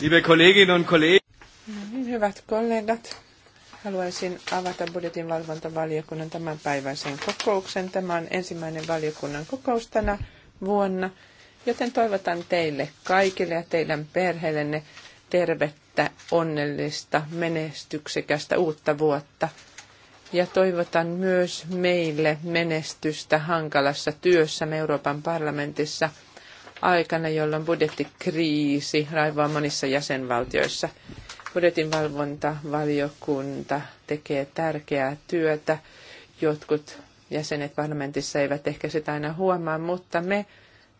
Liebe Kolleginnen und Kollegen. No niin, hyvät kollegat, haluaisin avata budjetin valvontavaliokunnan päiväisen kokouksen. Tämä on ensimmäinen valiokunnan kokous tänä vuonna, joten toivotan teille kaikille ja teidän perheellenne tervettä, onnellista, menestyksekästä uutta vuotta. Ja toivotan myös meille menestystä hankalassa työssä Euroopan parlamentissa – aikana, jolloin budjettikriisi raivaa monissa jäsenvaltioissa. valvontavaliokunta tekee tärkeää työtä. Jotkut jäsenet parlamentissa eivät ehkä sitä aina huomaa, mutta me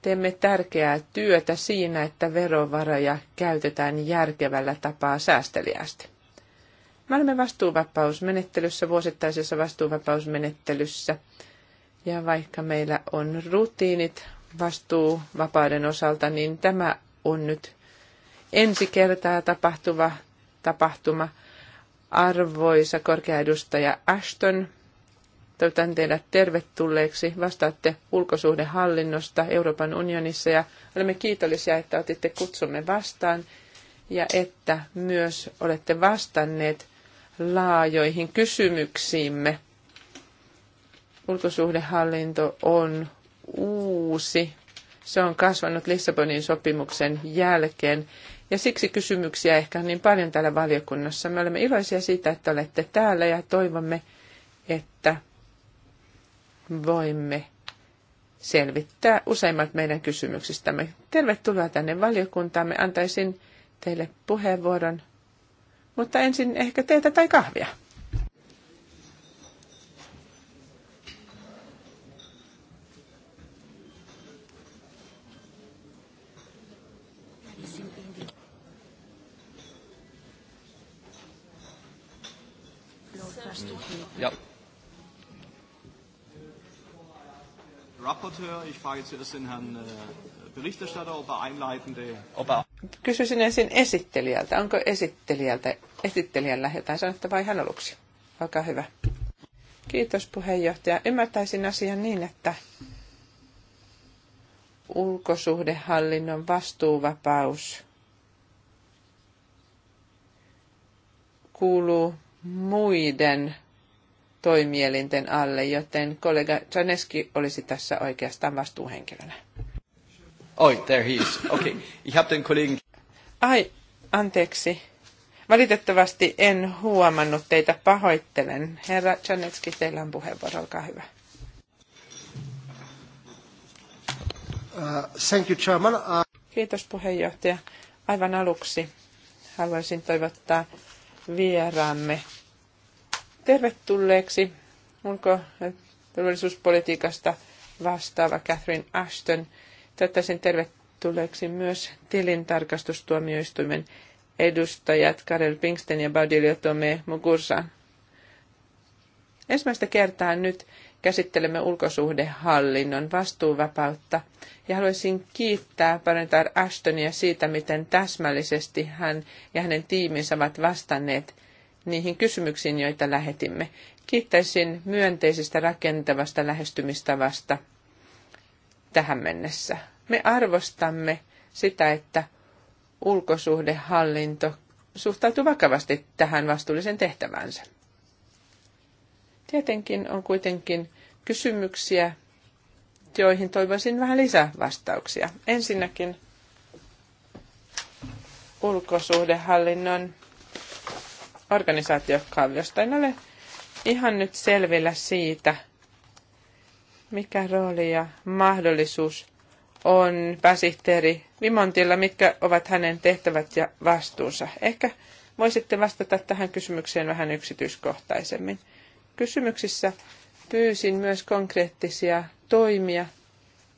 teemme tärkeää työtä siinä, että verovaroja käytetään järkevällä tapaa säästeliästi. Me olemme vastuuvapausmenettelyssä, vuosittaisessa vastuuvapausmenettelyssä, ja vaikka meillä on rutiinit vastuuvapauden osalta, niin tämä on nyt ensi kertaa tapahtuva tapahtuma. Arvoisa korkeaedustaja Ashton, toivotan teidät tervetulleeksi. Vastaatte ulkosuhdehallinnosta Euroopan unionissa ja olemme kiitollisia, että otitte kutsumme vastaan ja että myös olette vastanneet laajoihin kysymyksiimme. Ulkosuhdehallinto on uusi. Se on kasvanut Lissabonin sopimuksen jälkeen. Ja siksi kysymyksiä ehkä on niin paljon täällä valiokunnassa. Me olemme iloisia siitä, että olette täällä ja toivomme, että voimme selvittää useimmat meidän kysymyksistämme. Tervetuloa tänne Me Antaisin teille puheenvuoron, mutta ensin ehkä teitä tai kahvia. Rapporteur. Ich frage den Herrn äh, Berichterstatter, ob er einleitende... Ob er... Kysyisin ensin esittelijältä. Onko esittelijältä, esittelijällä jotain sanottavaa ihan aluksi? Olkaa hyvä. Kiitos puheenjohtaja. Ymmärtäisin asian niin, että ulkosuhdehallinnon vastuuvapaus kuuluu muiden toimielinten alle, joten kollega Janeski olisi tässä oikeastaan vastuuhenkilönä. Oi, oh, there he is. Okay. Ich habe den Kollegen... Ai, anteeksi. Valitettavasti en huomannut teitä, pahoittelen. Herra Janetski, teillä on puheenvuoro, olkaa hyvä. Uh, thank you, Chairman. Uh... Kiitos puheenjohtaja. Aivan aluksi haluaisin toivottaa vieraamme tervetulleeksi ulko- ja turvallisuuspolitiikasta vastaava Catherine Ashton. Täyttäisin tervetulleeksi myös tilintarkastustuomioistuimen edustajat Karel Pinksten ja Baudilio Tome Mugursa. Ensimmäistä kertaa nyt käsittelemme ulkosuhdehallinnon vastuuvapautta ja haluaisin kiittää Parentar Ashtonia siitä, miten täsmällisesti hän ja hänen tiiminsä ovat vastanneet niihin kysymyksiin, joita lähetimme. Kiittäisin myönteisestä rakentavasta lähestymistavasta tähän mennessä. Me arvostamme sitä, että ulkosuhdehallinto suhtautuu vakavasti tähän vastuullisen tehtävänsä. Tietenkin on kuitenkin kysymyksiä, joihin toivoisin vähän lisää vastauksia. Ensinnäkin ulkosuhdehallinnon organisaatiokaaviosta. En ole ihan nyt selvillä siitä, mikä rooli ja mahdollisuus on pääsihteeri Vimontilla, mitkä ovat hänen tehtävät ja vastuunsa. Ehkä voisitte vastata tähän kysymykseen vähän yksityiskohtaisemmin. Kysymyksissä pyysin myös konkreettisia toimia,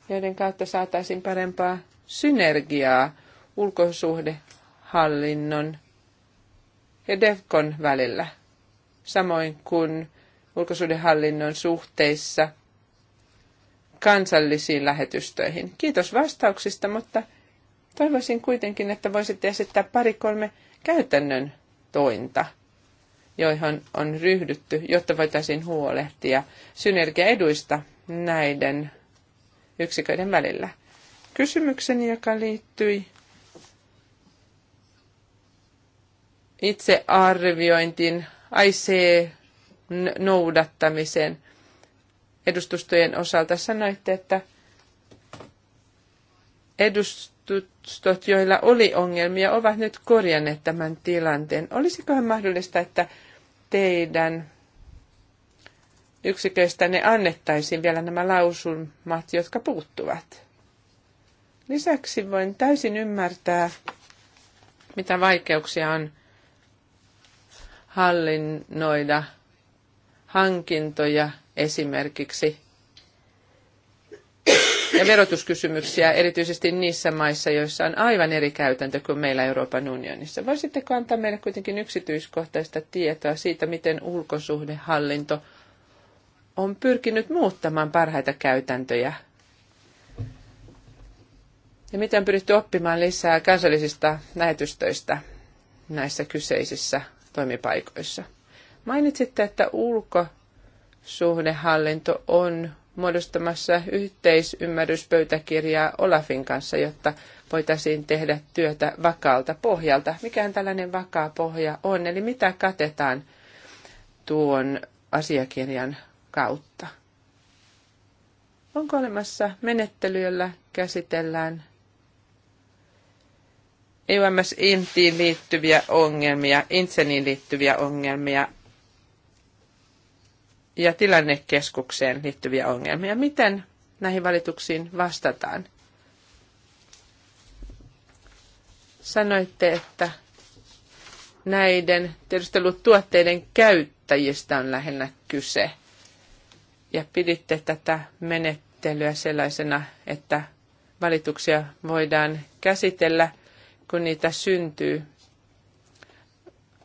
joiden kautta saataisiin parempaa synergiaa ulkosuhdehallinnon ja DEFCON välillä, samoin kuin ulkosuudenhallinnon suhteissa kansallisiin lähetystöihin. Kiitos vastauksista, mutta toivoisin kuitenkin, että voisitte esittää pari-kolme käytännön tointa, joihin on ryhdytty, jotta voitaisiin huolehtia synergiaeduista näiden yksiköiden välillä. Kysymykseni, joka liittyi itsearviointin, arviointiin, IC noudattamisen edustustojen osalta. Sanoitte, että edustustot, joilla oli ongelmia, ovat nyt korjanneet tämän tilanteen. Olisikohan mahdollista, että teidän yksiköistänne annettaisiin vielä nämä lausumat, jotka puuttuvat? Lisäksi voin täysin ymmärtää, mitä vaikeuksia on hallinnoida hankintoja esimerkiksi ja verotuskysymyksiä erityisesti niissä maissa, joissa on aivan eri käytäntö kuin meillä Euroopan unionissa. Voisitteko antaa meille kuitenkin yksityiskohtaista tietoa siitä, miten ulkosuhdehallinto on pyrkinyt muuttamaan parhaita käytäntöjä? Ja miten on pyritty oppimaan lisää kansallisista lähetystöistä näissä kyseisissä toimipaikoissa. Mainitsitte, että ulkosuhdehallinto on muodostamassa yhteisymmärryspöytäkirjaa Olafin kanssa, jotta voitaisiin tehdä työtä vakaalta pohjalta. Mikään tällainen vakaa pohja on, eli mitä katetaan tuon asiakirjan kautta? Onko olemassa menettely, jolla käsitellään EUMS Intiin liittyviä ongelmia, Inseniin liittyviä ongelmia ja tilannekeskukseen liittyviä ongelmia. Miten näihin valituksiin vastataan? Sanoitte, että näiden tiedustelutuotteiden käyttäjistä on lähinnä kyse. Ja piditte tätä menettelyä sellaisena, että valituksia voidaan käsitellä – kun niitä syntyy.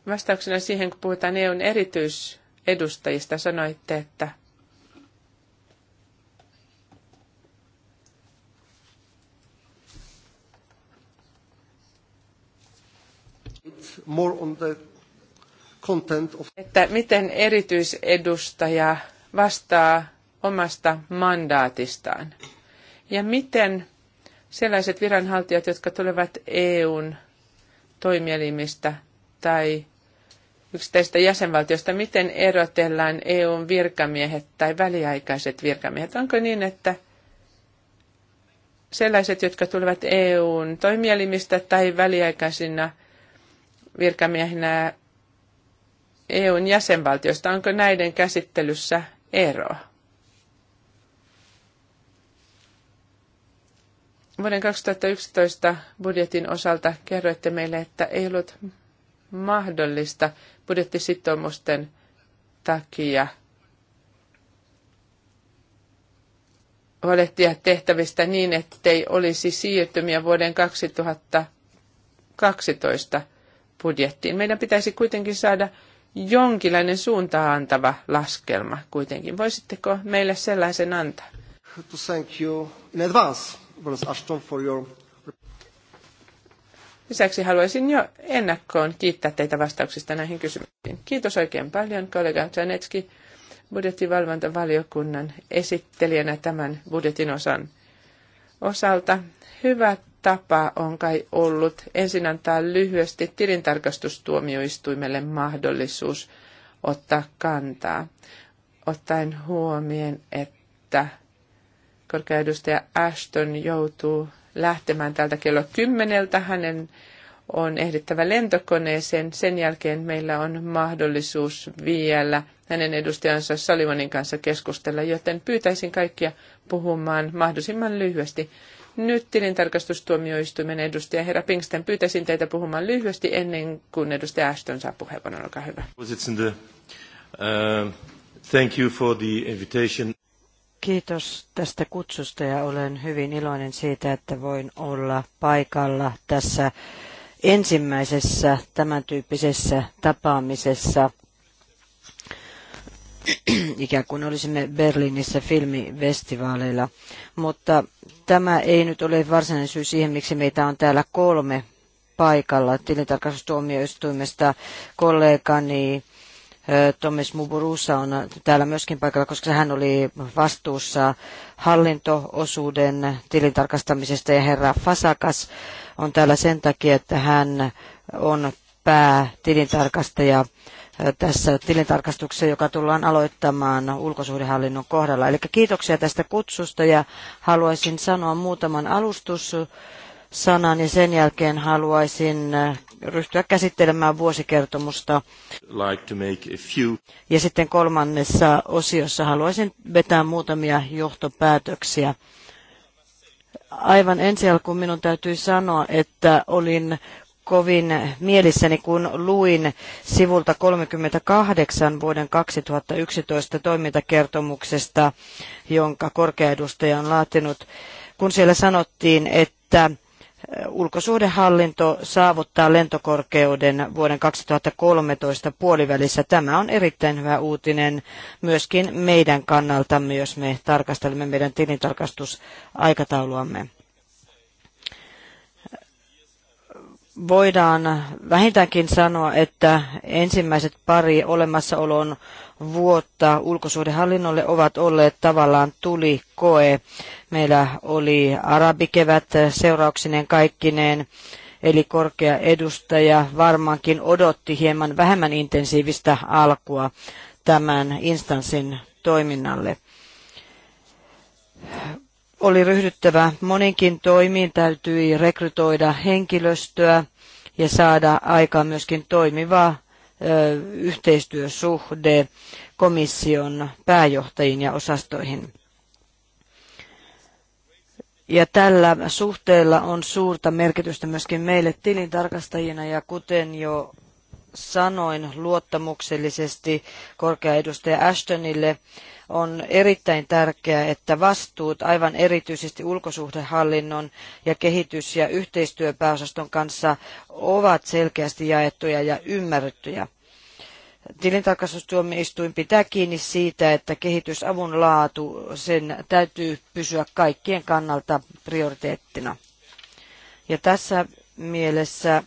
Vastauksena siihen, kun puhutaan EUn erityisedustajista, sanoitte, että Että miten erityisedustaja vastaa omasta mandaatistaan ja miten sellaiset viranhaltijat, jotka tulevat EUn toimielimistä tai yksittäisistä jäsenvaltioista, miten erotellaan EUn virkamiehet tai väliaikaiset virkamiehet? Onko niin, että sellaiset, jotka tulevat EUn toimielimistä tai väliaikaisina virkamiehinä EUn jäsenvaltioista, onko näiden käsittelyssä eroa? Vuoden 2011 budjetin osalta kerroitte meille, että ei ollut mahdollista budjettisitoumusten takia huolehtia tehtävistä niin, ettei olisi siirtymiä vuoden 2012 budjettiin. Meidän pitäisi kuitenkin saada jonkinlainen suuntaa antava laskelma kuitenkin. Voisitteko meille sellaisen antaa? To thank you in advance. Ashton, for your... Lisäksi haluaisin jo ennakkoon kiittää teitä vastauksista näihin kysymyksiin. Kiitos oikein paljon kollega Janetski budjettivalvontavaliokunnan esittelijänä tämän budjetin osan osalta. Hyvä tapa on kai ollut ensin antaa lyhyesti tilintarkastustuomioistuimelle mahdollisuus ottaa kantaa, ottaen huomioon, että korkeaedustaja Ashton joutuu lähtemään täältä kello kymmeneltä. Hänen on ehdittävä lentokoneeseen. Sen jälkeen meillä on mahdollisuus vielä hänen edustajansa Salivonin kanssa keskustella, joten pyytäisin kaikkia puhumaan mahdollisimman lyhyesti. Nyt tilintarkastustuomioistuimen edustaja herra Pinksten, pyytäisin teitä puhumaan lyhyesti ennen kuin edustaja Ashton saa puheenvuoron. Olkaa hyvä. Uh, thank you for the invitation. Kiitos tästä kutsusta ja olen hyvin iloinen siitä, että voin olla paikalla tässä ensimmäisessä tämän tyyppisessä tapaamisessa. Ikään kuin olisimme Berliinissä filmifestivaaleilla. Mutta tämä ei nyt ole varsinainen syy siihen, miksi meitä on täällä kolme paikalla. Tilintarkastustuomioistuimesta kollegani Tomes Muburusa on täällä myöskin paikalla, koska hän oli vastuussa hallintoosuuden tilintarkastamisesta ja herra Fasakas on täällä sen takia, että hän on päätilintarkastaja tässä tilintarkastuksessa, joka tullaan aloittamaan ulkosuhdehallinnon kohdalla. Eli kiitoksia tästä kutsusta ja haluaisin sanoa muutaman alustus sanan ja sen jälkeen haluaisin ryhtyä käsittelemään vuosikertomusta. Ja sitten kolmannessa osiossa haluaisin vetää muutamia johtopäätöksiä. Aivan ensi alkuun minun täytyy sanoa, että olin kovin mielissäni, kun luin sivulta 38 vuoden 2011 toimintakertomuksesta, jonka korkeaedustaja on laatinut, kun siellä sanottiin, että ulkosuhdehallinto saavuttaa lentokorkeuden vuoden 2013 puolivälissä. Tämä on erittäin hyvä uutinen myöskin meidän kannaltamme, jos me tarkastelemme meidän tilintarkastusaikatauluamme. Voidaan vähintäänkin sanoa, että ensimmäiset pari olemassaolon vuotta ulkosuhdehallinnolle ovat olleet tavallaan tulikoe. Meillä oli arabikevät seurauksineen kaikkineen, eli korkea edustaja varmaankin odotti hieman vähemmän intensiivistä alkua tämän instanssin toiminnalle. Oli ryhdyttävä moninkin toimiin, täytyi rekrytoida henkilöstöä ja saada aikaan myöskin toimiva yhteistyösuhde komission pääjohtajiin ja osastoihin. Ja tällä suhteella on suurta merkitystä myöskin meille tilintarkastajina ja kuten jo sanoin luottamuksellisesti korkea edustaja Ashtonille, on erittäin tärkeää, että vastuut aivan erityisesti ulkosuhdehallinnon ja kehitys- ja yhteistyöpääosaston kanssa ovat selkeästi jaettuja ja ymmärrettyjä. Tilintarkastustuomioistuin pitää kiinni siitä, että kehitysavun laatu, sen täytyy pysyä kaikkien kannalta prioriteettina. Ja tässä mielessä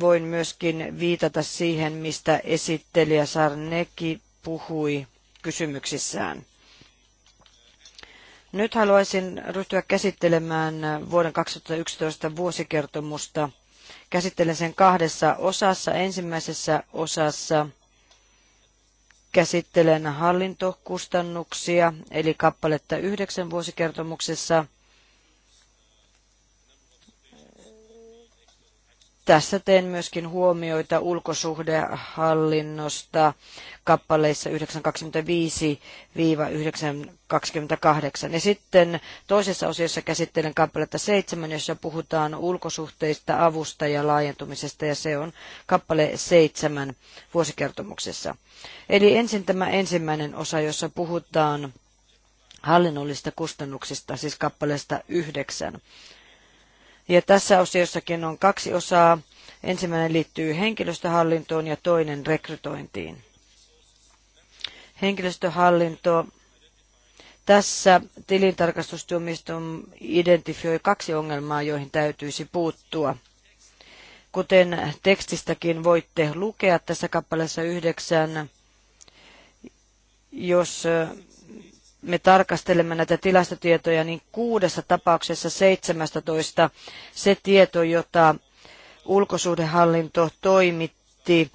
voin myöskin viitata siihen, mistä esittelijä Sarneki puhui kysymyksissään. Nyt haluaisin ryhtyä käsittelemään vuoden 2011 vuosikertomusta – Käsittelen sen kahdessa osassa. Ensimmäisessä osassa käsittelen hallintokustannuksia, eli kappaletta yhdeksän vuosikertomuksessa – Tässä teen myöskin huomioita ulkosuhdehallinnosta kappaleissa 925-928. Ja sitten toisessa osiossa käsittelen kappaletta 7, jossa puhutaan ulkosuhteista, avusta ja laajentumisesta, ja se on kappale 7 vuosikertomuksessa. Eli ensin tämä ensimmäinen osa, jossa puhutaan hallinnollisista kustannuksista, siis kappaleesta 9 ja tässä osiossakin on kaksi osaa. Ensimmäinen liittyy henkilöstöhallintoon ja toinen rekrytointiin. Henkilöstöhallinto. Tässä tilintarkastustuomioistuin identifioi kaksi ongelmaa, joihin täytyisi puuttua. Kuten tekstistäkin voitte lukea tässä kappaleessa yhdeksän, jos me tarkastelemme näitä tilastotietoja, niin kuudessa tapauksessa 17 se tieto, jota ulkosuhdehallinto toimitti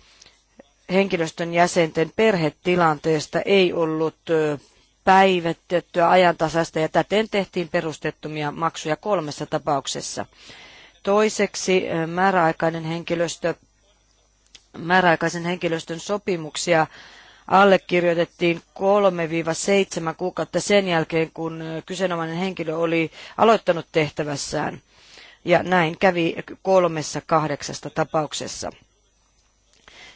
henkilöstön jäsenten perhetilanteesta, ei ollut päivitettyä ajantasasta ja täten tehtiin perustettumia maksuja kolmessa tapauksessa. Toiseksi määräaikainen henkilöstö, määräaikaisen henkilöstön sopimuksia allekirjoitettiin 3-7 kuukautta sen jälkeen, kun kyseenomainen henkilö oli aloittanut tehtävässään. Ja näin kävi kolmessa kahdeksasta tapauksessa.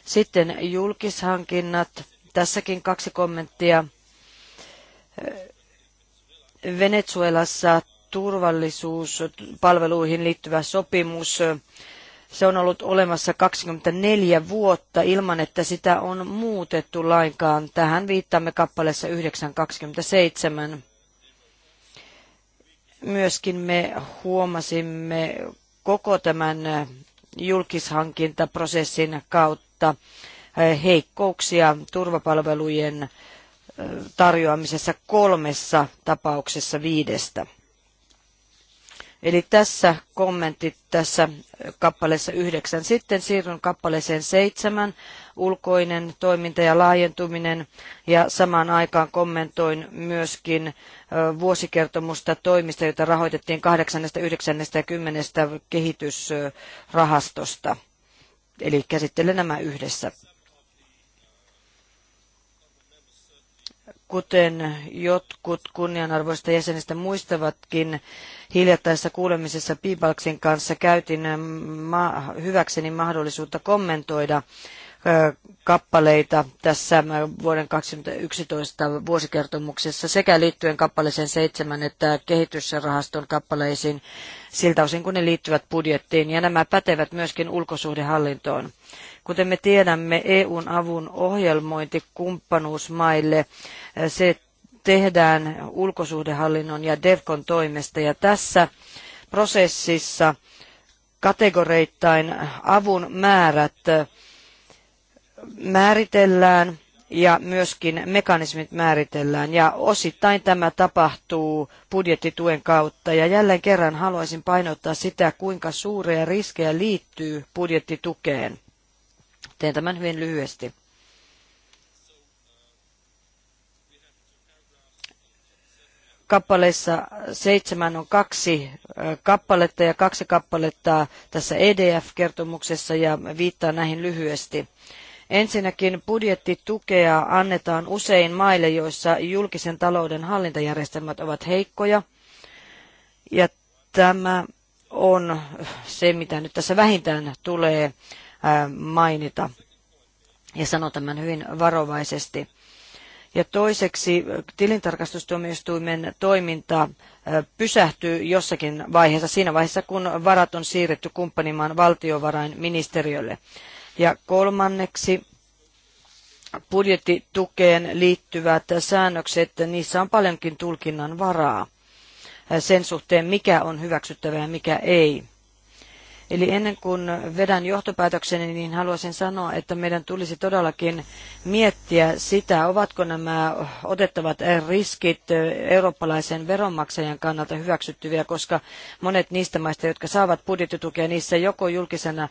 Sitten julkishankinnat. Tässäkin kaksi kommenttia. Venezuelassa turvallisuuspalveluihin liittyvä sopimus se on ollut olemassa 24 vuotta ilman, että sitä on muutettu lainkaan. Tähän viittaamme kappaleessa 927. Myöskin me huomasimme koko tämän julkishankintaprosessin kautta eh, heikkouksia turvapalvelujen eh, tarjoamisessa kolmessa tapauksessa viidestä. Eli tässä kommentit tässä kappaleessa yhdeksän. Sitten siirryn kappaleeseen seitsemän, ulkoinen toiminta ja laajentuminen. Ja samaan aikaan kommentoin myöskin vuosikertomusta toimista, joita rahoitettiin kahdeksannesta, yhdeksännestä ja kymmenestä kehitysrahastosta. Eli käsittelen nämä yhdessä. Kuten jotkut kunnianarvoista jäsenistä muistavatkin, hiljattaessa kuulemisessa Piipalksin kanssa käytin ähm, ma- hyväkseni mahdollisuutta kommentoida äh, kappaleita tässä äh, vuoden 2011 vuosikertomuksessa sekä liittyen kappaleeseen seitsemän että kehitysrahaston kappaleisiin siltä osin, kun ne liittyvät budjettiin, ja nämä pätevät myöskin ulkosuhdehallintoon. Kuten me tiedämme, EUn avun ohjelmointi kumppanuusmaille, eh, se tehdään ulkosuhdehallinnon ja DEVCON toimesta. Ja tässä prosessissa kategoreittain avun määrät eh, määritellään ja myöskin mekanismit määritellään. Ja osittain tämä tapahtuu budjettituen kautta. Ja jälleen kerran haluaisin painottaa sitä, kuinka suuria riskejä liittyy budjettitukeen. Teen tämän hyvin lyhyesti. kappaleissa seitsemän on kaksi kappaletta ja kaksi kappaletta tässä EDF-kertomuksessa ja viittaan näihin lyhyesti. Ensinnäkin budjettitukea annetaan usein maille, joissa julkisen talouden hallintajärjestelmät ovat heikkoja. Ja tämä on se, mitä nyt tässä vähintään tulee mainita. Ja sanon tämän hyvin varovaisesti. Ja toiseksi tilintarkastustuomioistuimen toiminta pysähtyy jossakin vaiheessa, siinä vaiheessa kun varat on siirretty kumppanimaan valtiovarainministeriölle. Ja kolmanneksi budjettitukeen liittyvät säännökset, niissä on paljonkin tulkinnan varaa sen suhteen, mikä on hyväksyttävää ja mikä ei. Eli ennen kuin vedän johtopäätökseni, niin haluaisin sanoa, että meidän tulisi todellakin miettiä sitä, ovatko nämä otettavat riskit eurooppalaisen veronmaksajan kannalta hyväksyttyviä, koska monet niistä maista, jotka saavat budjettitukea, niissä joko julkisena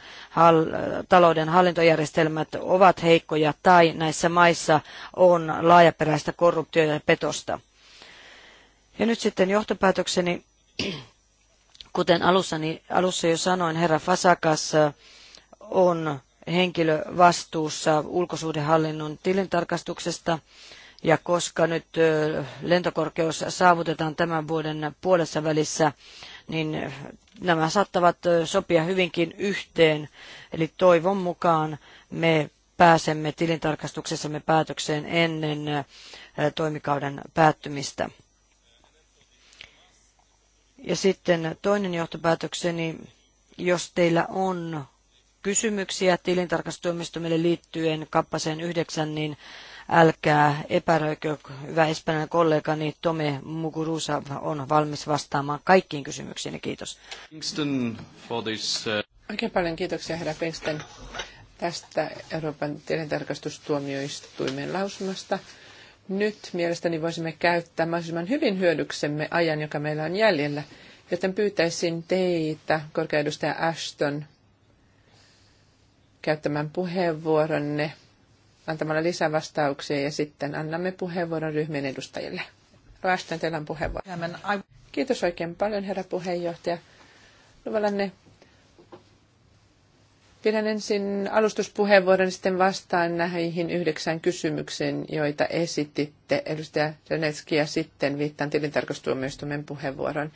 talouden hallintojärjestelmät ovat heikkoja tai näissä maissa on laajaperäistä korruptiota ja petosta. Ja nyt sitten johtopäätökseni Kuten alussa, niin alussa jo sanoin, herra Fasakas äh, on henkilö vastuussa ulkosuhdehallinnon tilintarkastuksesta. Ja koska nyt äh, lentokorkeus saavutetaan tämän vuoden puolessa välissä, niin äh, nämä saattavat sopia hyvinkin yhteen. Eli toivon mukaan me pääsemme tilintarkastuksessamme päätökseen ennen toimikauden päättymistä. Ja sitten toinen johtopäätökseni, jos teillä on kysymyksiä tilintarkastustoimistomille liittyen kappaseen yhdeksän, niin älkää epäröikö, hyvä espanjalainen kollegani Tome Muguruza on valmis vastaamaan kaikkiin kysymyksiin. Kiitos. Uh, Oikein paljon kiitoksia herra Pinkston tästä Euroopan tilintarkastustuomioistuimen lausumasta. Nyt mielestäni voisimme käyttää mahdollisimman hyvin hyödyksemme ajan, joka meillä on jäljellä, joten pyytäisin teitä, korkeudustaja Ashton, käyttämään puheenvuoronne antamalla lisävastauksia ja sitten annamme puheenvuoron ryhmien edustajille. Ashton, teillä on puheenvuoro. Kiitos oikein paljon, herra puheenjohtaja. Luvallanne Pidän ensin alustuspuheenvuoron, niin sitten vastaan näihin yhdeksään kysymykseen, joita esititte, edustaja Renetski, ja sitten viittaan tilintarkastuomioistuimen puheenvuoron.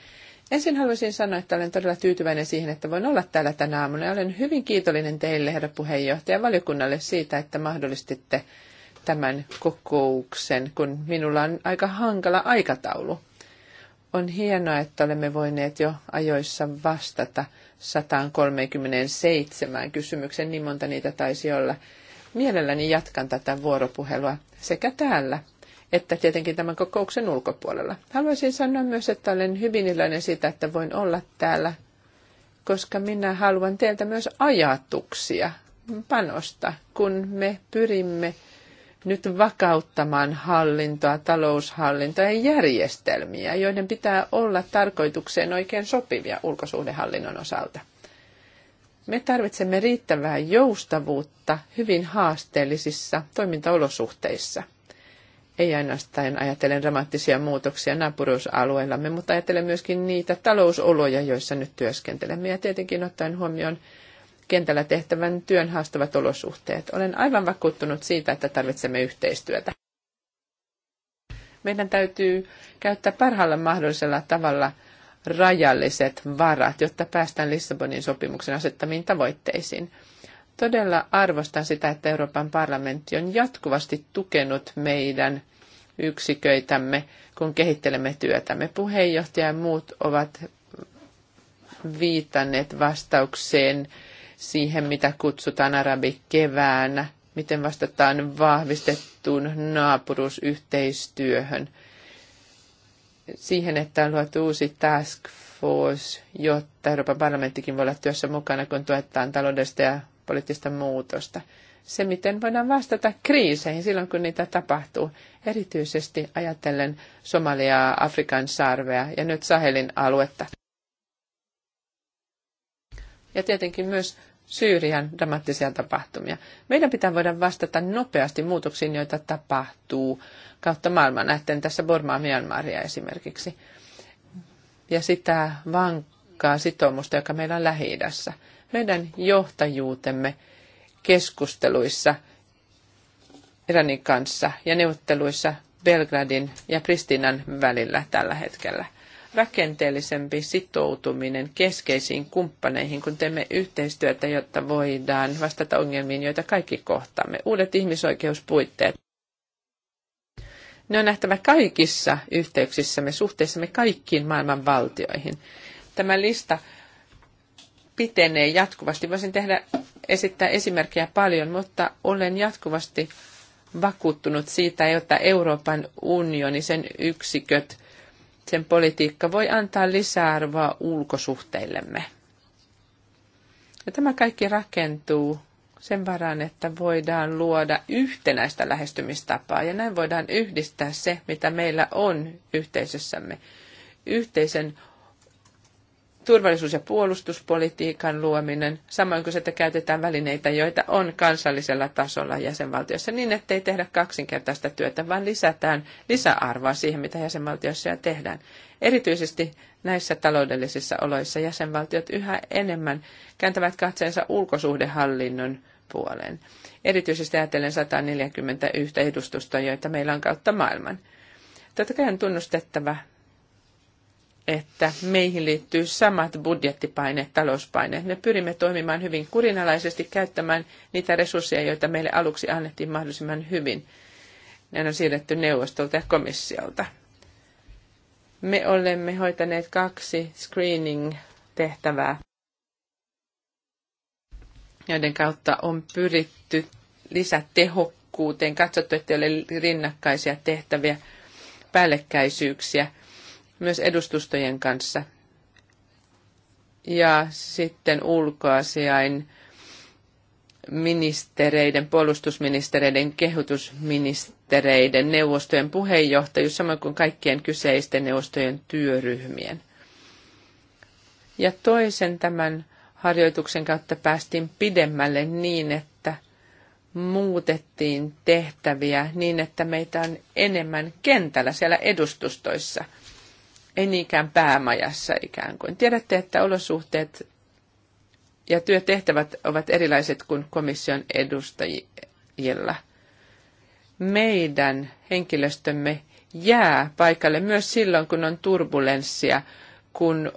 Ensin haluaisin sanoa, että olen todella tyytyväinen siihen, että voin olla täällä tänä aamuna. Ja olen hyvin kiitollinen teille, herra puheenjohtaja, valiokunnalle siitä, että mahdollistitte tämän kokouksen, kun minulla on aika hankala aikataulu. On hienoa, että olemme voineet jo ajoissa vastata 137 kysymykseen, niin monta niitä taisi olla. Mielelläni jatkan tätä vuoropuhelua sekä täällä että tietenkin tämän kokouksen ulkopuolella. Haluaisin sanoa myös, että olen hyvin iloinen siitä, että voin olla täällä, koska minä haluan teiltä myös ajatuksia panosta, kun me pyrimme – nyt vakauttamaan hallintoa, taloushallintoa ja järjestelmiä, joiden pitää olla tarkoitukseen oikein sopivia ulkosuhdehallinnon osalta. Me tarvitsemme riittävää joustavuutta hyvin haasteellisissa toimintaolosuhteissa. Ei ainoastaan ajatellen dramaattisia muutoksia naapuruusalueillamme, mutta ajatellen myöskin niitä talousoloja, joissa nyt työskentelemme ja tietenkin ottaen huomioon kentällä tehtävän työn haastavat olosuhteet. Olen aivan vakuuttunut siitä, että tarvitsemme yhteistyötä. Meidän täytyy käyttää parhaalla mahdollisella tavalla rajalliset varat, jotta päästään Lissabonin sopimuksen asettamiin tavoitteisiin. Todella arvostan sitä, että Euroopan parlamentti on jatkuvasti tukenut meidän yksiköitämme, kun kehittelemme työtämme. Puheenjohtaja ja muut ovat viitanneet vastaukseen siihen, mitä kutsutaan arabikeväänä, miten vastataan vahvistettuun naapuruusyhteistyöhön, siihen, että on luotu uusi task force, jotta Euroopan parlamenttikin voi olla työssä mukana, kun tuetaan taloudellista ja poliittista muutosta. Se, miten voidaan vastata kriiseihin silloin, kun niitä tapahtuu, erityisesti ajatellen Somaliaa, Afrikan sarvea ja nyt Sahelin aluetta ja tietenkin myös Syyrian dramaattisia tapahtumia. Meidän pitää voida vastata nopeasti muutoksiin, joita tapahtuu kautta maailman. Näiden tässä Burmaa Myanmaria esimerkiksi. Ja sitä vankkaa sitoumusta, joka meillä on lähi -idässä. Meidän johtajuutemme keskusteluissa Iranin kanssa ja neuvotteluissa Belgradin ja Pristinan välillä tällä hetkellä – rakenteellisempi sitoutuminen keskeisiin kumppaneihin, kun teemme yhteistyötä, jotta voidaan vastata ongelmiin, joita kaikki kohtaamme. Uudet ihmisoikeuspuitteet. Ne on nähtävä kaikissa yhteyksissämme, suhteissamme kaikkiin maailman valtioihin. Tämä lista pitenee jatkuvasti. Voisin tehdä, esittää esimerkkejä paljon, mutta olen jatkuvasti vakuuttunut siitä, että Euroopan unioni, sen yksiköt – sen politiikka voi antaa lisäarvoa ulkosuhteillemme. Ja tämä kaikki rakentuu sen varaan, että voidaan luoda yhtenäistä lähestymistapaa ja näin voidaan yhdistää se, mitä meillä on yhteisössämme. Yhteisen turvallisuus- ja puolustuspolitiikan luominen, samoin kuin se, että käytetään välineitä, joita on kansallisella tasolla jäsenvaltiossa, niin ettei tehdä kaksinkertaista työtä, vaan lisätään lisäarvoa siihen, mitä jäsenvaltioissa jo tehdään. Erityisesti näissä taloudellisissa oloissa jäsenvaltiot yhä enemmän kääntävät katseensa ulkosuhdehallinnon puoleen. Erityisesti ajatellen 141 edustustoa, joita meillä on kautta maailman. Totta kai on tunnustettava että meihin liittyy samat budjettipaineet, talouspaineet. Me pyrimme toimimaan hyvin kurinalaisesti, käyttämään niitä resursseja, joita meille aluksi annettiin mahdollisimman hyvin. Ne on siirretty neuvostolta ja komissiolta. Me olemme hoitaneet kaksi screening-tehtävää, joiden kautta on pyritty lisätehokkuuteen, katsottu, että ei ole rinnakkaisia tehtäviä, päällekkäisyyksiä – myös edustustojen kanssa. Ja sitten ulkoasiain ministereiden, puolustusministereiden, kehutusministereiden, neuvostojen puheenjohtajuus, samoin kuin kaikkien kyseisten neuvostojen työryhmien. Ja toisen tämän harjoituksen kautta päästiin pidemmälle niin, että muutettiin tehtäviä niin, että meitä on enemmän kentällä siellä edustustoissa – ei niinkään päämajassa ikään kuin. Tiedätte, että olosuhteet ja työtehtävät ovat erilaiset kuin komission edustajilla. Meidän henkilöstömme jää paikalle myös silloin, kun on turbulenssia, kun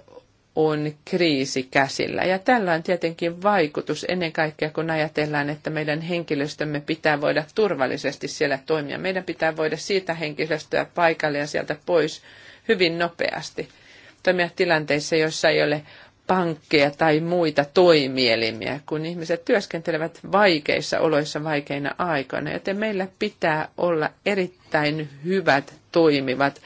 on kriisi käsillä. Ja tällä on tietenkin vaikutus ennen kaikkea, kun ajatellaan, että meidän henkilöstömme pitää voida turvallisesti siellä toimia. Meidän pitää voida siitä henkilöstöä paikalle ja sieltä pois, hyvin nopeasti toimia tilanteissa, joissa ei ole pankkeja tai muita toimielimiä, kun ihmiset työskentelevät vaikeissa oloissa vaikeina aikoina. Joten meillä pitää olla erittäin hyvät toimivat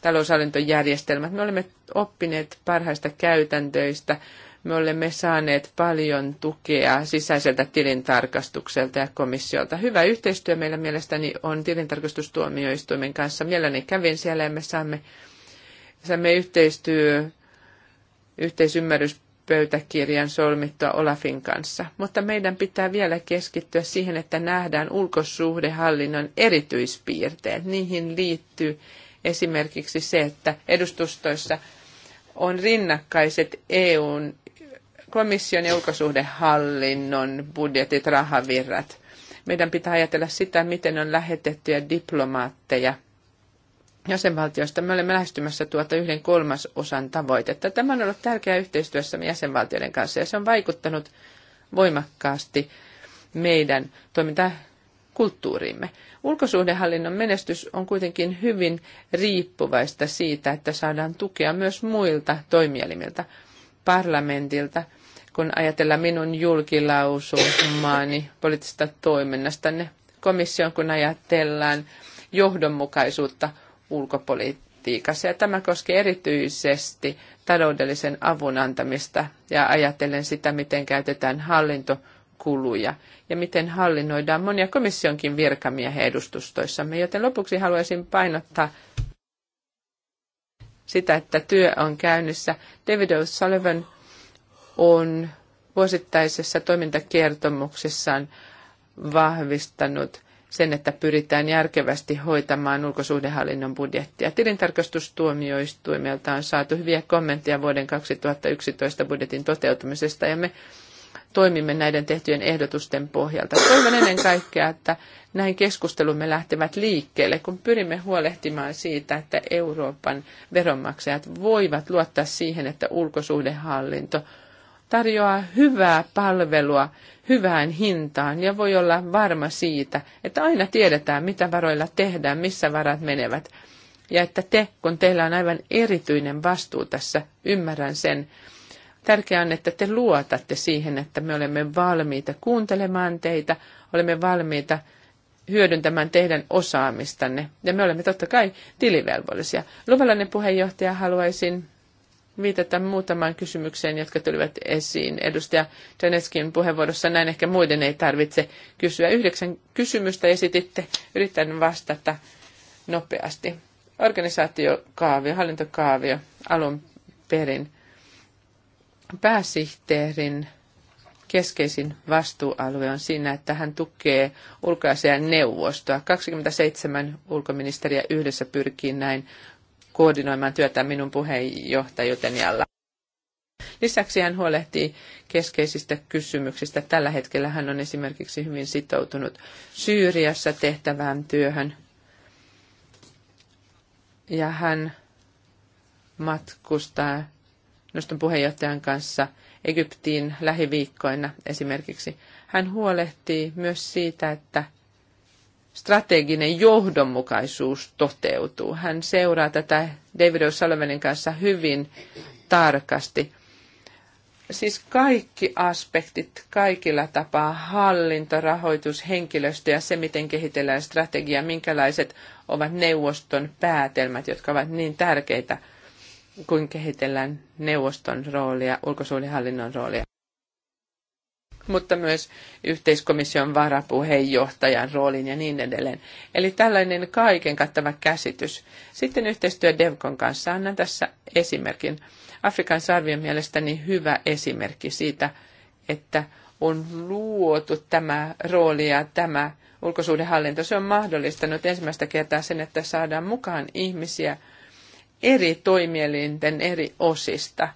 taloushallintojärjestelmät. Me olemme oppineet parhaista käytäntöistä. Me olemme saaneet paljon tukea sisäiseltä tilintarkastukselta ja komissiolta. Hyvä yhteistyö meillä mielestäni on tilintarkastustuomioistuimen kanssa. Mielelläni kävin siellä ja me saamme me yhteistyö, yhteisymmärryspöytäkirjan solmittua Olafin kanssa. Mutta meidän pitää vielä keskittyä siihen, että nähdään ulkosuhdehallinnon erityispiirteet. Niihin liittyy esimerkiksi se, että edustustoissa on rinnakkaiset EUn komission ja ulkosuhdehallinnon budjetit, rahavirrat. Meidän pitää ajatella sitä, miten on lähetettyjä diplomaatteja – jäsenvaltioista. Me olemme lähestymässä tuota yhden kolmasosan tavoitetta. Tämä on ollut tärkeää yhteistyössä jäsenvaltioiden kanssa ja se on vaikuttanut voimakkaasti meidän toimintakulttuuriimme. Ulkosuhdehallinnon menestys on kuitenkin hyvin riippuvaista siitä, että saadaan tukea myös muilta toimielimiltä, parlamentilta, kun ajatellaan minun julkilausumaani poliittisesta toiminnastanne, komission kun ajatellaan johdonmukaisuutta ulkopolitiikassa. Ja tämä koskee erityisesti taloudellisen avun antamista ja ajatellen sitä, miten käytetään hallintokuluja ja miten hallinnoidaan monia komissionkin virkamiehen edustustoissamme. Joten lopuksi haluaisin painottaa sitä, että työ on käynnissä. David O'Sullivan on vuosittaisessa toimintakertomuksessaan vahvistanut sen, että pyritään järkevästi hoitamaan ulkosuhdehallinnon budjettia. Tilintarkastustuomioistuimelta on saatu hyviä kommentteja vuoden 2011 budjetin toteutumisesta ja me toimimme näiden tehtyjen ehdotusten pohjalta. Toivon ennen kaikkea, että näin keskustelumme lähtevät liikkeelle, kun pyrimme huolehtimaan siitä, että Euroopan veronmaksajat voivat luottaa siihen, että ulkosuhdehallinto – tarjoaa hyvää palvelua hyvään hintaan ja voi olla varma siitä, että aina tiedetään, mitä varoilla tehdään, missä varat menevät. Ja että te, kun teillä on aivan erityinen vastuu tässä, ymmärrän sen. Tärkeää on, että te luotatte siihen, että me olemme valmiita kuuntelemaan teitä, olemme valmiita hyödyntämään teidän osaamistanne. Ja me olemme totta kai tilivelvollisia. Luvallinen puheenjohtaja haluaisin viitata muutamaan kysymykseen, jotka tulivat esiin. Edustaja Janetskin puheenvuorossa näin ehkä muiden ei tarvitse kysyä. Yhdeksän kysymystä esititte, yritän vastata nopeasti. Organisaatiokaavio, hallintokaavio alun perin. Pääsihteerin keskeisin vastuualue on siinä, että hän tukee ulkoasian neuvostoa. 27 ulkoministeriä yhdessä pyrkii näin koordinoimaan työtä minun puheenjohtajuuteni alla. Lisäksi hän huolehtii keskeisistä kysymyksistä. Tällä hetkellä hän on esimerkiksi hyvin sitoutunut Syyriassa tehtävään työhön. Ja hän matkustaa noston puheenjohtajan kanssa Egyptiin lähiviikkoina esimerkiksi. Hän huolehtii myös siitä, että strateginen johdonmukaisuus toteutuu. Hän seuraa tätä David O'Sullivanin kanssa hyvin tarkasti. Siis kaikki aspektit kaikilla tapaa, hallinto, rahoitus, henkilöstö ja se, miten kehitellään strategia, minkälaiset ovat neuvoston päätelmät, jotka ovat niin tärkeitä, kun kehitellään neuvoston roolia, ulkosuulihallinnon roolia mutta myös yhteiskomission varapuheenjohtajan roolin ja niin edelleen. Eli tällainen kaiken kattava käsitys. Sitten yhteistyö Devkon kanssa. Annan tässä esimerkin. Afrikan sarvien on mielestäni hyvä esimerkki siitä, että on luotu tämä rooli ja tämä ulkosuhdehallinto. Se on mahdollistanut ensimmäistä kertaa sen, että saadaan mukaan ihmisiä eri toimielinten eri osista.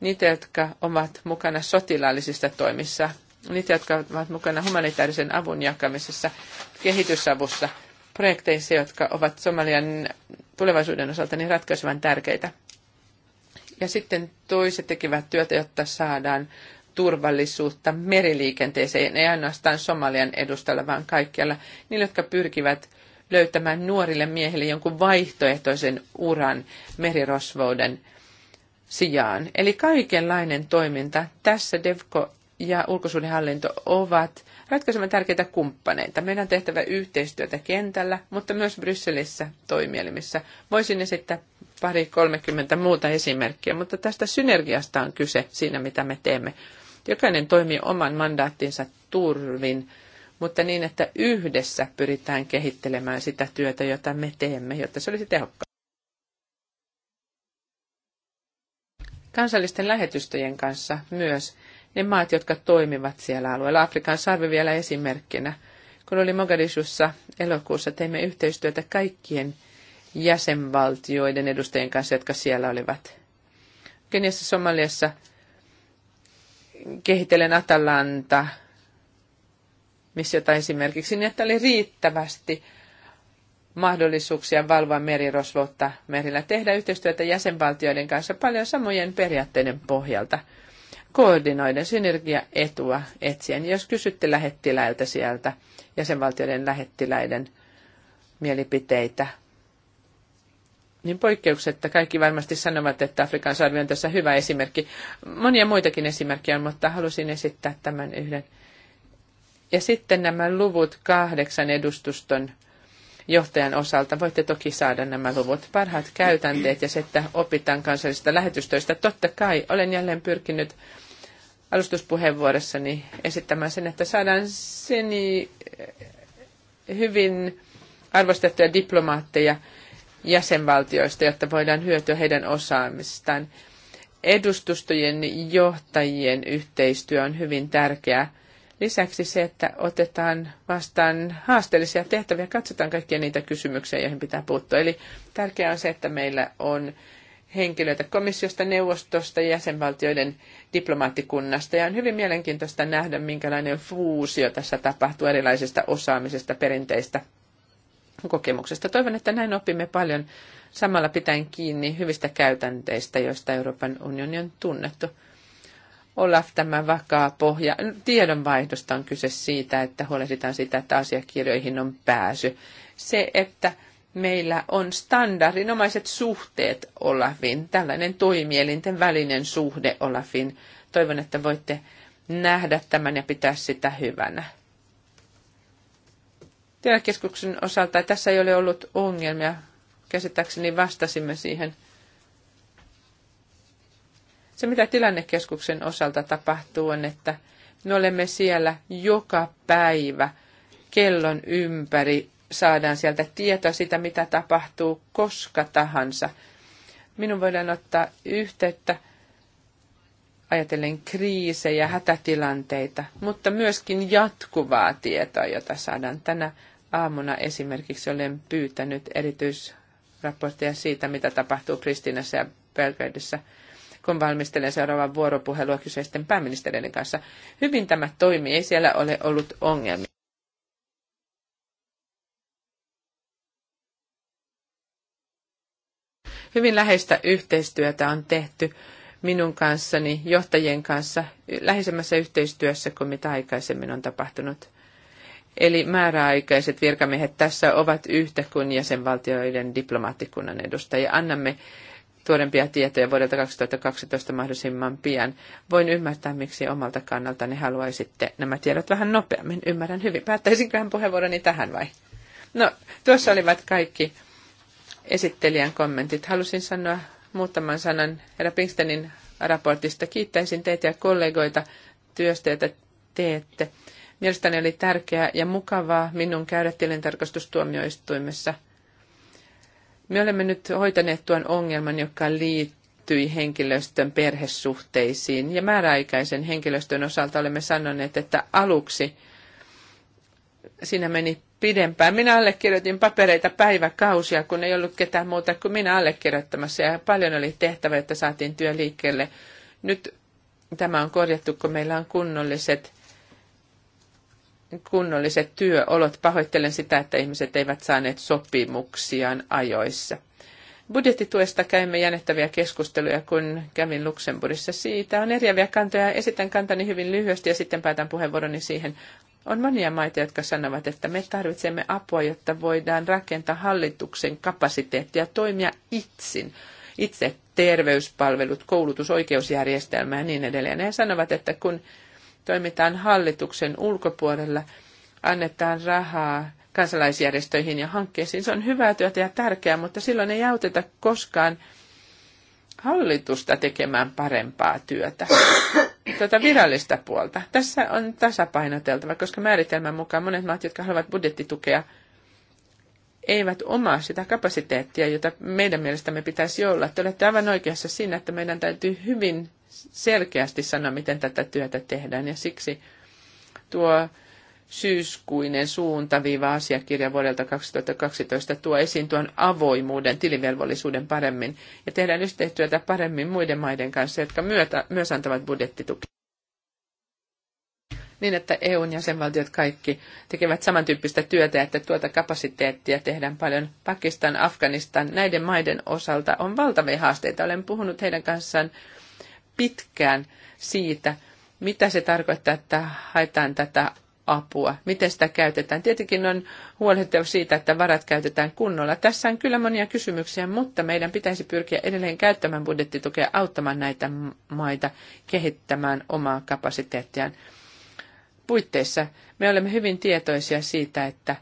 Niitä, jotka ovat mukana sotilaallisissa toimissa, niitä, jotka ovat mukana humanitaarisen avun jakamisessa, kehitysavussa, projekteissa, jotka ovat Somalian tulevaisuuden osalta niin ratkaisevan tärkeitä. Ja sitten toiset tekevät työtä, jotta saadaan turvallisuutta meriliikenteeseen, ei ainoastaan Somalian edustalla, vaan kaikkialla. Niille, jotka pyrkivät löytämään nuorille miehille jonkun vaihtoehtoisen uran merirosvouden sijaan. Eli kaikenlainen toiminta. Tässä DEVCO ja ulkosuudenhallinto ovat ratkaisevan tärkeitä kumppaneita. Meidän on tehtävä yhteistyötä kentällä, mutta myös Brysselissä toimielimissä. Voisin esittää pari 30 muuta esimerkkiä, mutta tästä synergiasta on kyse siinä, mitä me teemme. Jokainen toimii oman mandaattinsa turvin, mutta niin, että yhdessä pyritään kehittelemään sitä työtä, jota me teemme, jotta se olisi tehokkaampaa. Kansallisten lähetystöjen kanssa myös ne maat, jotka toimivat siellä alueella. Afrikan sarvi vielä esimerkkinä. Kun oli Mogadishussa elokuussa, teimme yhteistyötä kaikkien jäsenvaltioiden edustajien kanssa, jotka siellä olivat. Keniassa, Somaliassa kehitellen Atalanta, missiota esimerkiksi, niin että oli riittävästi mahdollisuuksia valvoa merirosvoutta merillä, tehdä yhteistyötä jäsenvaltioiden kanssa paljon samojen periaatteiden pohjalta – koordinoiden synergiaetua etsien. Jos kysytte lähettiläiltä sieltä, jäsenvaltioiden lähettiläiden mielipiteitä, niin poikkeuksetta kaikki varmasti sanovat, että Afrikan sarvi on tässä hyvä esimerkki. Monia muitakin esimerkkejä on, mutta halusin esittää tämän yhden. Ja sitten nämä luvut kahdeksan edustuston johtajan osalta. Voitte toki saada nämä luvut, parhaat käytänteet ja se, että opitaan kansallisista lähetystöistä. Totta kai olen jälleen pyrkinyt alustuspuheenvuorossani esittämään sen, että saadaan sen eh, hyvin arvostettuja diplomaatteja jäsenvaltioista, jotta voidaan hyötyä heidän osaamistaan. Edustustojen johtajien yhteistyö on hyvin tärkeää. Lisäksi se, että otetaan vastaan haasteellisia tehtäviä, katsotaan kaikkia niitä kysymyksiä, joihin pitää puuttua. Eli tärkeää on se, että meillä on henkilöitä komissiosta, neuvostosta, jäsenvaltioiden diplomaattikunnasta. Ja on hyvin mielenkiintoista nähdä, minkälainen fuusio tässä tapahtuu erilaisesta osaamisesta, perinteistä kokemuksesta. Toivon, että näin opimme paljon samalla pitäen kiinni hyvistä käytänteistä, joista Euroopan unioni on tunnettu. Olaf tämä vakaa pohja. Tiedonvaihdosta on kyse siitä, että huolehditaan sitä, että asiakirjoihin on pääsy. Se, että meillä on standardinomaiset suhteet Olafin, tällainen toimielinten välinen suhde Olafin. Toivon, että voitte nähdä tämän ja pitää sitä hyvänä. Tiedekeskuksen osalta tässä ei ole ollut ongelmia. Käsittääkseni vastasimme siihen. Se, mitä tilannekeskuksen osalta tapahtuu, on, että me olemme siellä joka päivä kellon ympäri saadaan sieltä tietoa siitä, mitä tapahtuu koska tahansa. Minun voidaan ottaa yhteyttä ajatellen kriisejä, hätätilanteita, mutta myöskin jatkuvaa tietoa, jota saadaan tänä aamuna esimerkiksi olen pyytänyt erityisraportteja siitä, mitä tapahtuu Kristinassa ja Belgradissa, kun valmistelen seuraavaa vuoropuhelua kyseisten pääministerien kanssa. Hyvin tämä toimii, ei siellä ole ollut ongelmia. Hyvin läheistä yhteistyötä on tehty minun kanssani, johtajien kanssa, läheisemmässä yhteistyössä kuin mitä aikaisemmin on tapahtunut. Eli määräaikaiset virkamiehet tässä ovat yhtä kuin jäsenvaltioiden diplomaattikunnan edustajia. Annamme tuorempia tietoja vuodelta 2012 mahdollisimman pian. Voin ymmärtää, miksi omalta kannalta ne haluaisitte nämä tiedot vähän nopeammin. Ymmärrän hyvin. Päättäisinköhän puheenvuoroni tähän vai? No, tuossa olivat kaikki esittelijän kommentit. Halusin sanoa muutaman sanan herra Pinkstenin raportista. Kiittäisin teitä ja kollegoita työstä, jota teette. Mielestäni oli tärkeää ja mukavaa minun käydä tilintarkastustuomioistuimessa. Me olemme nyt hoitaneet tuon ongelman, joka liittyi henkilöstön perhesuhteisiin. Ja määräaikaisen henkilöstön osalta olemme sanoneet, että aluksi siinä meni pidempään. Minä allekirjoitin papereita päiväkausia, kun ei ollut ketään muuta kuin minä allekirjoittamassa ja paljon oli tehtävä, että saatiin työ liikkeelle. Nyt tämä on korjattu, kun meillä on kunnolliset, kunnolliset työolot. Pahoittelen sitä, että ihmiset eivät saaneet sopimuksiaan ajoissa. Budjettituesta käymme jännittäviä keskusteluja, kun kävin Luxemburgissa siitä. On eriäviä kantoja. Esitän kantani hyvin lyhyesti ja sitten päätän puheenvuoroni siihen. On monia maita, jotka sanovat, että me tarvitsemme apua, jotta voidaan rakentaa hallituksen kapasiteettia toimia itsin. Itse terveyspalvelut, koulutus, oikeusjärjestelmä ja niin edelleen. Ne sanovat, että kun toimitaan hallituksen ulkopuolella, annetaan rahaa kansalaisjärjestöihin ja hankkeisiin. Se on hyvää työtä ja tärkeää, mutta silloin ei auteta koskaan hallitusta tekemään parempaa työtä tuota virallista puolta. Tässä on tasapainoteltava, koska määritelmän mukaan monet maat, jotka haluavat budjettitukea, eivät omaa sitä kapasiteettia, jota meidän mielestämme pitäisi olla. Te olette aivan oikeassa siinä, että meidän täytyy hyvin selkeästi sanoa, miten tätä työtä tehdään, ja siksi tuo syyskuinen suuntaviiva asiakirja vuodelta 2012 tuo esiin tuon avoimuuden, tilivelvollisuuden paremmin ja tehdään yhteistyötä paremmin muiden maiden kanssa, jotka myötä, myös antavat budjettitukia. Niin, että EUn jäsenvaltiot kaikki tekevät samantyyppistä työtä, että tuota kapasiteettia tehdään paljon. Pakistan, Afganistan, näiden maiden osalta on valtavia haasteita. Olen puhunut heidän kanssaan pitkään siitä, mitä se tarkoittaa, että haetaan tätä apua, miten sitä käytetään. Tietenkin on huolehdittava siitä, että varat käytetään kunnolla. Tässä on kyllä monia kysymyksiä, mutta meidän pitäisi pyrkiä edelleen käyttämään budjettitukea, auttamaan näitä maita kehittämään omaa kapasiteettiaan. Puitteissa me olemme hyvin tietoisia siitä, että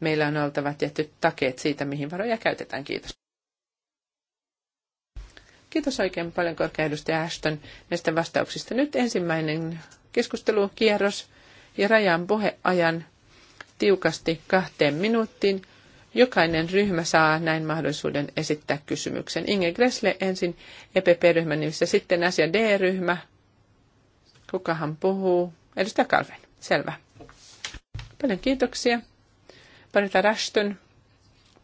meillä on oltava tietyt takeet siitä, mihin varoja käytetään. Kiitos. Kiitos oikein paljon korkea edustaja Ashton näistä vastauksista. Nyt ensimmäinen keskustelukierros ja rajan puheajan tiukasti kahteen minuuttiin. Jokainen ryhmä saa näin mahdollisuuden esittää kysymyksen. Inge Gressle ensin EPP-ryhmän nimissä, sitten asia D-ryhmä. Kukahan puhuu? Edustaja Kalven. Selvä. Paljon kiitoksia. Parita Rashton.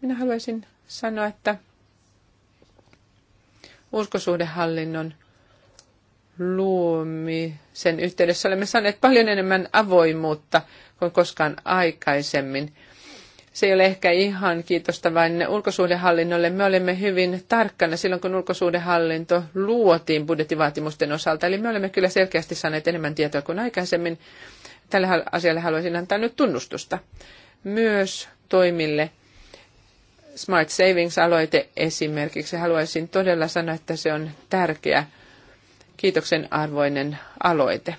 Minä haluaisin sanoa, että ulkosuhdehallinnon – luomi sen yhteydessä olemme saaneet paljon enemmän avoimuutta kuin koskaan aikaisemmin. Se ei ole ehkä ihan kiitosta vain ulkosuhdehallinnolle. Me olemme hyvin tarkkana silloin, kun ulkosuhdehallinto luotiin budjettivaatimusten osalta. Eli me olemme kyllä selkeästi saaneet enemmän tietoa kuin aikaisemmin. Tälle asialle haluaisin antaa nyt tunnustusta. Myös toimille Smart Savings-aloite esimerkiksi. Haluaisin todella sanoa, että se on tärkeä kiitoksen arvoinen aloite.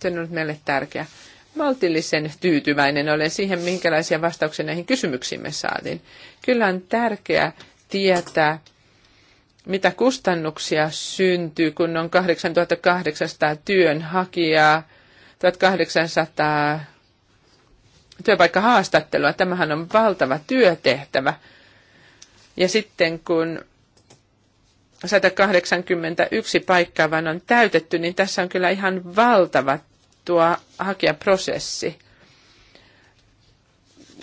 Se on ollut meille tärkeä. Maltillisen tyytyväinen olen siihen, minkälaisia vastauksia näihin kysymyksiin me saatiin. Kyllä on tärkeää tietää, mitä kustannuksia syntyy, kun on 8800 työnhakijaa, 1800 työpaikkahaastattelua. Tämähän on valtava työtehtävä. Ja sitten kun 181 paikkaa vain on täytetty, niin tässä on kyllä ihan valtava tuo hakijaprosessi.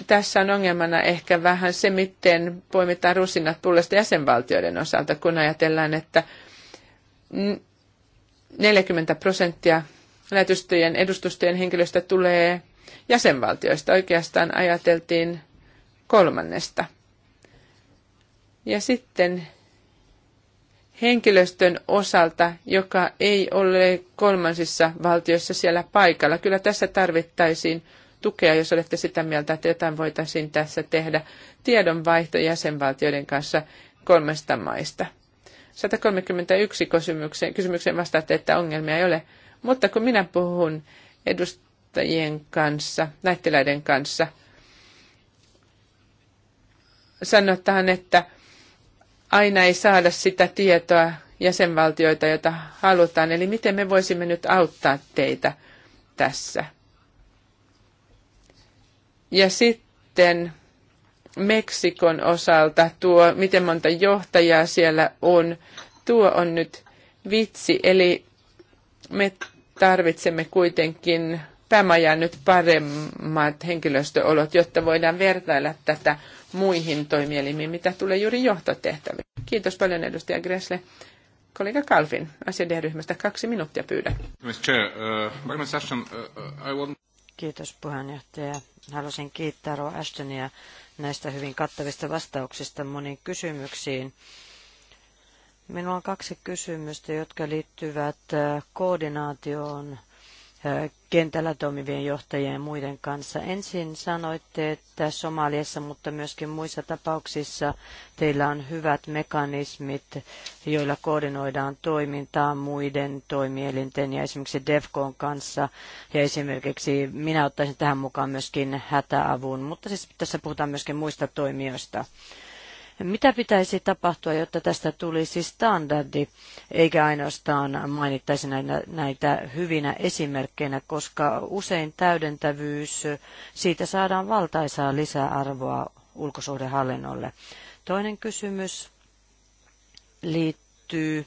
Tässä on ongelmana ehkä vähän se, miten poimitaan rusinat pullasta jäsenvaltioiden osalta, kun ajatellaan, että 40 prosenttia lähetystöjen edustustojen henkilöstä tulee jäsenvaltioista. Oikeastaan ajateltiin kolmannesta. Ja sitten henkilöstön osalta, joka ei ole kolmansissa valtioissa siellä paikalla. Kyllä tässä tarvittaisiin tukea, jos olette sitä mieltä, että jotain voitaisiin tässä tehdä. Tiedonvaihto jäsenvaltioiden kanssa kolmesta maista. 131 kysymykseen, kysymykseen vastaatte, että ongelmia ei ole. Mutta kun minä puhun edustajien kanssa, näyttelijöiden kanssa, sanotaan, että – aina ei saada sitä tietoa jäsenvaltioita, joita halutaan. Eli miten me voisimme nyt auttaa teitä tässä? Ja sitten Meksikon osalta tuo, miten monta johtajaa siellä on, tuo on nyt vitsi. Eli me tarvitsemme kuitenkin päämajaan nyt paremmat henkilöstöolot, jotta voidaan vertailla tätä muihin toimielimiin, mitä tulee juuri johtotehtäviin. Kiitos paljon edustaja Gressle. Kollega Kalfin, asiaderyhmästä kaksi minuuttia pyydän. Uh, uh, uh, Kiitos puheenjohtaja. Haluaisin kiittää Roa Ashtonia näistä hyvin kattavista vastauksista moniin kysymyksiin. Minulla on kaksi kysymystä, jotka liittyvät koordinaatioon kentällä toimivien johtajien ja muiden kanssa. Ensin sanoitte, että Somaliassa, mutta myöskin muissa tapauksissa teillä on hyvät mekanismit, joilla koordinoidaan toimintaa muiden toimielinten ja esimerkiksi DEFCON kanssa. Ja esimerkiksi minä ottaisin tähän mukaan myöskin hätäavun, mutta siis tässä puhutaan myöskin muista toimijoista. Mitä pitäisi tapahtua, jotta tästä tulisi standardi, eikä ainoastaan mainittaisi näitä, näitä hyvinä esimerkkeinä, koska usein täydentävyys, siitä saadaan valtaisaa lisäarvoa ulkosuhdehallinnolle. Toinen kysymys liittyy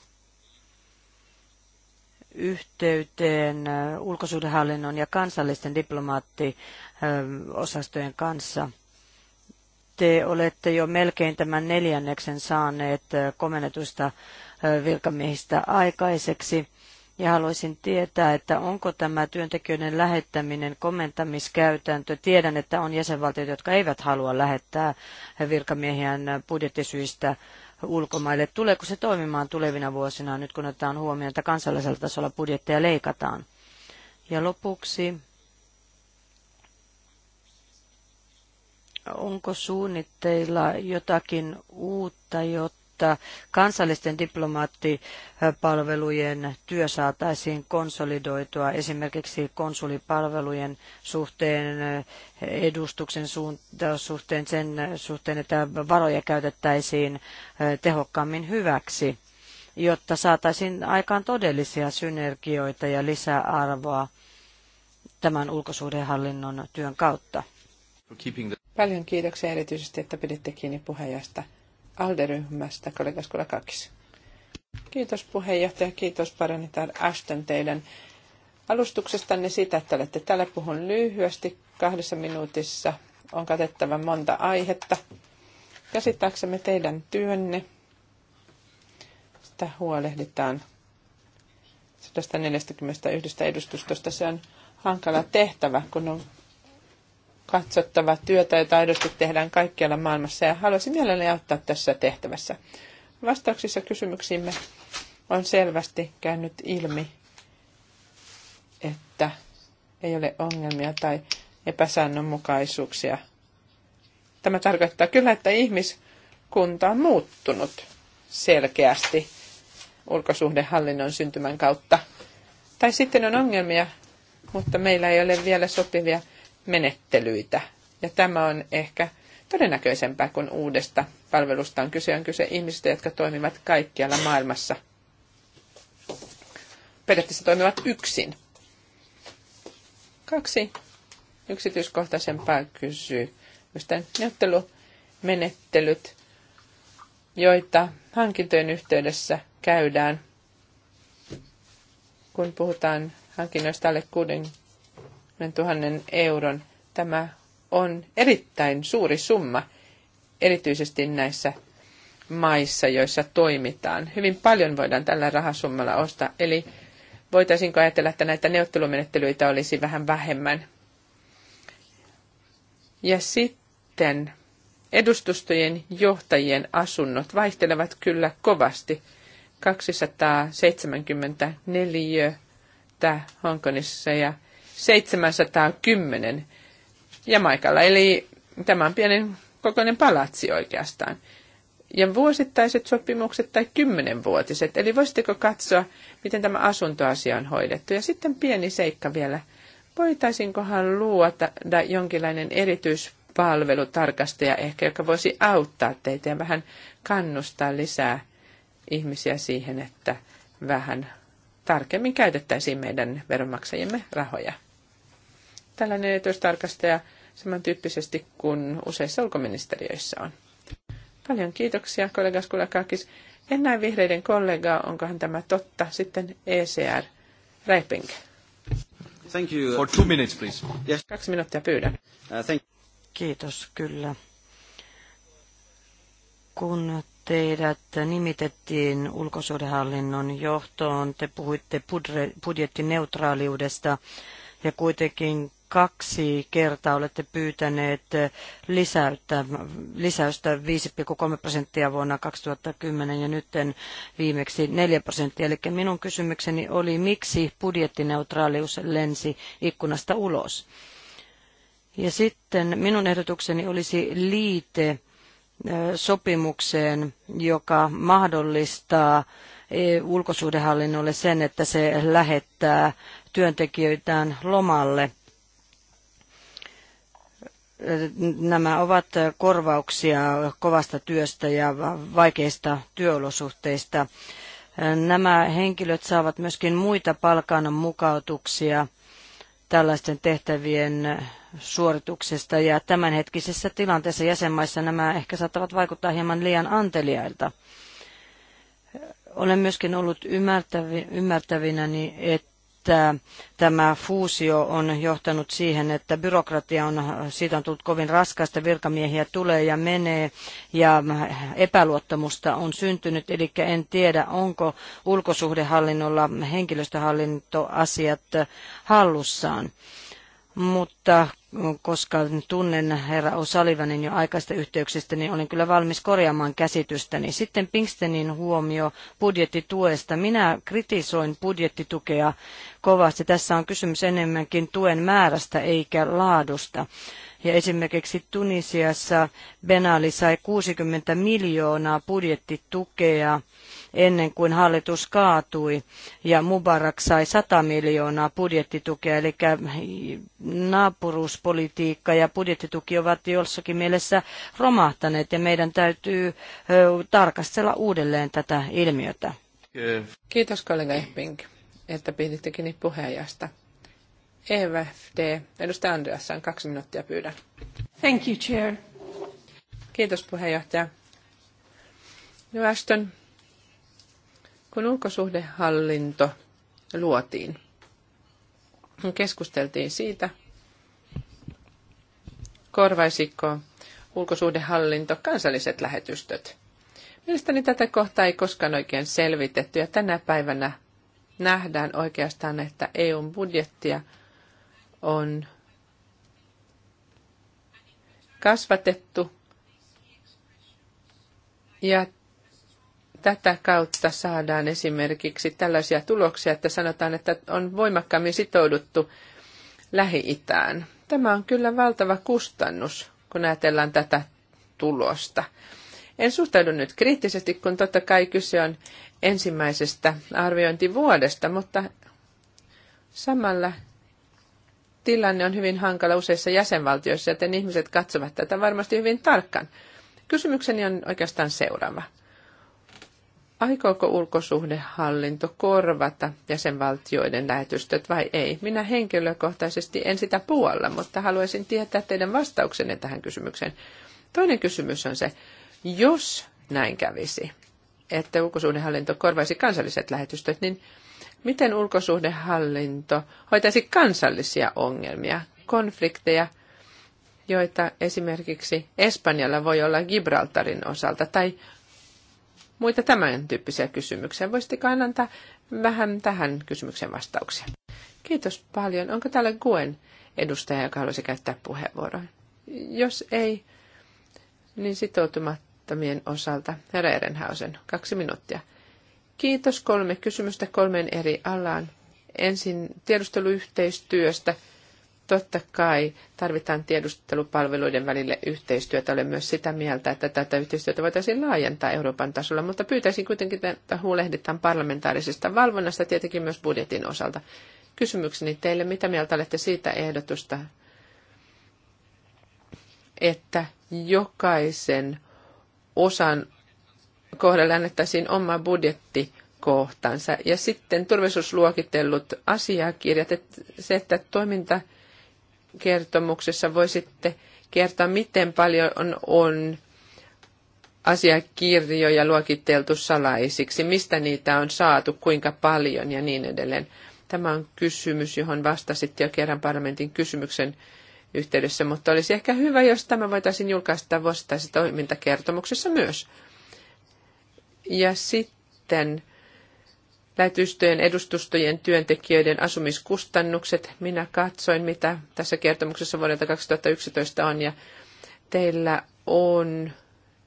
yhteyteen ulkosuhdehallinnon ja kansallisten diplomaattiosastojen kanssa – te olette jo melkein tämän neljänneksen saaneet komennetusta virkamiehistä aikaiseksi. Ja haluaisin tietää, että onko tämä työntekijöiden lähettäminen komentamiskäytäntö. Tiedän, että on jäsenvaltiot, jotka eivät halua lähettää virkamiehiään budjettisyistä ulkomaille. Tuleeko se toimimaan tulevina vuosina, nyt kun otetaan huomioon, että kansallisella tasolla budjetteja leikataan? Ja lopuksi onko suunnitteilla jotakin uutta, jotta kansallisten diplomaattipalvelujen työ saataisiin konsolidoitua esimerkiksi konsulipalvelujen suhteen, edustuksen suhteen, sen suhteen, että varoja käytettäisiin eh, tehokkaammin hyväksi, jotta saataisiin aikaan todellisia synergioita ja lisäarvoa tämän ulkosuhdehallinnon työn kautta. Paljon kiitoksia erityisesti, että piditte kiinni puheenjohtajasta ALDE-ryhmästä, kollegas Kulakakis. Kiitos puheenjohtaja, kiitos Paranitar Ashton teidän alustuksestanne sitä että olette täällä. Puhun lyhyesti kahdessa minuutissa. On katettava monta aihetta. Käsittääksemme teidän työnne. Sitä huolehditaan 141 edustustosta. Se on hankala tehtävä, kun on katsottava työtä, jota aidosti tehdään kaikkialla maailmassa ja haluaisin mielelläni auttaa tässä tehtävässä. Vastauksissa kysymyksiimme on selvästi käynyt ilmi, että ei ole ongelmia tai epäsäännönmukaisuuksia. Tämä tarkoittaa kyllä, että ihmiskunta on muuttunut selkeästi ulkosuhdehallinnon syntymän kautta. Tai sitten on ongelmia, mutta meillä ei ole vielä sopivia menettelyitä. Ja tämä on ehkä todennäköisempää, kuin uudesta palvelusta on kyse. On kyse ihmisistä, jotka toimivat kaikkialla maailmassa. Periaatteessa toimivat yksin. Kaksi yksityiskohtaisempaa kysymystä. Neuvottelumenettelyt, joita hankintojen yhteydessä käydään, kun puhutaan hankinnoista alle 60 000 euron. Tämä on erittäin suuri summa, erityisesti näissä maissa, joissa toimitaan. Hyvin paljon voidaan tällä rahasummalla ostaa, eli voitaisiinko ajatella, että näitä neuvottelumenettelyitä olisi vähän vähemmän. Ja sitten edustustojen johtajien asunnot vaihtelevat kyllä kovasti. 274 Hongkongissa ja 710 Jamaikalla, eli tämä pienen kokoinen palatsi oikeastaan. Ja vuosittaiset sopimukset tai kymmenenvuotiset, eli voisitteko katsoa, miten tämä asuntoasia on hoidettu. Ja sitten pieni seikka vielä, voitaisinkohan luoda jonkinlainen erityispalvelutarkastaja ehkä, joka voisi auttaa teitä ja vähän kannustaa lisää ihmisiä siihen, että vähän tarkemmin käytettäisiin meidän veronmaksajimme rahoja. Tällainen etuustarkastaja samantyyppisesti kuin useissa ulkoministeriöissä on. Paljon kiitoksia, kollega Skulakakis. En näe vihreiden kollegaa, onkohan tämä totta. Sitten ECR, Reiping. Thank you. For two minutes, please. Yes. Kaksi minuuttia pyydän. Uh, thank Kiitos, kyllä. Kun teidät nimitettiin ulkosuhdehallinnon johtoon. Te puhuitte budjettineutraaliudesta ja kuitenkin kaksi kertaa olette pyytäneet lisäyttä, lisäystä 5,3 prosenttia vuonna 2010 ja nyt viimeksi 4 prosenttia. Eli minun kysymykseni oli, miksi budjettineutraalius lensi ikkunasta ulos? Ja sitten minun ehdotukseni olisi liite sopimukseen, joka mahdollistaa e, ulkosuhdehallinnolle sen, että se lähettää työntekijöitään lomalle. Nämä ovat korvauksia kovasta työstä ja vaikeista työolosuhteista. Nämä henkilöt saavat myöskin muita palkan mukautuksia tällaisten tehtävien suorituksesta ja tämänhetkisessä tilanteessa jäsenmaissa nämä ehkä saattavat vaikuttaa hieman liian anteliailta. Olen myöskin ollut ymmärtävi, ymmärtävinäni, että tämä fuusio on johtanut siihen, että byrokratia on, siitä on tullut kovin raskasta, virkamiehiä tulee ja menee ja epäluottamusta on syntynyt, eli en tiedä, onko ulkosuhdehallinnolla henkilöstöhallintoasiat hallussaan mutta koska tunnen herra O'Sullivanin jo aikaista yhteyksistä, niin olen kyllä valmis korjaamaan käsitystäni. Niin sitten Pinkstenin huomio budjettituesta. Minä kritisoin budjettitukea kovasti. Tässä on kysymys enemmänkin tuen määrästä eikä laadusta. Ja esimerkiksi Tunisiassa Benali sai 60 miljoonaa budjettitukea ennen kuin hallitus kaatui ja Mubarak sai 100 miljoonaa budjettitukea, eli naapuruuspolitiikka ja budjettituki ovat jossakin mielessä romahtaneet ja meidän täytyy tarkastella uudelleen tätä ilmiötä. Kiitos kollega Epping, että piditte kiinni puheenjohtajasta. EFD, edustaja on kaksi minuuttia pyydän. Thank you, Chair. Kiitos puheenjohtaja. Ashton, kun ulkosuhdehallinto luotiin, keskusteltiin siitä, korvaisiko ulkosuhdehallinto kansalliset lähetystöt. Mielestäni tätä kohtaa ei koskaan oikein selvitetty ja tänä päivänä nähdään oikeastaan, että EUn budjettia on kasvatettu ja tätä kautta saadaan esimerkiksi tällaisia tuloksia, että sanotaan, että on voimakkaammin sitouduttu Lähi-Itään. Tämä on kyllä valtava kustannus, kun ajatellaan tätä tulosta. En suhtaudu nyt kriittisesti, kun totta kai kyse on ensimmäisestä arviointivuodesta, mutta samalla tilanne on hyvin hankala useissa jäsenvaltioissa, joten ihmiset katsovat tätä varmasti hyvin tarkkaan. Kysymykseni on oikeastaan seuraava aikooko ulkosuhdehallinto korvata jäsenvaltioiden lähetystöt vai ei? Minä henkilökohtaisesti en sitä puolla, mutta haluaisin tietää teidän vastauksenne tähän kysymykseen. Toinen kysymys on se, jos näin kävisi, että ulkosuhdehallinto korvaisi kansalliset lähetystöt, niin miten ulkosuhdehallinto hoitaisi kansallisia ongelmia, konflikteja, joita esimerkiksi Espanjalla voi olla Gibraltarin osalta tai muita tämän tyyppisiä kysymyksiä. Voisitteko antaa vähän tähän kysymykseen vastauksia? Kiitos paljon. Onko täällä Guen edustaja, joka haluaisi käyttää puheenvuoron? Jos ei, niin sitoutumattomien osalta herra Erenhausen, kaksi minuuttia. Kiitos kolme kysymystä kolmeen eri alaan. Ensin tiedusteluyhteistyöstä – Totta kai tarvitaan tiedustelupalveluiden välille yhteistyötä. Olen myös sitä mieltä, että tätä yhteistyötä voitaisiin laajentaa Euroopan tasolla, mutta pyytäisin kuitenkin, että huolehditaan parlamentaarisesta valvonnasta tietenkin myös budjetin osalta. Kysymykseni teille, mitä mieltä olette siitä ehdotusta, että jokaisen osan kohdalla annettaisiin oma budjetti kohtansa. Ja sitten turvallisuusluokitellut asiakirjat, että se, että toiminta kertomuksessa voisitte kertoa, miten paljon on, on asiakirjoja luokiteltu salaisiksi, mistä niitä on saatu, kuinka paljon ja niin edelleen. Tämä on kysymys, johon vastasit jo kerran parlamentin kysymyksen yhteydessä, mutta olisi ehkä hyvä, jos tämä voitaisiin julkaista vuosittaisessa toimintakertomuksessa myös. Ja sitten lähetystöjen edustustojen työntekijöiden asumiskustannukset. Minä katsoin, mitä tässä kertomuksessa vuodelta 2011 on, ja teillä on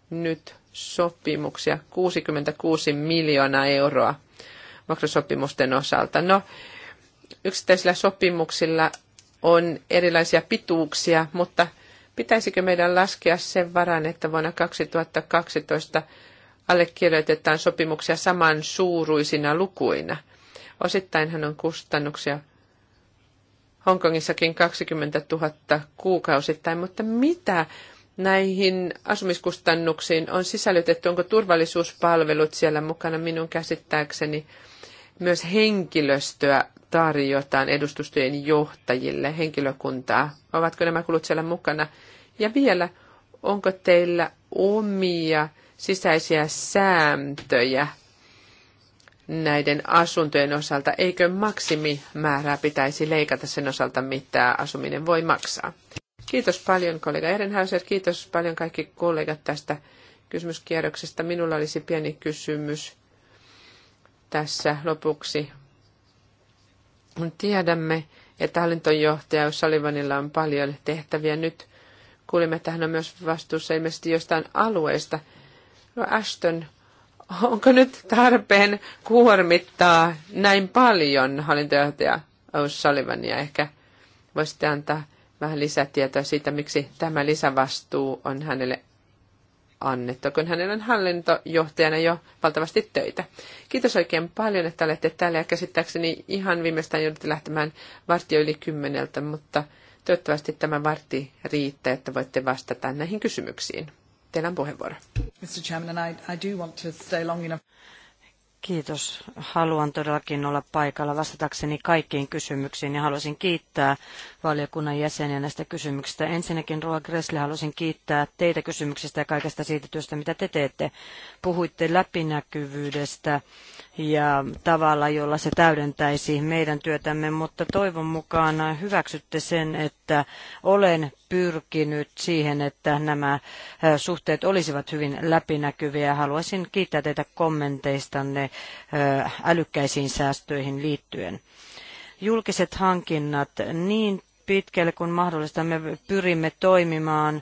nyt sopimuksia 66 miljoonaa euroa makrosopimusten osalta. No, yksittäisillä sopimuksilla on erilaisia pituuksia, mutta pitäisikö meidän laskea sen varan, että vuonna 2012 allekirjoitetaan sopimuksia saman suuruisina lukuina. hän on kustannuksia Hongkongissakin 20 000 kuukausittain, mutta mitä näihin asumiskustannuksiin on sisällytetty? Onko turvallisuuspalvelut siellä mukana minun käsittääkseni? Myös henkilöstöä tarjotaan edustustojen johtajille, henkilökuntaa. Ovatko nämä kulut siellä mukana? Ja vielä, onko teillä omia sisäisiä sääntöjä näiden asuntojen osalta? Eikö maksimimäärää pitäisi leikata sen osalta, mitä asuminen voi maksaa? Kiitos paljon kollega Ehrenhauser, kiitos paljon kaikki kollegat tästä kysymyskierroksesta. Minulla olisi pieni kysymys tässä lopuksi. Tiedämme, että hallintojohtaja Salivanilla on paljon tehtäviä nyt. Kuulimme, että hän on myös vastuussa ilmeisesti jostain alueesta – No Ashton, onko nyt tarpeen kuormittaa näin paljon hallintojohtaja ja Ehkä voisitte antaa vähän lisätietoa siitä, miksi tämä lisävastuu on hänelle annettu, kun hänellä on hallintojohtajana jo valtavasti töitä. Kiitos oikein paljon, että olette täällä ja käsittääkseni ihan viimeistään joudutte lähtemään vartio yli kymmeneltä, mutta toivottavasti tämä vartti riittää, että voitte vastata näihin kysymyksiin. Teillä on puheenvuoro. Mr. Chairman, I, I do want to stay long enough. Kiitos. Haluan todellakin olla paikalla vastatakseni kaikkiin kysymyksiin ja haluaisin kiittää valiokunnan jäseniä näistä kysymyksistä. Ensinnäkin Roa Gressle haluaisin kiittää teitä kysymyksistä ja kaikesta siitä työstä, mitä te teette. Puhuitte läpinäkyvyydestä ja tavalla, jolla se täydentäisi meidän työtämme, mutta toivon mukaan hyväksytte sen, että olen pyrkinyt siihen, että nämä suhteet olisivat hyvin läpinäkyviä. Haluaisin kiittää teitä kommenteistanne älykkäisiin säästöihin liittyen julkiset hankinnat, niin pitkälle kuin mahdollista. Me pyrimme toimimaan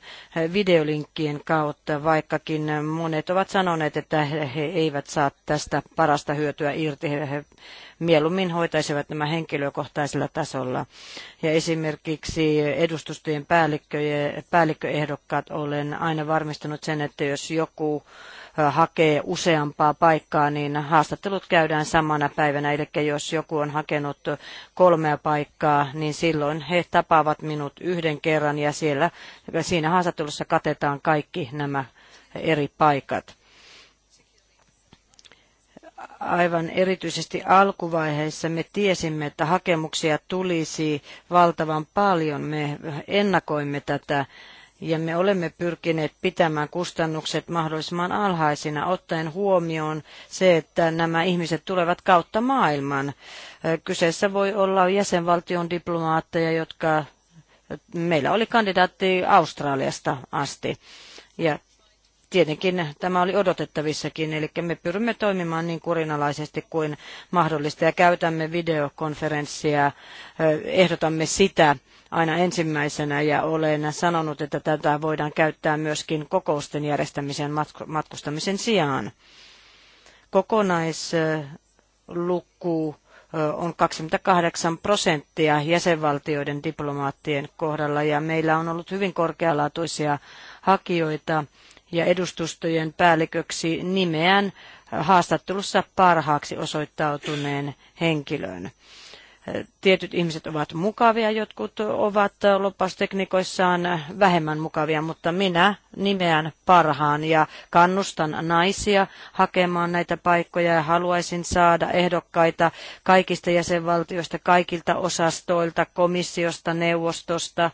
videolinkkien kautta, vaikkakin monet ovat sanoneet, että he eivät saa tästä parasta hyötyä irti. He mieluummin hoitaisivat nämä henkilökohtaisella tasolla. Ja esimerkiksi edustustojen päällikköehdokkaat olen aina varmistanut sen, että jos joku hakee useampaa paikkaa, niin haastattelut käydään samana päivänä. Eli jos joku on hakenut kolmea paikkaa, niin silloin he tapaavat minut yhden kerran ja siellä, siinä haastattelussa katetaan kaikki nämä eri paikat aivan erityisesti alkuvaiheessa me tiesimme, että hakemuksia tulisi valtavan paljon. Me ennakoimme tätä ja me olemme pyrkineet pitämään kustannukset mahdollisimman alhaisina, ottaen huomioon se, että nämä ihmiset tulevat kautta maailman. Kyseessä voi olla jäsenvaltion diplomaatteja, jotka meillä oli kandidaatti Australiasta asti. Ja tietenkin tämä oli odotettavissakin, eli me pyrimme toimimaan niin kurinalaisesti kuin mahdollista ja käytämme videokonferenssia, ehdotamme sitä aina ensimmäisenä ja olen sanonut, että tätä voidaan käyttää myöskin kokousten järjestämisen matkustamisen sijaan. Kokonaisluku on 28 prosenttia jäsenvaltioiden diplomaattien kohdalla ja meillä on ollut hyvin korkealaatuisia hakijoita ja edustustojen päälliköksi nimeän haastattelussa parhaaksi osoittautuneen henkilön. Tietyt ihmiset ovat mukavia, jotkut ovat lopasteknikoissaan vähemmän mukavia, mutta minä nimeän parhaan ja kannustan naisia hakemaan näitä paikkoja ja haluaisin saada ehdokkaita kaikista jäsenvaltioista, kaikilta osastoilta, komissiosta, neuvostosta,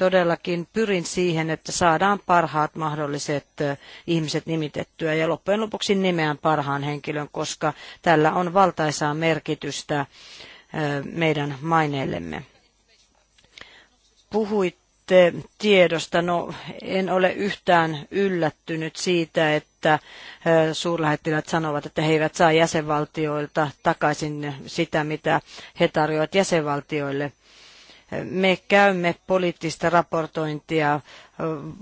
todellakin pyrin siihen, että saadaan parhaat mahdolliset ihmiset nimitettyä ja loppujen lopuksi nimeän parhaan henkilön, koska tällä on valtaisaa merkitystä meidän maineellemme. Puhuitte tiedosta. No, en ole yhtään yllättynyt siitä, että suurlähettilät sanovat, että he eivät saa jäsenvaltioilta takaisin sitä, mitä he tarjoavat jäsenvaltioille me käymme poliittista raportointia.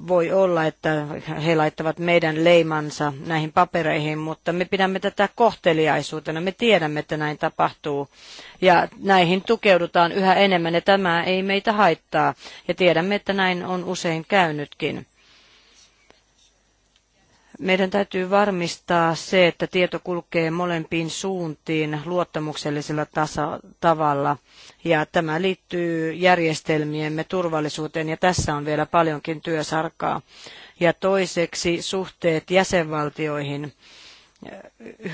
Voi olla, että he laittavat meidän leimansa näihin papereihin, mutta me pidämme tätä kohteliaisuutena. Me tiedämme, että näin tapahtuu. Ja näihin tukeudutaan yhä enemmän ja tämä ei meitä haittaa. Ja tiedämme, että näin on usein käynytkin. Meidän täytyy varmistaa se, että tieto kulkee molempiin suuntiin luottamuksellisella tasa- tavalla. Ja tämä liittyy järjestelmiemme turvallisuuteen ja tässä on vielä paljonkin työsarkaa. Ja toiseksi suhteet jäsenvaltioihin.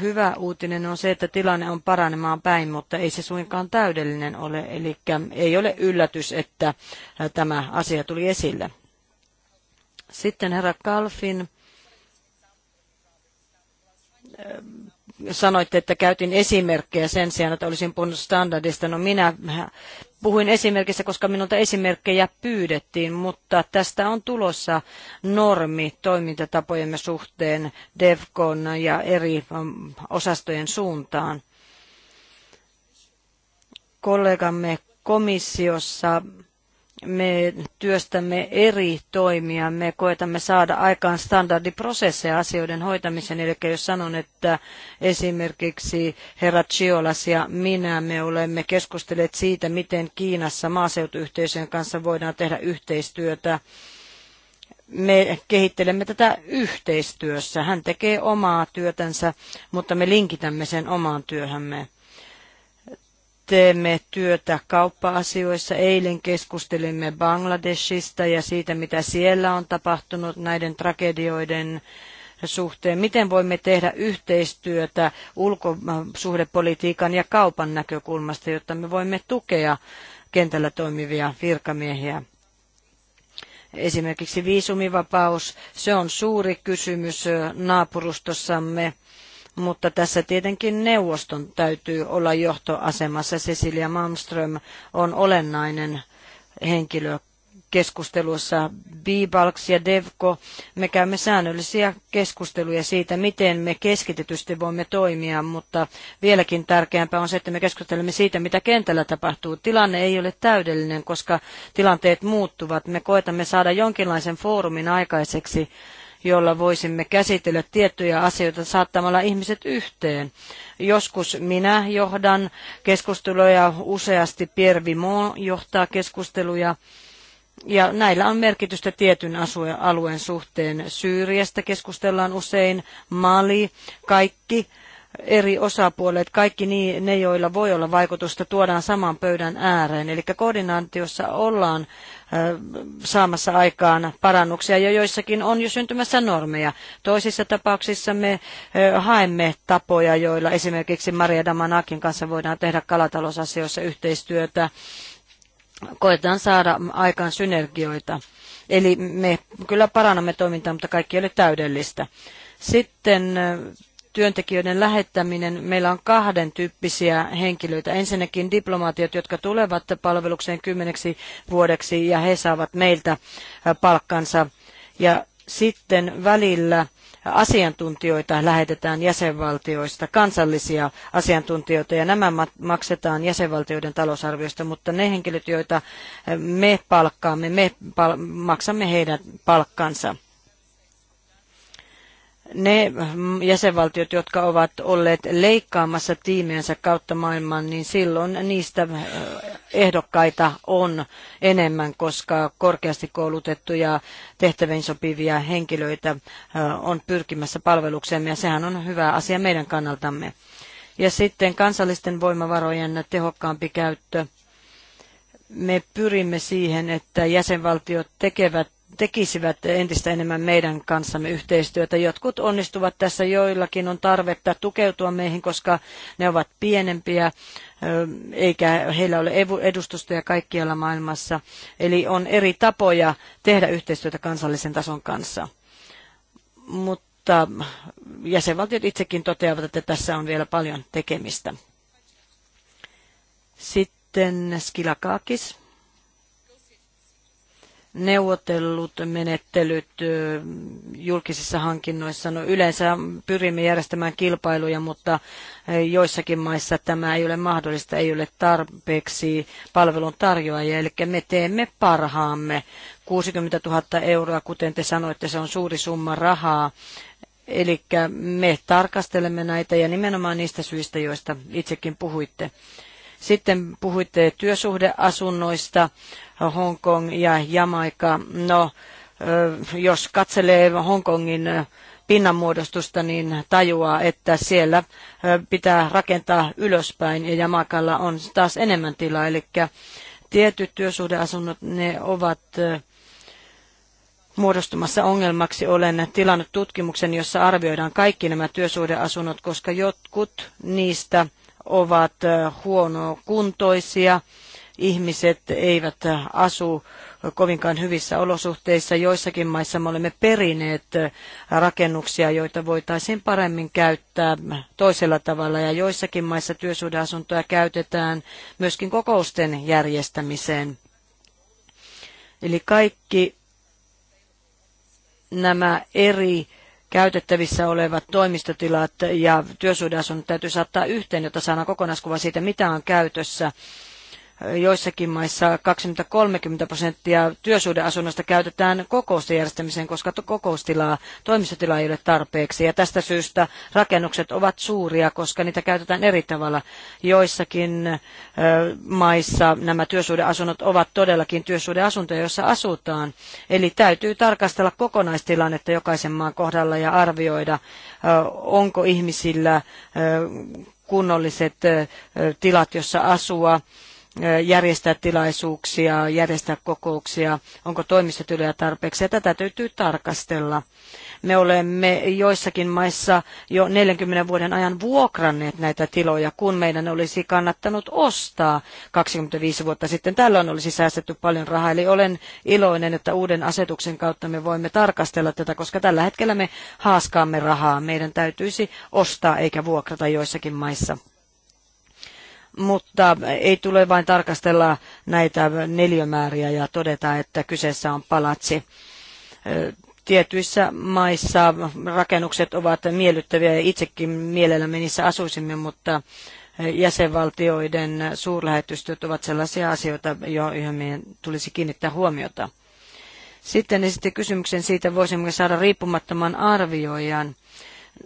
Hyvä uutinen on se, että tilanne on paranemaan päin, mutta ei se suinkaan täydellinen ole. Eli ei ole yllätys, että tämä asia tuli esille. Sitten herra Kalfin sanoitte, että käytin esimerkkejä sen sijaan, että olisin puhunut standardista. No minä puhuin esimerkistä, koska minulta esimerkkejä pyydettiin, mutta tästä on tulossa normi toimintatapojemme suhteen DEVCON ja eri osastojen suuntaan. Kollegamme komissiossa me työstämme eri toimia, me koetamme saada aikaan standardiprosesseja asioiden hoitamisen. Eli jos sanon, että esimerkiksi herra Chiolas ja minä, me olemme keskustelleet siitä, miten Kiinassa maaseutuyhteisöjen kanssa voidaan tehdä yhteistyötä, me kehittelemme tätä yhteistyössä. Hän tekee omaa työtänsä, mutta me linkitämme sen omaan työhömme teemme työtä kauppa-asioissa. Eilen keskustelimme Bangladeshista ja siitä, mitä siellä on tapahtunut näiden tragedioiden suhteen. Miten voimme tehdä yhteistyötä ulkosuhdepolitiikan ja kaupan näkökulmasta, jotta me voimme tukea kentällä toimivia virkamiehiä? Esimerkiksi viisumivapaus, se on suuri kysymys naapurustossamme mutta tässä tietenkin neuvoston täytyy olla johtoasemassa. Cecilia Malmström on olennainen henkilö keskusteluissa Bibalks ja Devko. Me käymme säännöllisiä keskusteluja siitä, miten me keskitetysti voimme toimia, mutta vieläkin tärkeämpää on se, että me keskustelemme siitä, mitä kentällä tapahtuu. Tilanne ei ole täydellinen, koska tilanteet muuttuvat. Me koetamme saada jonkinlaisen foorumin aikaiseksi, jolla voisimme käsitellä tiettyjä asioita saattamalla ihmiset yhteen. Joskus minä johdan keskusteluja, useasti Pierre Vimon johtaa keskusteluja. Ja näillä on merkitystä tietyn alueen suhteen. Syyriästä keskustellaan usein, Mali, kaikki eri osapuolet, kaikki ne, joilla voi olla vaikutusta, tuodaan saman pöydän ääreen. Eli koordinaatiossa ollaan saamassa aikaan parannuksia ja joissakin on jo syntymässä normeja. Toisissa tapauksissa me haemme tapoja, joilla esimerkiksi Maria Damanakin kanssa voidaan tehdä kalatalousasioissa yhteistyötä. Koetaan saada aikaan synergioita. Eli me kyllä parannamme toimintaa, mutta kaikki ei ole täydellistä. Sitten työntekijöiden lähettäminen. Meillä on kahden tyyppisiä henkilöitä. Ensinnäkin diplomaatiot, jotka tulevat palvelukseen kymmeneksi vuodeksi ja he saavat meiltä palkkansa. Ja sitten välillä asiantuntijoita lähetetään jäsenvaltioista, kansallisia asiantuntijoita, ja nämä maksetaan jäsenvaltioiden talousarviosta, mutta ne henkilöt, joita me palkkaamme, me pal- maksamme heidän palkkansa ne jäsenvaltiot, jotka ovat olleet leikkaamassa tiimiensä kautta maailman, niin silloin niistä ehdokkaita on enemmän, koska korkeasti koulutettuja tehtäviin sopivia henkilöitä on pyrkimässä palvelukseen ja sehän on hyvä asia meidän kannaltamme. Ja sitten kansallisten voimavarojen tehokkaampi käyttö. Me pyrimme siihen, että jäsenvaltiot tekevät tekisivät entistä enemmän meidän kanssamme yhteistyötä. Jotkut onnistuvat tässä, joillakin on tarvetta tukeutua meihin, koska ne ovat pienempiä, eikä heillä ole edustustoja kaikkialla maailmassa. Eli on eri tapoja tehdä yhteistyötä kansallisen tason kanssa. Mutta jäsenvaltiot itsekin toteavat, että tässä on vielä paljon tekemistä. Sitten Skilakakis neuvotellut menettelyt julkisissa hankinnoissa. No yleensä pyrimme järjestämään kilpailuja, mutta joissakin maissa tämä ei ole mahdollista, ei ole tarpeeksi palvelun tarjoajia. Eli me teemme parhaamme. 60 000 euroa, kuten te sanoitte, se on suuri summa rahaa. Eli me tarkastelemme näitä ja nimenomaan niistä syistä, joista itsekin puhuitte. Sitten puhuitte työsuhdeasunnoista, Hongkong ja Jamaika. No, jos katselee Hongkongin pinnanmuodostusta, niin tajuaa, että siellä pitää rakentaa ylöspäin ja Jamaikalla on taas enemmän tilaa. Eli tietyt työsuhdeasunnot, ne ovat muodostumassa ongelmaksi. Olen tilannut tutkimuksen, jossa arvioidaan kaikki nämä työsuhdeasunnot, koska jotkut niistä – ovat huonokuntoisia. Ihmiset eivät asu kovinkaan hyvissä olosuhteissa. Joissakin maissa me olemme perineet rakennuksia, joita voitaisiin paremmin käyttää toisella tavalla. Ja joissakin maissa työsuhdeasuntoja käytetään myöskin kokousten järjestämiseen. Eli kaikki nämä eri käytettävissä olevat toimistotilat ja työsuhdeasunnot täytyy saattaa yhteen, jotta saadaan kokonaiskuva siitä, mitä on käytössä joissakin maissa 20-30 prosenttia työsuhdeasunnosta käytetään kokousten järjestämiseen, koska kokoustilaa, toimistotilaa ei ole tarpeeksi. Ja tästä syystä rakennukset ovat suuria, koska niitä käytetään eri tavalla. Joissakin maissa nämä työsuhdeasunnot ovat todellakin työsuhdeasuntoja, joissa asutaan. Eli täytyy tarkastella kokonaistilannetta jokaisen maan kohdalla ja arvioida, onko ihmisillä kunnolliset tilat, jossa asua järjestää tilaisuuksia, järjestää kokouksia, onko toimistotiloja tarpeeksi, ja tätä täytyy tarkastella. Me olemme joissakin maissa jo 40 vuoden ajan vuokranneet näitä tiloja, kun meidän olisi kannattanut ostaa 25 vuotta sitten. Tällöin olisi säästetty paljon rahaa, eli olen iloinen, että uuden asetuksen kautta me voimme tarkastella tätä, koska tällä hetkellä me haaskaamme rahaa. Meidän täytyisi ostaa eikä vuokrata joissakin maissa mutta ei tule vain tarkastella näitä neliömääriä ja todeta, että kyseessä on palatsi. Tietyissä maissa rakennukset ovat miellyttäviä ja itsekin mielellämme niissä asuisimme, mutta jäsenvaltioiden suurlähetystöt ovat sellaisia asioita, joihin meidän tulisi kiinnittää huomiota. Sitten esitti kysymyksen siitä, voisimmeko saada riippumattoman arvioijan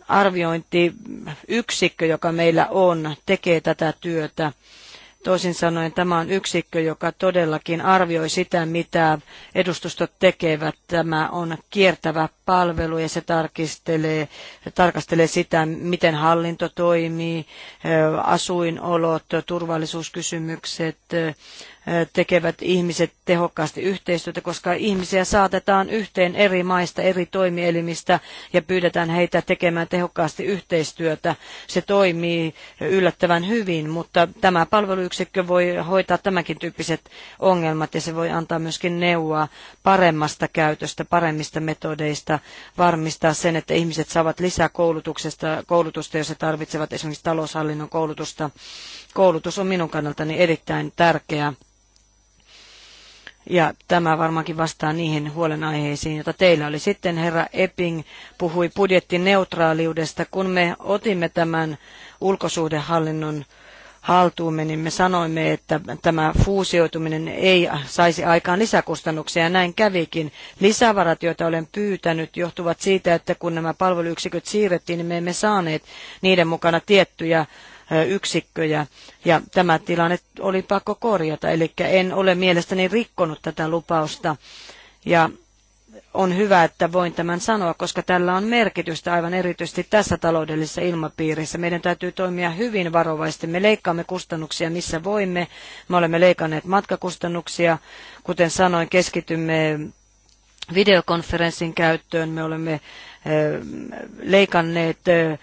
arviointiyksikkö, joka meillä on, tekee tätä työtä. Toisin sanoen tämä on yksikkö, joka todellakin arvioi sitä, mitä edustustot tekevät. Tämä on kiertävä palvelu ja se tarkistelee, tarkastelee sitä, miten hallinto toimii, asuinolot, turvallisuuskysymykset, tekevät ihmiset tehokkaasti yhteistyötä, koska ihmisiä saatetaan yhteen eri maista, eri toimielimistä ja pyydetään heitä tekemään tehokkaasti yhteistyötä. Se toimii yllättävän hyvin, mutta tämä palveluyksikkö voi hoitaa tämänkin tyyppiset ongelmat ja se voi antaa myöskin neuvoa paremmasta käytöstä, paremmista metodeista, varmistaa sen, että ihmiset saavat lisää koulutuksesta, koulutusta, jos he tarvitsevat esimerkiksi taloushallinnon koulutusta. Koulutus on minun kannaltani erittäin tärkeää. Ja tämä varmaankin vastaa niihin huolenaiheisiin, joita teillä oli. Sitten herra Epping puhui budjettineutraaliudesta. Kun me otimme tämän ulkosuhdehallinnon haltuumme, niin me sanoimme, että tämä fuusioituminen ei saisi aikaan lisäkustannuksia, ja näin kävikin. Lisävarat, joita olen pyytänyt, johtuvat siitä, että kun nämä palveluyksiköt siirrettiin, niin me emme saaneet niiden mukana tiettyjä yksikköjä. Ja tämä tilanne oli pakko korjata, eli en ole mielestäni rikkonut tätä lupausta. Ja on hyvä, että voin tämän sanoa, koska tällä on merkitystä aivan erityisesti tässä taloudellisessa ilmapiirissä. Meidän täytyy toimia hyvin varovaisesti. Me leikkaamme kustannuksia missä voimme. Me olemme leikanneet matkakustannuksia. Kuten sanoin, keskitymme videokonferenssin käyttöön. Me olemme eh, leikanneet eh,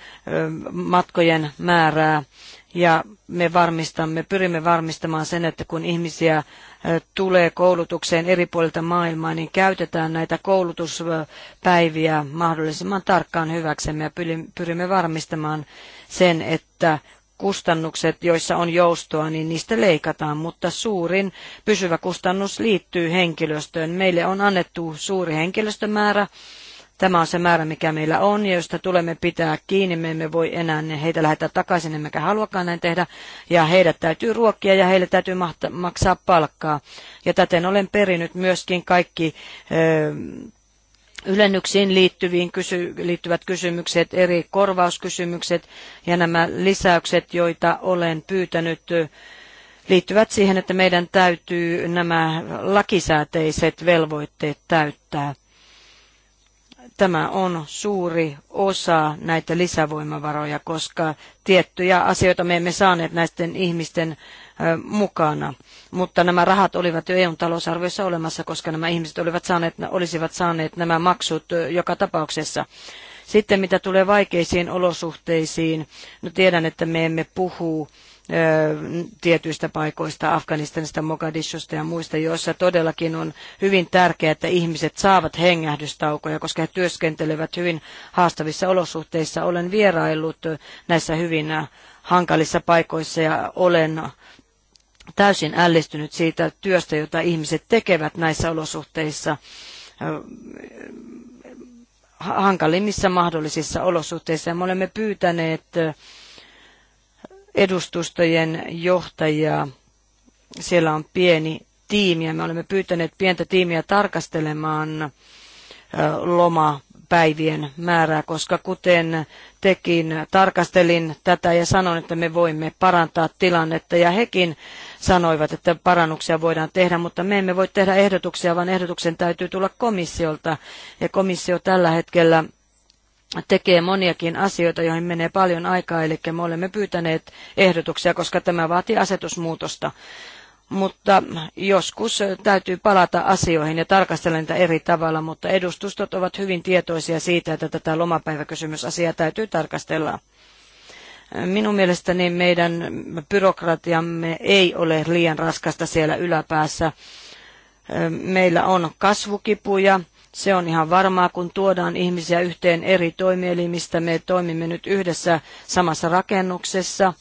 matkojen määrää ja me varmistamme, pyrimme varmistamaan sen, että kun ihmisiä eh, tulee koulutukseen eri puolilta maailmaa, niin käytetään näitä koulutuspäiviä mahdollisimman tarkkaan hyväksemme ja pyrimme varmistamaan sen, että kustannukset, joissa on joustoa, niin niistä leikataan, mutta suurin pysyvä kustannus liittyy henkilöstöön. Meille on annettu suuri henkilöstömäärä. Tämä on se määrä, mikä meillä on ja josta tulemme pitää kiinni. Me emme voi enää heitä lähettää takaisin, emmekä haluakaan näin tehdä. Ja heidät täytyy ruokkia ja heille täytyy maksaa palkkaa. Ja täten olen perinyt myöskin kaikki ö, ylennyksiin liittyviin kysy- liittyvät kysymykset, eri korvauskysymykset ja nämä lisäykset, joita olen pyytänyt, liittyvät siihen, että meidän täytyy nämä lakisääteiset velvoitteet täyttää. Tämä on suuri osa näitä lisävoimavaroja, koska tiettyjä asioita me emme saaneet näisten ihmisten mukana. Mutta nämä rahat olivat jo EUn talousarviossa olemassa, koska nämä ihmiset olivat saaneet, olisivat saaneet nämä maksut joka tapauksessa. Sitten mitä tulee vaikeisiin olosuhteisiin, no tiedän, että me emme puhu tietyistä paikoista, Afganistanista, Mogadishusta ja muista, joissa todellakin on hyvin tärkeää, että ihmiset saavat hengähdystaukoja, koska he työskentelevät hyvin haastavissa olosuhteissa. Olen vieraillut näissä hyvin hankalissa paikoissa ja olen täysin ällistynyt siitä työstä, jota ihmiset tekevät näissä olosuhteissa hankalimmissa mahdollisissa olosuhteissa. Me olemme pyytäneet edustustojen johtajia, siellä on pieni tiimi ja me olemme pyytäneet pientä tiimiä tarkastelemaan lomapäivien määrää, koska kuten tekin tarkastelin tätä ja sanoin, että me voimme parantaa tilannetta ja hekin sanoivat, että parannuksia voidaan tehdä, mutta me emme voi tehdä ehdotuksia, vaan ehdotuksen täytyy tulla komissiolta. Ja komissio tällä hetkellä tekee moniakin asioita, joihin menee paljon aikaa, eli me olemme pyytäneet ehdotuksia, koska tämä vaatii asetusmuutosta. Mutta joskus täytyy palata asioihin ja tarkastella niitä eri tavalla, mutta edustustot ovat hyvin tietoisia siitä, että tätä lomapäiväkysymysasiaa täytyy tarkastella Minun mielestäni meidän byrokratiamme ei ole liian raskasta siellä yläpäässä. Meillä on kasvukipuja. Se on ihan varmaa, kun tuodaan ihmisiä yhteen eri toimielimistä. Me toimimme nyt yhdessä samassa rakennuksessa.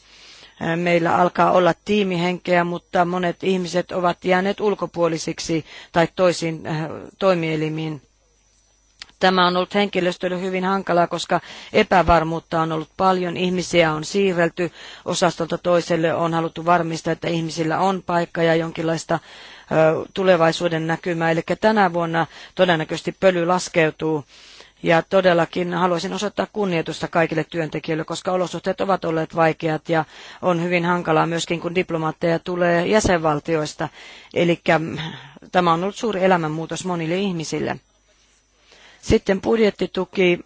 Meillä alkaa olla tiimihenkeä, mutta monet ihmiset ovat jääneet ulkopuolisiksi tai toisiin äh, toimielimiin Tämä on ollut henkilöstölle hyvin hankalaa, koska epävarmuutta on ollut paljon. Ihmisiä on siirrelty osastolta toiselle, on haluttu varmistaa, että ihmisillä on paikka ja jonkinlaista tulevaisuuden näkymää. Eli tänä vuonna todennäköisesti pöly laskeutuu. Ja todellakin haluaisin osoittaa kunnioitusta kaikille työntekijöille, koska olosuhteet ovat olleet vaikeat ja on hyvin hankalaa myöskin, kun diplomaatteja tulee jäsenvaltioista. Eli mm, tämä on ollut suuri elämänmuutos monille ihmisille. Sitten budjettituki.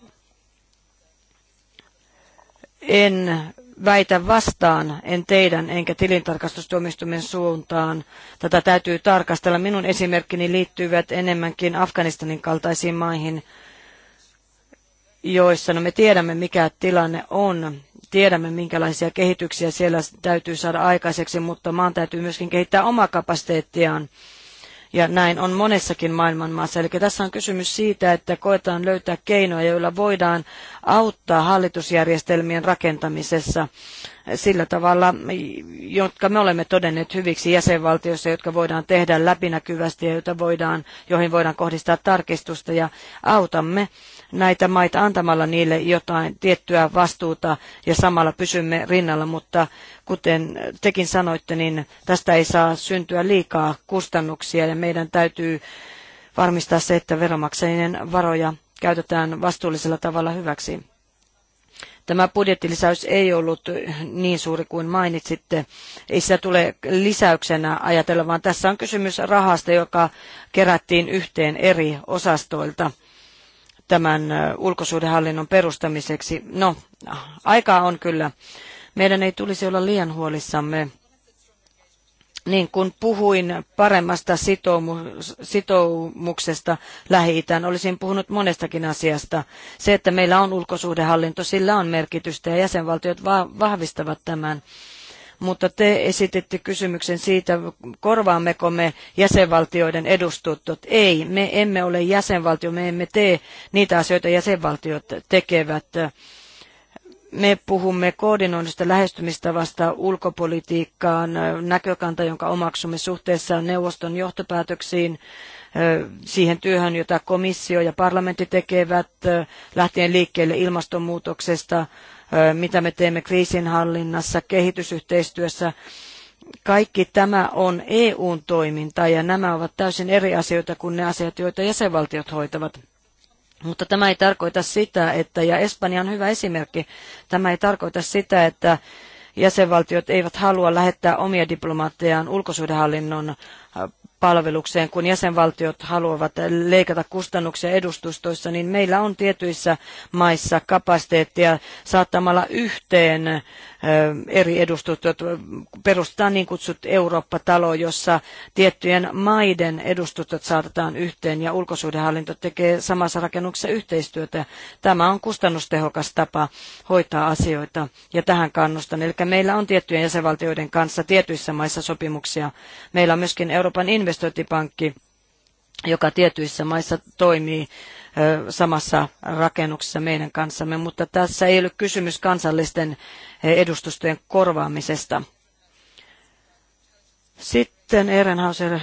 En väitä vastaan, en teidän enkä tilintarkastustuomistumen suuntaan. Tätä täytyy tarkastella. Minun esimerkkini liittyvät enemmänkin Afganistanin kaltaisiin maihin, joissa no me tiedämme, mikä tilanne on. Tiedämme, minkälaisia kehityksiä siellä täytyy saada aikaiseksi, mutta maan täytyy myöskin kehittää omaa kapasiteettiaan ja näin on monessakin maailman maassa. Eli tässä on kysymys siitä, että koetaan löytää keinoja, joilla voidaan auttaa hallitusjärjestelmien rakentamisessa sillä tavalla, jotka me olemme todenneet hyviksi jäsenvaltioissa, jotka voidaan tehdä läpinäkyvästi ja joita voidaan, joihin voidaan kohdistaa tarkistusta ja autamme näitä maita antamalla niille jotain tiettyä vastuuta ja samalla pysymme rinnalla, mutta kuten tekin sanoitte, niin tästä ei saa syntyä liikaa kustannuksia ja meidän täytyy varmistaa se, että veronmaksajien varoja käytetään vastuullisella tavalla hyväksi. Tämä budjettilisäys ei ollut niin suuri kuin mainitsitte. Ei sitä tule lisäyksenä ajatella, vaan tässä on kysymys rahasta, joka kerättiin yhteen eri osastoilta tämän ulkosuhdehallinnon perustamiseksi. No, aikaa on kyllä. Meidän ei tulisi olla liian huolissamme. Niin kuin puhuin paremmasta sitoumu- sitoumuksesta lähi -Itään. olisin puhunut monestakin asiasta. Se, että meillä on ulkosuhdehallinto, sillä on merkitystä ja jäsenvaltiot va- vahvistavat tämän mutta te esititte kysymyksen siitä, korvaammeko me jäsenvaltioiden edustuttot. Ei, me emme ole jäsenvaltio, me emme tee niitä asioita jäsenvaltiot tekevät me puhumme koordinoinnista lähestymistavasta ulkopolitiikkaan, näkökanta, jonka omaksumme suhteessa neuvoston johtopäätöksiin, siihen työhön, jota komissio ja parlamentti tekevät, lähtien liikkeelle ilmastonmuutoksesta, mitä me teemme kriisinhallinnassa, kehitysyhteistyössä. Kaikki tämä on EUn toimintaa ja nämä ovat täysin eri asioita kuin ne asiat, joita jäsenvaltiot hoitavat. Mutta tämä ei tarkoita sitä, että, ja Espanja on hyvä esimerkki, tämä ei tarkoita sitä, että jäsenvaltiot eivät halua lähettää omia diplomaattejaan ulkosuhdehallinnon palvelukseen, kun jäsenvaltiot haluavat leikata kustannuksia edustustoissa, niin meillä on tietyissä maissa kapasiteettia saattamalla yhteen eri edustustot. Perustetaan niin kutsut Eurooppa-talo, jossa tiettyjen maiden edustustot saatetaan yhteen ja ulkosuhdehallinto tekee samassa rakennuksessa yhteistyötä. Tämä on kustannustehokas tapa hoitaa asioita ja tähän kannustan. Eli meillä on tiettyjen jäsenvaltioiden kanssa tietyissä maissa sopimuksia. Meillä on myöskin Euroopan investointi investointipankki, joka tietyissä maissa toimii samassa rakennuksessa meidän kanssamme, mutta tässä ei ole kysymys kansallisten edustustojen korvaamisesta. Sitten Ehrenhauser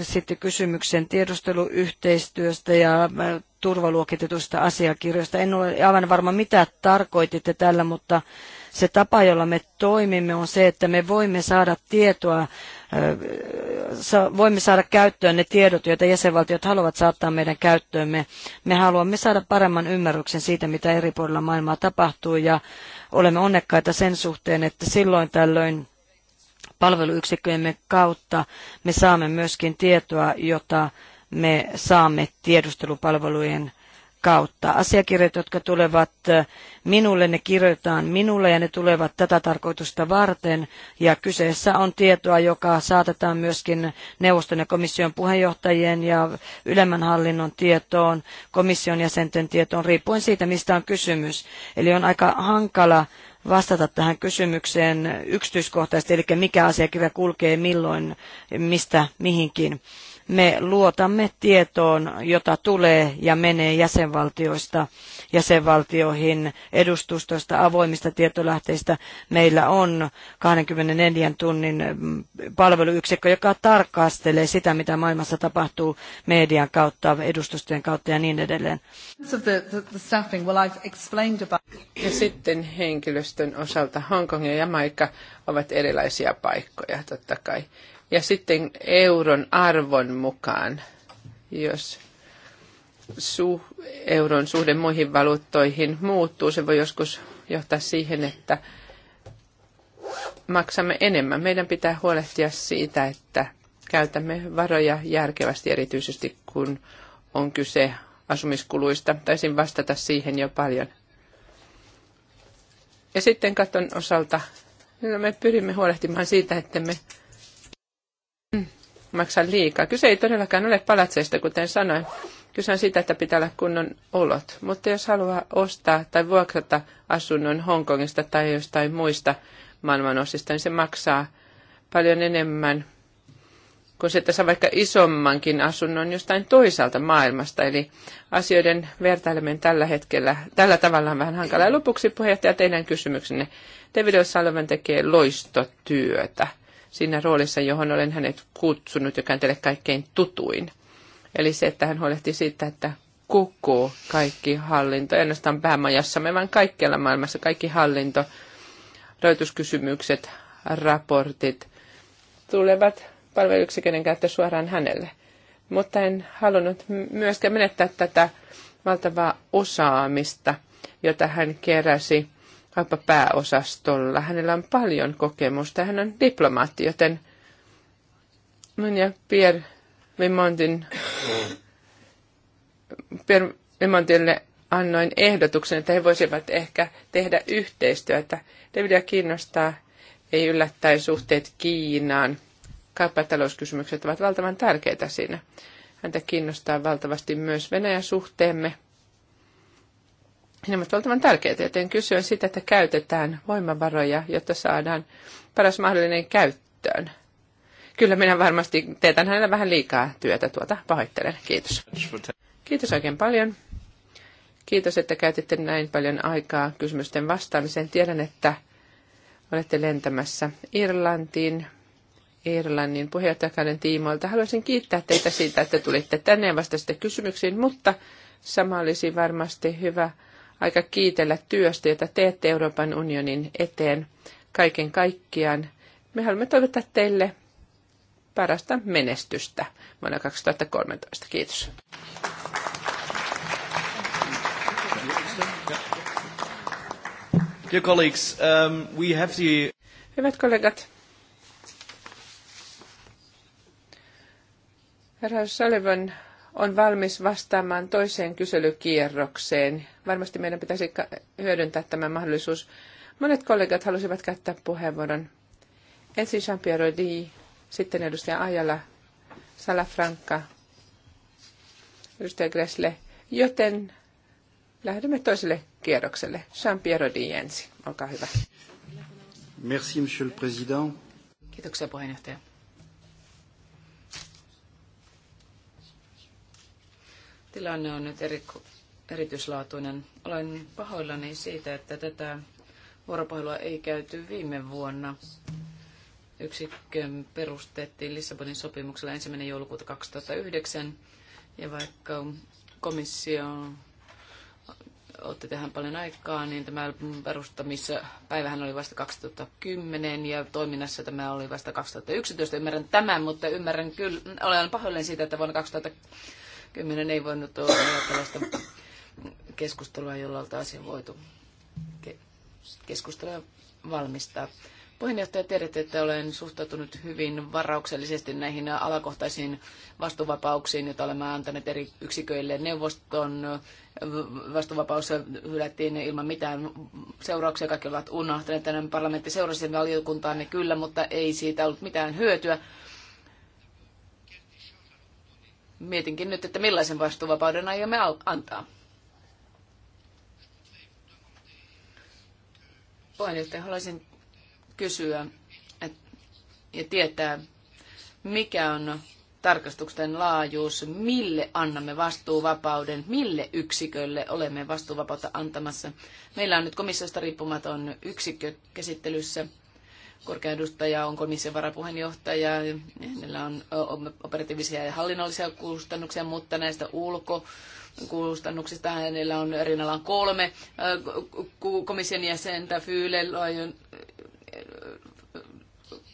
esitti kysymyksen tiedusteluyhteistyöstä ja turvaluokitetuista asiakirjoista. En ole aivan varma, mitä tarkoititte tällä, mutta se tapa, jolla me toimimme, on se, että me voimme saada tietoa, voimme saada käyttöön ne tiedot, joita jäsenvaltiot haluavat saattaa meidän käyttöömme. Me haluamme saada paremman ymmärryksen siitä, mitä eri puolilla maailmaa tapahtuu, ja olemme onnekkaita sen suhteen, että silloin tällöin palveluyksikköjemme kautta me saamme myöskin tietoa, jota me saamme tiedustelupalvelujen kautta. Asiakirjat, jotka tulevat minulle, ne kirjoitetaan minulle ja ne tulevat tätä tarkoitusta varten. Ja kyseessä on tietoa, joka saatetaan myöskin neuvoston ja komission puheenjohtajien ja ylemmän hallinnon tietoon, komission jäsenten tietoon, riippuen siitä, mistä on kysymys. Eli on aika hankala vastata tähän kysymykseen yksityiskohtaisesti, eli mikä asiakirja kulkee milloin, mistä mihinkin. Me luotamme tietoon, jota tulee ja menee jäsenvaltioista, jäsenvaltioihin, edustustoista, avoimista tietolähteistä. Meillä on 24 tunnin mm, palveluyksikkö, joka tarkastelee sitä, mitä maailmassa tapahtuu median kautta, edustustojen kautta ja niin edelleen. Ja sitten henkilöstön osalta Hongkong ja Jamaika ovat erilaisia paikkoja totta kai ja sitten euron arvon mukaan, jos su, euron suhde muihin valuuttoihin muuttuu, se voi joskus johtaa siihen, että maksamme enemmän. Meidän pitää huolehtia siitä, että käytämme varoja järkevästi, erityisesti kun on kyse asumiskuluista. Taisin vastata siihen jo paljon. Ja sitten katon osalta, no me pyrimme huolehtimaan siitä, että me maksa liikaa. Kyse ei todellakaan ole palatseista, kuten sanoin. Kyse on siitä, että pitää olla kunnon olot. Mutta jos haluaa ostaa tai vuokrata asunnon Hongkongista tai jostain muista maailmanosista, niin se maksaa paljon enemmän kuin se, että saa vaikka isommankin asunnon jostain toiselta maailmasta. Eli asioiden vertaileminen tällä hetkellä, tällä tavalla on vähän hankalaa. lopuksi puheenjohtaja, teidän kysymyksenne. David Salomon tekee loistotyötä siinä roolissa, johon olen hänet kutsunut, joka on teille kaikkein tutuin. Eli se, että hän huolehti siitä, että koko kaikki hallinto, ei ainoastaan päämajassamme, vaan kaikkialla maailmassa kaikki hallinto, rahoituskysymykset, raportit tulevat palveluyksikön käyttö suoraan hänelle. Mutta en halunnut myöskään menettää tätä valtavaa osaamista, jota hän keräsi Pääosastolla Hänellä on paljon kokemusta. Hän on diplomaatti, joten minun ja Pierre Vimontin, Pierre Vimontille annoin ehdotuksen, että he voisivat ehkä tehdä yhteistyötä. Davidia kiinnostaa, ei yllättäen suhteet Kiinaan. Kauppatalouskysymykset ovat valtavan tärkeitä siinä. Häntä kiinnostaa valtavasti myös Venäjän suhteemme – ne ovat valtavan tärkeitä, joten kysyä sitä, että käytetään voimavaroja, jotta saadaan paras mahdollinen käyttöön. Kyllä minä varmasti teetän hänellä vähän liikaa työtä tuota. Pahoittelen. Kiitos. Kiitos oikein paljon. Kiitos, että käytitte näin paljon aikaa kysymysten vastaamiseen. Tiedän, että olette lentämässä Irlantiin, Irlannin puheenjohtajakauden tiimoilta. Haluaisin kiittää teitä siitä, että tulitte tänne ja vastasitte kysymyksiin, mutta sama olisi varmasti hyvä aika kiitellä työstä, jota teette Euroopan unionin eteen kaiken kaikkiaan. Me haluamme toivottaa teille parasta menestystä vuonna 2013. Kiitos. Dear colleagues, um, we have the... Hyvät kollegat, herra Sullivan on valmis vastaamaan toiseen kyselykierrokseen, varmasti meidän pitäisi hyödyntää tämä mahdollisuus. Monet kollegat halusivat käyttää puheenvuoron. Ensin Jean-Pierre Di, sitten edustaja Ajala, Salafranca, edustaja Gressle, joten lähdemme toiselle kierrokselle. Jean-Pierre Di ensin, olkaa hyvä. Merci, monsieur le président. Kiitoksia puheenjohtaja. Tilanne on nyt erikoinen erityislaatuinen. Olen pahoillani siitä, että tätä vuoropuhelua ei käyty viime vuonna. Yksikkö perustettiin Lissabonin sopimuksella 1. joulukuuta 2009, ja vaikka komissio otti tähän paljon aikaa, niin tämä perustamispäivähän oli vasta 2010 ja toiminnassa tämä oli vasta 2011. Ymmärrän tämän, mutta ymmärrän kyllä, olen pahoillani siitä, että vuonna 2010 ei voinut olla tällaista keskustelua, jolla oltaisiin voitu keskustelua valmistaa. Puheenjohtaja, tiedätte, että olen suhtautunut hyvin varauksellisesti näihin alakohtaisiin vastuvapauksiin, joita olemme antaneet eri yksiköille. Neuvoston vastuvapaus hylättiin ilman mitään seurauksia. Kaikki ovat unohtaneet. Tänään parlamentti seurasi ne kyllä, mutta ei siitä ollut mitään hyötyä. Mietinkin nyt, että millaisen vastuuvapauden aiomme antaa. Puheenjohtaja, haluaisin kysyä et, ja tietää, mikä on tarkastusten laajuus, mille annamme vastuuvapauden, mille yksikölle olemme vastuuvapautta antamassa. Meillä on nyt komissiosta riippumaton yksikkö käsittelyssä. Korkea on komission varapuheenjohtaja, hänellä on operatiivisia ja hallinnollisia kustannuksia, mutta näistä ulko kustannuksista. Hänellä on rinnallaan kolme komission jäsentä, Fyle, Lajon,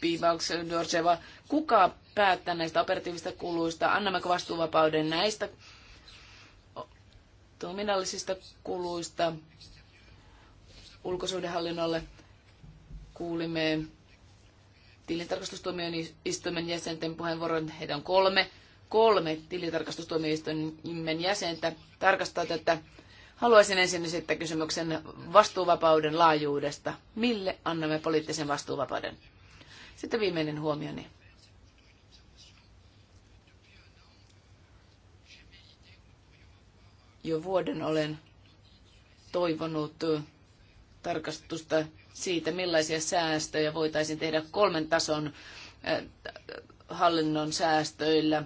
Piivauks, Dorcheva. Kuka päättää näistä operatiivista kuluista? Annammeko vastuuvapauden näistä toiminnallisista kuluista ulkosuhdehallinnolle? Kuulimme tilintarkastustuomioistuimen jäsenten puheenvuoron. Heitä on kolme kolme tilitarkastustuomioistuimen jäsentä tarkastaa tätä. Haluaisin ensin esittää kysymyksen vastuuvapauden laajuudesta. Mille annamme poliittisen vastuuvapauden? Sitten viimeinen huomioni. Jo vuoden olen toivonut tarkastusta siitä, millaisia säästöjä voitaisiin tehdä kolmen tason äh, hallinnon säästöillä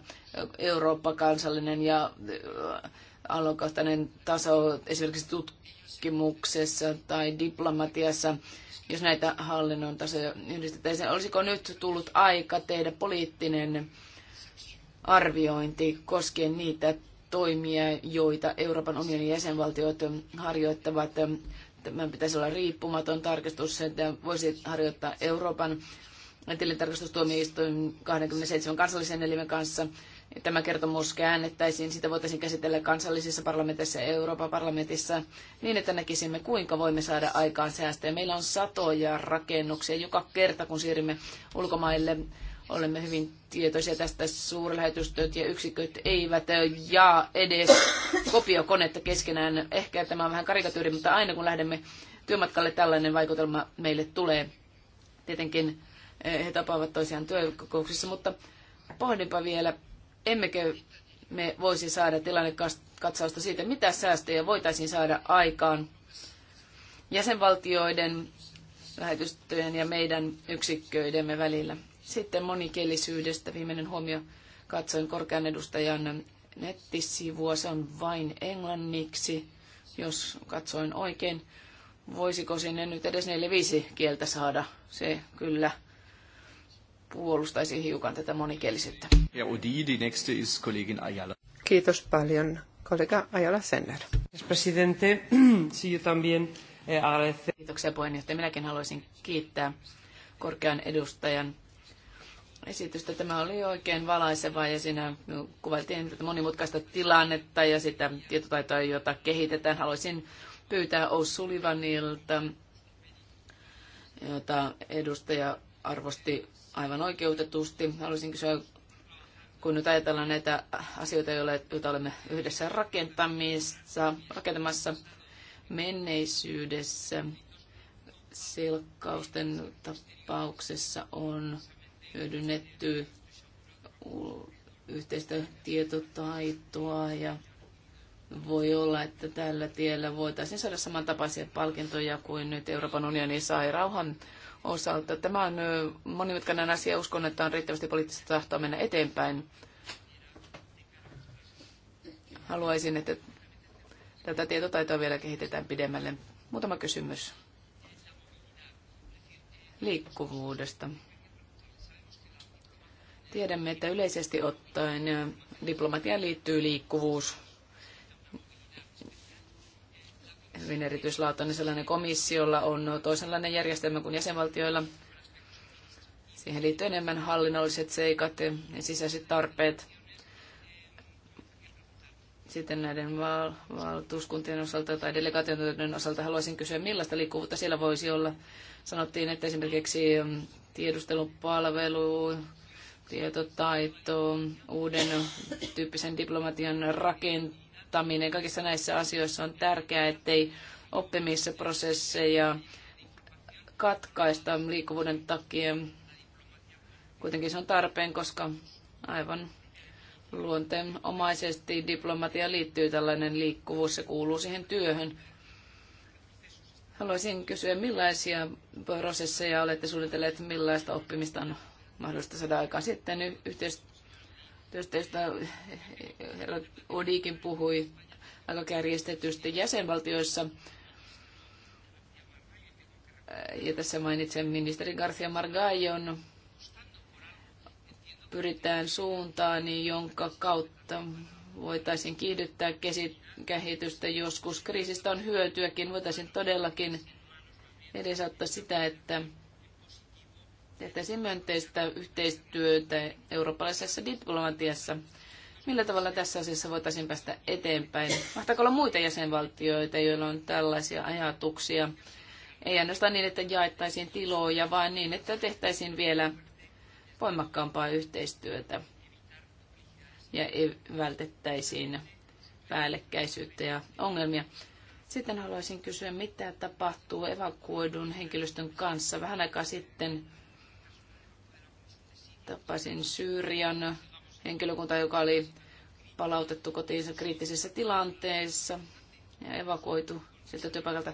Eurooppa, kansallinen ja äh, alokohtainen taso esimerkiksi tutkimuksessa tai diplomatiassa, jos näitä hallinnon tasoja yhdistetään. Olisiko nyt tullut aika tehdä poliittinen arviointi koskien niitä toimia, joita Euroopan unionin jäsenvaltiot harjoittavat. Tämän pitäisi olla riippumaton tarkistus, että voisi harjoittaa Euroopan tilintarkastustuomioistuin 27 kansallisen elimen kanssa. Tämä kertomus käännettäisiin, sitä voitaisiin käsitellä kansallisissa parlamentissa ja Euroopan parlamentissa niin, että näkisimme, kuinka voimme saada aikaan säästöjä. Meillä on satoja rakennuksia. Joka kerta, kun siirrymme ulkomaille, olemme hyvin tietoisia tästä. Suurlähetystöt ja yksiköt eivät jaa edes kopiokonetta keskenään. Ehkä tämä on vähän karikatyyri, mutta aina kun lähdemme työmatkalle, tällainen vaikutelma meille tulee. Tietenkin he tapaavat toisiaan työkokouksissa, mutta pohdinpa vielä, emmekö me voisi saada tilannekatsausta siitä, mitä säästöjä voitaisiin saada aikaan jäsenvaltioiden, lähetystöjen ja meidän yksikköidemme välillä. Sitten monikielisyydestä viimeinen huomio. Katsoin korkean edustajan nettisivua, se on vain englanniksi, jos katsoin oikein. Voisiko sinne nyt edes 4-5 kieltä saada? Se kyllä puolustaisi hiukan tätä monikielisyyttä. Ja Odi, die nächste ist Kollegin Ayala. Kiitos paljon, kollega Ayala Senner. Presidente, si yo también eh, agradece. Kiitoksia puheenjohtaja. Minäkin haluaisin kiittää korkean edustajan esitystä. Tämä oli oikein valaiseva ja siinä kuvailtiin tätä monimutkaista tilannetta ja sitä tietotaitoa, jota kehitetään. Haluaisin pyytää O'Sullivanilta, jota edustaja arvosti aivan oikeutetusti. Haluaisin kysyä, kun nyt ajatellaan näitä asioita, joita olemme yhdessä rakentamassa, rakentamassa menneisyydessä, selkkausten tapauksessa on hyödynnetty yhteistä tietotaitoa ja voi olla, että tällä tiellä voitaisiin saada samantapaisia palkintoja kuin nyt Euroopan unioni sai rauhan osalta. Tämä on monimutkainen asia. Uskon, että on riittävästi poliittista tahtoa mennä eteenpäin. Haluaisin, että tätä tietotaitoa vielä kehitetään pidemmälle. Muutama kysymys liikkuvuudesta. Tiedämme, että yleisesti ottaen diplomatiaan liittyy liikkuvuus. hyvin erityislaatuinen sellainen komissiolla on toisenlainen järjestelmä kuin jäsenvaltioilla. Siihen liittyy enemmän hallinnolliset seikat ja sisäiset tarpeet. Sitten näiden val- valtuuskuntien osalta tai delegaatioiden osalta haluaisin kysyä, millaista liikkuvuutta siellä voisi olla. Sanottiin, että esimerkiksi mm, tiedustelupalvelu, tietotaito, uuden tyyppisen diplomatian rakentaminen, opettaminen kaikissa näissä asioissa on tärkeää, ettei oppimisprosesseja katkaista liikkuvuuden takia. Kuitenkin se on tarpeen, koska aivan luonteenomaisesti diplomatia liittyy tällainen liikkuvuus, se kuuluu siihen työhön. Haluaisin kysyä, millaisia prosesseja olette suunnitelleet, millaista oppimista on mahdollista saada aikaan sitten yhteistyötä tästä, josta herra Odikin puhui aika kärjestetysti jäsenvaltioissa. Ja tässä mainitsen ministeri Garcia Margallon. Pyritään suuntaan, jonka kautta voitaisiin kiihdyttää kehitystä. Joskus kriisistä on hyötyäkin. Voitaisiin todellakin edesauttaa sitä, että tehtäisiin myönteistä yhteistyötä eurooppalaisessa diplomatiassa. Millä tavalla tässä asiassa voitaisiin päästä eteenpäin? Mahtaako olla muita jäsenvaltioita, joilla on tällaisia ajatuksia? Ei ainoastaan niin, että jaettaisiin tiloja, vaan niin, että tehtäisiin vielä voimakkaampaa yhteistyötä ja vältettäisiin päällekkäisyyttä ja ongelmia. Sitten haluaisin kysyä, mitä tapahtuu evakuoidun henkilöstön kanssa. Vähän aikaa sitten Tapasin Syyrian henkilökunta, joka oli palautettu kotiinsa kriittisessä tilanteessa ja evakuoitu sieltä työpaikalta.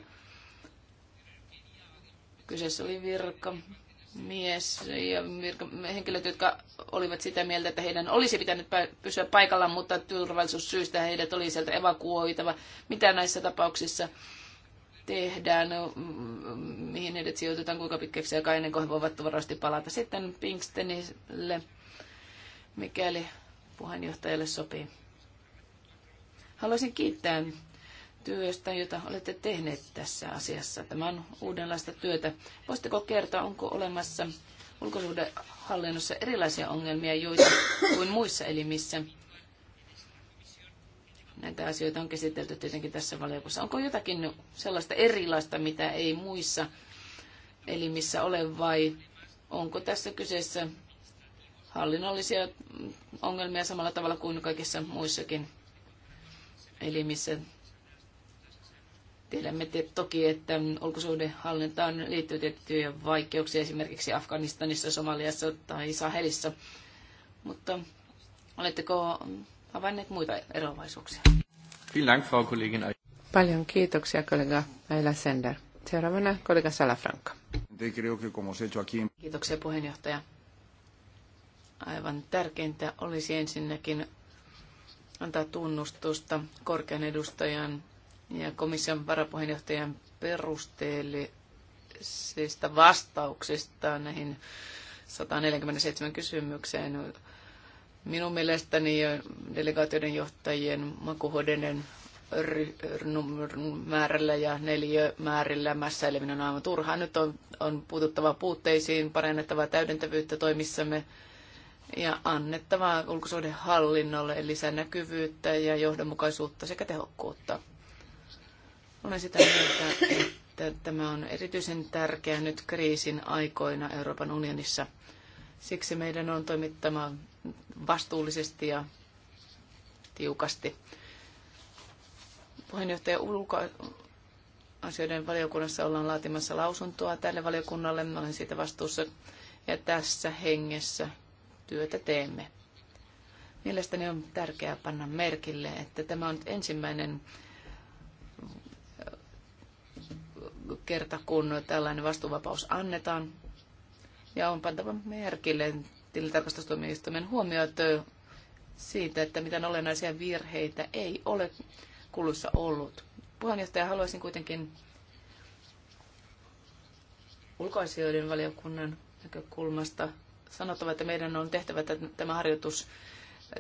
Kyseessä oli virka mies ja henkilöt, jotka olivat sitä mieltä, että heidän olisi pitänyt pysyä paikallaan, mutta turvallisuussyistä heidät oli sieltä evakuoitava. Mitä näissä tapauksissa tehdään, no, mihin edet sijoitetaan, kuinka pitkäksi aikaa ennen kuin he voivat varasti palata sitten Pinkstenille, mikäli puheenjohtajalle sopii. Haluaisin kiittää työstä, jota olette tehneet tässä asiassa. Tämä on uudenlaista työtä. Voisitteko kertoa, onko olemassa ulkosuhdehallinnossa erilaisia ongelmia joita kuin muissa elimissä? Näitä asioita on käsitelty tietenkin tässä valiokunnassa. Onko jotakin sellaista erilaista, mitä ei muissa elimissä ole, vai onko tässä kyseessä hallinnollisia ongelmia samalla tavalla kuin kaikissa muissakin elimissä? Tiedämme toki, että ulkosuhdehallintaan liittyy tiettyjä vaikeuksia esimerkiksi Afganistanissa, Somaliassa tai Sahelissa. Mutta oletteko havainneet muita eroavaisuuksia. Paljon kiitoksia kollega Aila Sender. Seuraavana kollega Salafranca. Kiitoksia puheenjohtaja. Aivan tärkeintä olisi ensinnäkin antaa tunnustusta korkean edustajan ja komission varapuheenjohtajan perusteellisista vastauksista näihin 147 kysymykseen Minun mielestäni delegaatioiden johtajien makuhoidenen määrällä ja neliömäärillä mässäileminen on aivan turhaa. Nyt on, on puututtava puutteisiin, parannettava täydentävyyttä toimissamme ja annettava ulkosuuden hallinnolle lisänäkyvyyttä ja johdonmukaisuutta sekä tehokkuutta. Olen sitä mieltä, että tämä on erityisen tärkeää nyt kriisin aikoina Euroopan unionissa. Siksi meidän on toimittava vastuullisesti ja tiukasti. Puheenjohtaja ulko asioiden valiokunnassa ollaan laatimassa lausuntoa tälle valiokunnalle. Mä olen siitä vastuussa ja tässä hengessä työtä teemme. Mielestäni on tärkeää panna merkille, että tämä on ensimmäinen kerta, kun tällainen vastuuvapaus annetaan. Ja on pantava merkille tilintarkastustuomioistuimen huomiot siitä, että mitään olennaisia virheitä ei ole kulussa ollut. Puheenjohtaja, haluaisin kuitenkin ulkoasioiden valiokunnan näkökulmasta sanottava, että meidän on tehtävä tämä harjoitus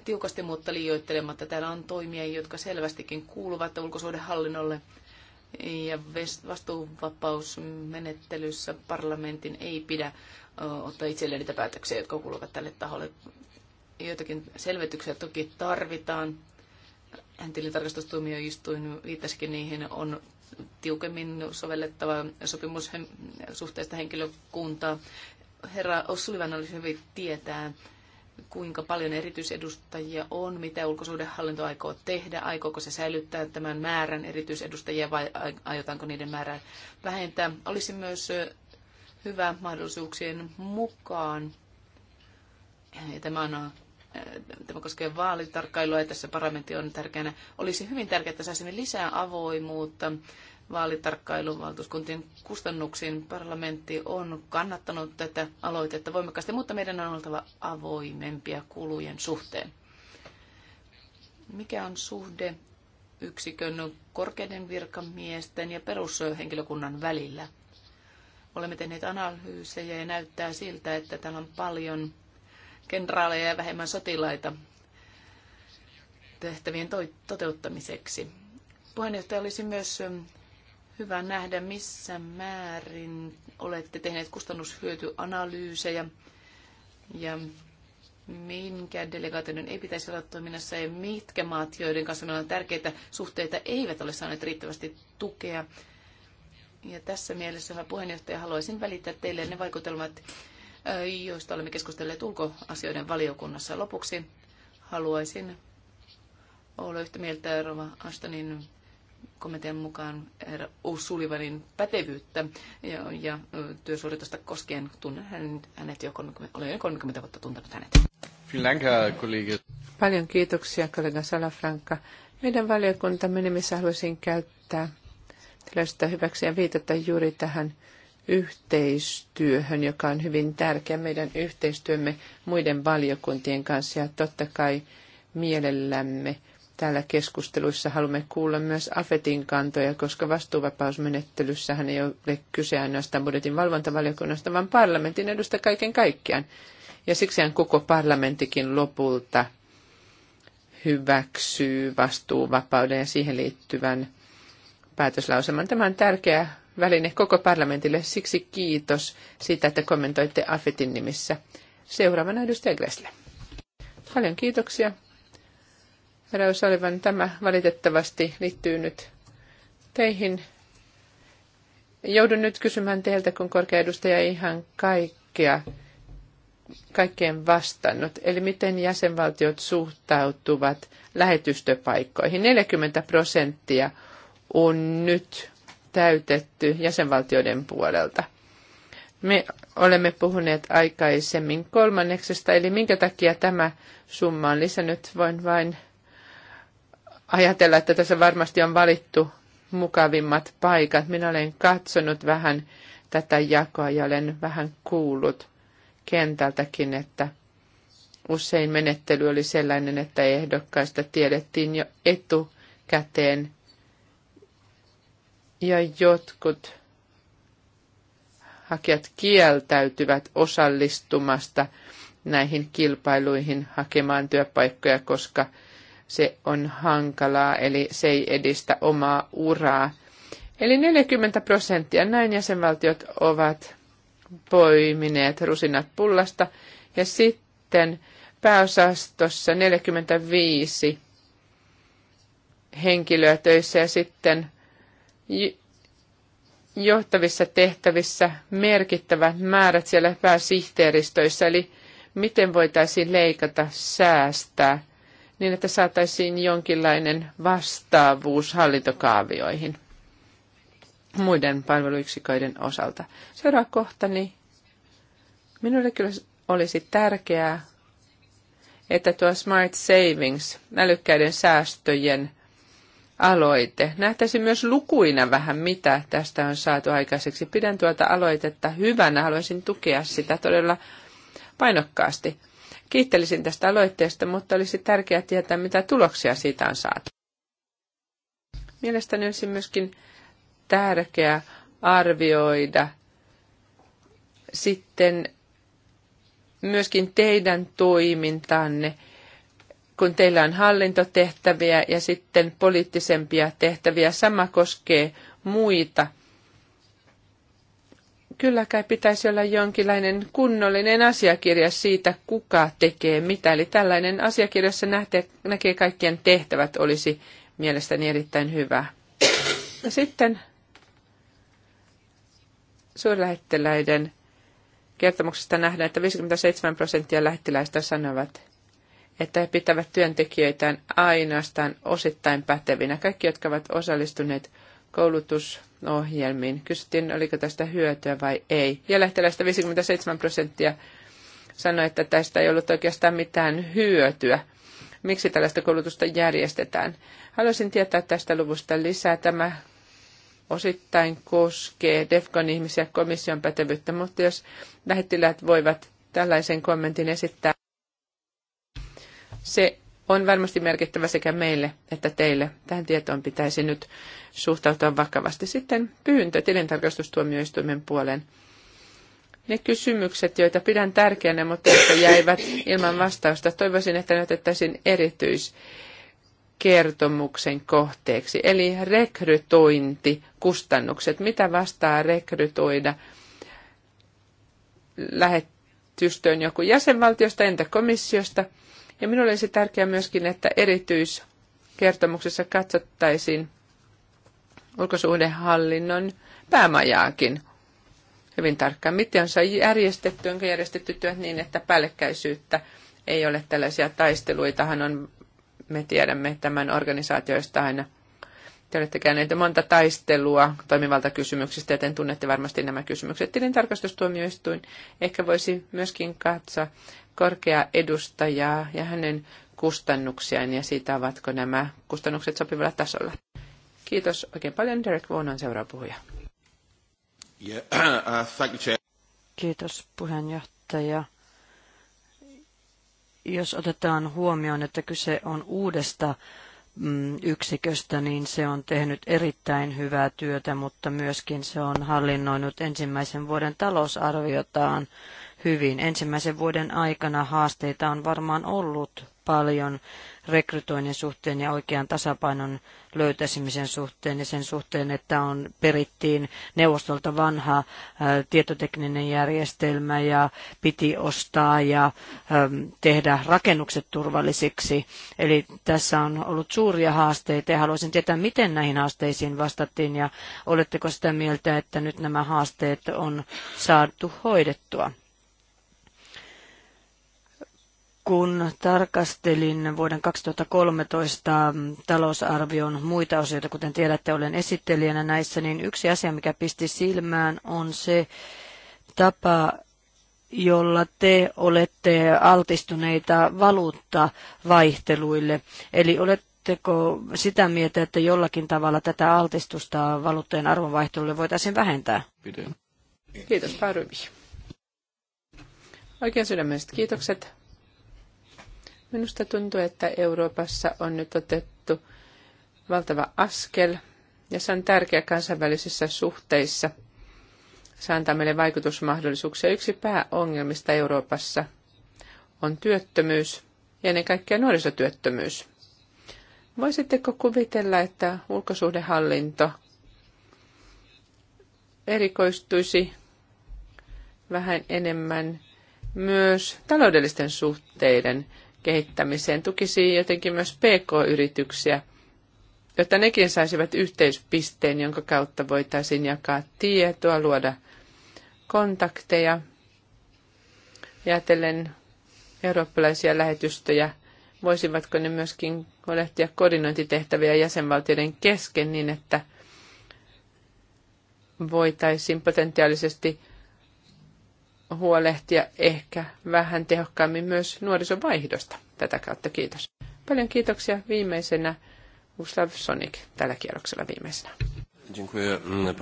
tiukasti, mutta liioittelematta. Täällä on toimia, jotka selvästikin kuuluvat ulkosuhdehallinnolle ja vastuuvapausmenettelyssä parlamentin ei pidä ottaa itselleen niitä päätöksiä, jotka kuuluvat tälle taholle. Joitakin selvityksiä toki tarvitaan. Tilintarkastustuomioistuin viittasikin niihin, on tiukemmin sovellettava sopimus suhteesta henkilökuntaa. Herra Ossulivan olisi hyvin tietää, kuinka paljon erityisedustajia on, mitä ulkosuhdehallinto aikoo tehdä, aikooko se säilyttää tämän määrän erityisedustajia vai aiotaanko niiden määrää vähentää. Olisi myös hyvä mahdollisuuksien mukaan. Ja tämä, on, tämä koskee vaalitarkkailua ja tässä parlamentti on tärkeänä. Olisi hyvin tärkeää, että saisimme lisää avoimuutta vaalitarkkailun valtuuskuntien kustannuksiin. Parlamentti on kannattanut tätä aloitetta voimakkaasti, mutta meidän on oltava avoimempia kulujen suhteen. Mikä on suhde yksikön korkeiden virkamiesten ja perushenkilökunnan välillä? Olemme tehneet analyysejä ja näyttää siltä, että täällä on paljon kenraaleja ja vähemmän sotilaita tehtävien toteuttamiseksi. Puheenjohtaja olisi myös hyvä nähdä, missä määrin olette tehneet kustannushyötyanalyysejä ja minkä delegaatioiden ei pitäisi olla toiminnassa ja mitkä maat, joiden kanssa meillä on tärkeitä suhteita, eivät ole saaneet riittävästi tukea. Ja tässä mielessä, hyvä puheenjohtaja, haluaisin välittää teille ne vaikutelmat, joista olemme keskustelleet ulkoasioiden valiokunnassa. Lopuksi haluaisin olla yhtä mieltä Rova Astonin komitean mukaan herra O'Sullivanin pätevyyttä ja, ja työsuoritusta koskien tunnen hänet, hänet jo 30, olen jo 30 vuotta tuntenut hänet. Paljon kiitoksia kollega Salafranca. Meidän valiokuntamme nimissä haluaisin käyttää tilaisuutta hyväksi ja viitata juuri tähän yhteistyöhön, joka on hyvin tärkeä meidän yhteistyömme muiden valiokuntien kanssa ja totta kai mielellämme täällä keskusteluissa haluamme kuulla myös AFETin kantoja, koska vastuuvapausmenettelyssähän ei ole kyse ainoastaan budjetin valvontavaliokunnasta, vaan parlamentin edusta kaiken kaikkiaan. Ja siksihän koko parlamenttikin lopulta hyväksyy vastuuvapauden ja siihen liittyvän päätöslauselman. Tämä on tärkeä väline koko parlamentille, siksi kiitos siitä, että kommentoitte AFETin nimissä. Seuraavana edustaja Gressle. Paljon kiitoksia. Herra Olivan, tämä valitettavasti liittyy nyt teihin. Joudun nyt kysymään teiltä, kun korkea edustaja ei ihan kaikkea, kaikkeen vastannut. Eli miten jäsenvaltiot suhtautuvat lähetystöpaikkoihin? 40 prosenttia on nyt täytetty jäsenvaltioiden puolelta. Me olemme puhuneet aikaisemmin kolmanneksesta, eli minkä takia tämä summa on lisännyt, voin vain ajatella, että tässä varmasti on valittu mukavimmat paikat. Minä olen katsonut vähän tätä jakoa ja olen vähän kuullut kentältäkin, että usein menettely oli sellainen, että ehdokkaista tiedettiin jo etukäteen ja jotkut hakijat kieltäytyvät osallistumasta näihin kilpailuihin hakemaan työpaikkoja, koska se on hankalaa, eli se ei edistä omaa uraa. Eli 40 prosenttia näin jäsenvaltiot ovat poimineet rusinat pullasta ja sitten pääosastossa 45 henkilöä töissä ja sitten johtavissa tehtävissä merkittävät määrät siellä pääsihteeristöissä, eli miten voitaisiin leikata, säästää niin että saataisiin jonkinlainen vastaavuus hallintokaavioihin muiden palveluyksiköiden osalta. Seuraava kohtani. Niin minulle kyllä olisi tärkeää, että tuo Smart Savings, älykkäiden säästöjen aloite, nähtäisiin myös lukuina vähän, mitä tästä on saatu aikaiseksi. Pidän tuota aloitetta hyvänä, haluaisin tukea sitä todella painokkaasti. Kiittelisin tästä aloitteesta, mutta olisi tärkeää tietää, mitä tuloksia siitä on saatu. Mielestäni olisi myöskin tärkeää arvioida sitten myöskin teidän toimintanne, kun teillä on hallintotehtäviä ja sitten poliittisempia tehtäviä. Sama koskee muita kyllä kai pitäisi olla jonkinlainen kunnollinen asiakirja siitä, kuka tekee mitä. Eli tällainen asiakirjassa nähtee, näkee kaikkien tehtävät olisi mielestäni erittäin hyvä. Sitten suurlähettiläiden kertomuksesta nähdään, että 57 prosenttia lähettiläistä sanovat, että he pitävät työntekijöitään ainoastaan osittain pätevinä. Kaikki, jotka ovat osallistuneet koulutusohjelmiin. Kysyttiin, oliko tästä hyötyä vai ei. Ja lähteläistä 57 prosenttia sanoi, että tästä ei ollut oikeastaan mitään hyötyä. Miksi tällaista koulutusta järjestetään? Haluaisin tietää tästä luvusta lisää. Tämä osittain koskee DEFCON ihmisiä komission pätevyyttä, mutta jos lähettiläät voivat tällaisen kommentin esittää, se on varmasti merkittävä sekä meille että teille. Tähän tietoon pitäisi nyt suhtautua vakavasti. Sitten pyyntö tilintarkastustuomioistuimen puoleen. Ne kysymykset, joita pidän tärkeänä, mutta jotka jäivät ilman vastausta, toivoisin, että ne otettaisiin erityiskertomuksen kohteeksi. Eli rekrytointikustannukset. Mitä vastaa rekrytoida lähetystöön joku jäsenvaltiosta, entä komissiosta – ja minulle olisi tärkeää myöskin, että erityiskertomuksessa katsottaisiin ulkosuhdehallinnon päämajaakin hyvin tarkkaan. Miten on se järjestetty, onko järjestetty työt niin, että päällekkäisyyttä ei ole tällaisia taisteluitahan on, me tiedämme tämän organisaatioista aina – te olette käyneet monta taistelua toimivaltakysymyksistä, joten tunnette varmasti nämä kysymykset. Tilintarkastustuomioistuin ehkä voisi myöskin katsoa korkeaa edustajaa ja hänen kustannuksiaan ja siitä, ovatko nämä kustannukset sopivalla tasolla. Kiitos oikein paljon. Derek Vaughan on seuraava puhuja. Uh, Kiitos puheenjohtaja. Jos otetaan huomioon, että kyse on uudesta Mm, yksiköstä, niin se on tehnyt erittäin hyvää työtä, mutta myöskin se on hallinnoinut ensimmäisen vuoden talousarviotaan hyvin. Ensimmäisen vuoden aikana haasteita on varmaan ollut paljon rekrytoinnin suhteen ja oikean tasapainon löytäisimisen suhteen ja sen suhteen, että on perittiin neuvostolta vanha ä, tietotekninen järjestelmä ja piti ostaa ja ä, tehdä rakennukset turvallisiksi. Eli tässä on ollut suuria haasteita ja haluaisin tietää, miten näihin haasteisiin vastattiin ja oletteko sitä mieltä, että nyt nämä haasteet on saatu hoidettua? kun tarkastelin vuoden 2013 talousarvion muita osioita, kuten tiedätte, olen esittelijänä näissä, niin yksi asia, mikä pisti silmään, on se tapa, jolla te olette altistuneita valuuttavaihteluille. Eli oletteko sitä mieltä, että jollakin tavalla tätä altistusta valuuttojen arvonvaihtelulle voitaisiin vähentää? Kiitos, Pääryvi. Oikein sydämelliset kiitokset Minusta tuntuu, että Euroopassa on nyt otettu valtava askel ja se on tärkeä kansainvälisissä suhteissa. Se antaa meille vaikutusmahdollisuuksia. Yksi pääongelmista Euroopassa on työttömyys ja ennen kaikkea nuorisotyöttömyys. Voisitteko kuvitella, että ulkosuhdehallinto erikoistuisi vähän enemmän myös taloudellisten suhteiden kehittämiseen, tukisi jotenkin myös PK-yrityksiä, jotta nekin saisivat yhteispisteen, jonka kautta voitaisiin jakaa tietoa, luoda kontakteja. Ajatellen eurooppalaisia lähetystöjä, voisivatko ne myöskin huolehtia koordinointitehtäviä jäsenvaltioiden kesken niin, että voitaisiin potentiaalisesti huolehtia ehkä vähän tehokkaammin myös nuorisovaihdosta tätä kautta. Kiitos. Paljon kiitoksia viimeisenä. Gustav Sonik tällä kierroksella viimeisenä. Dziękuję mm,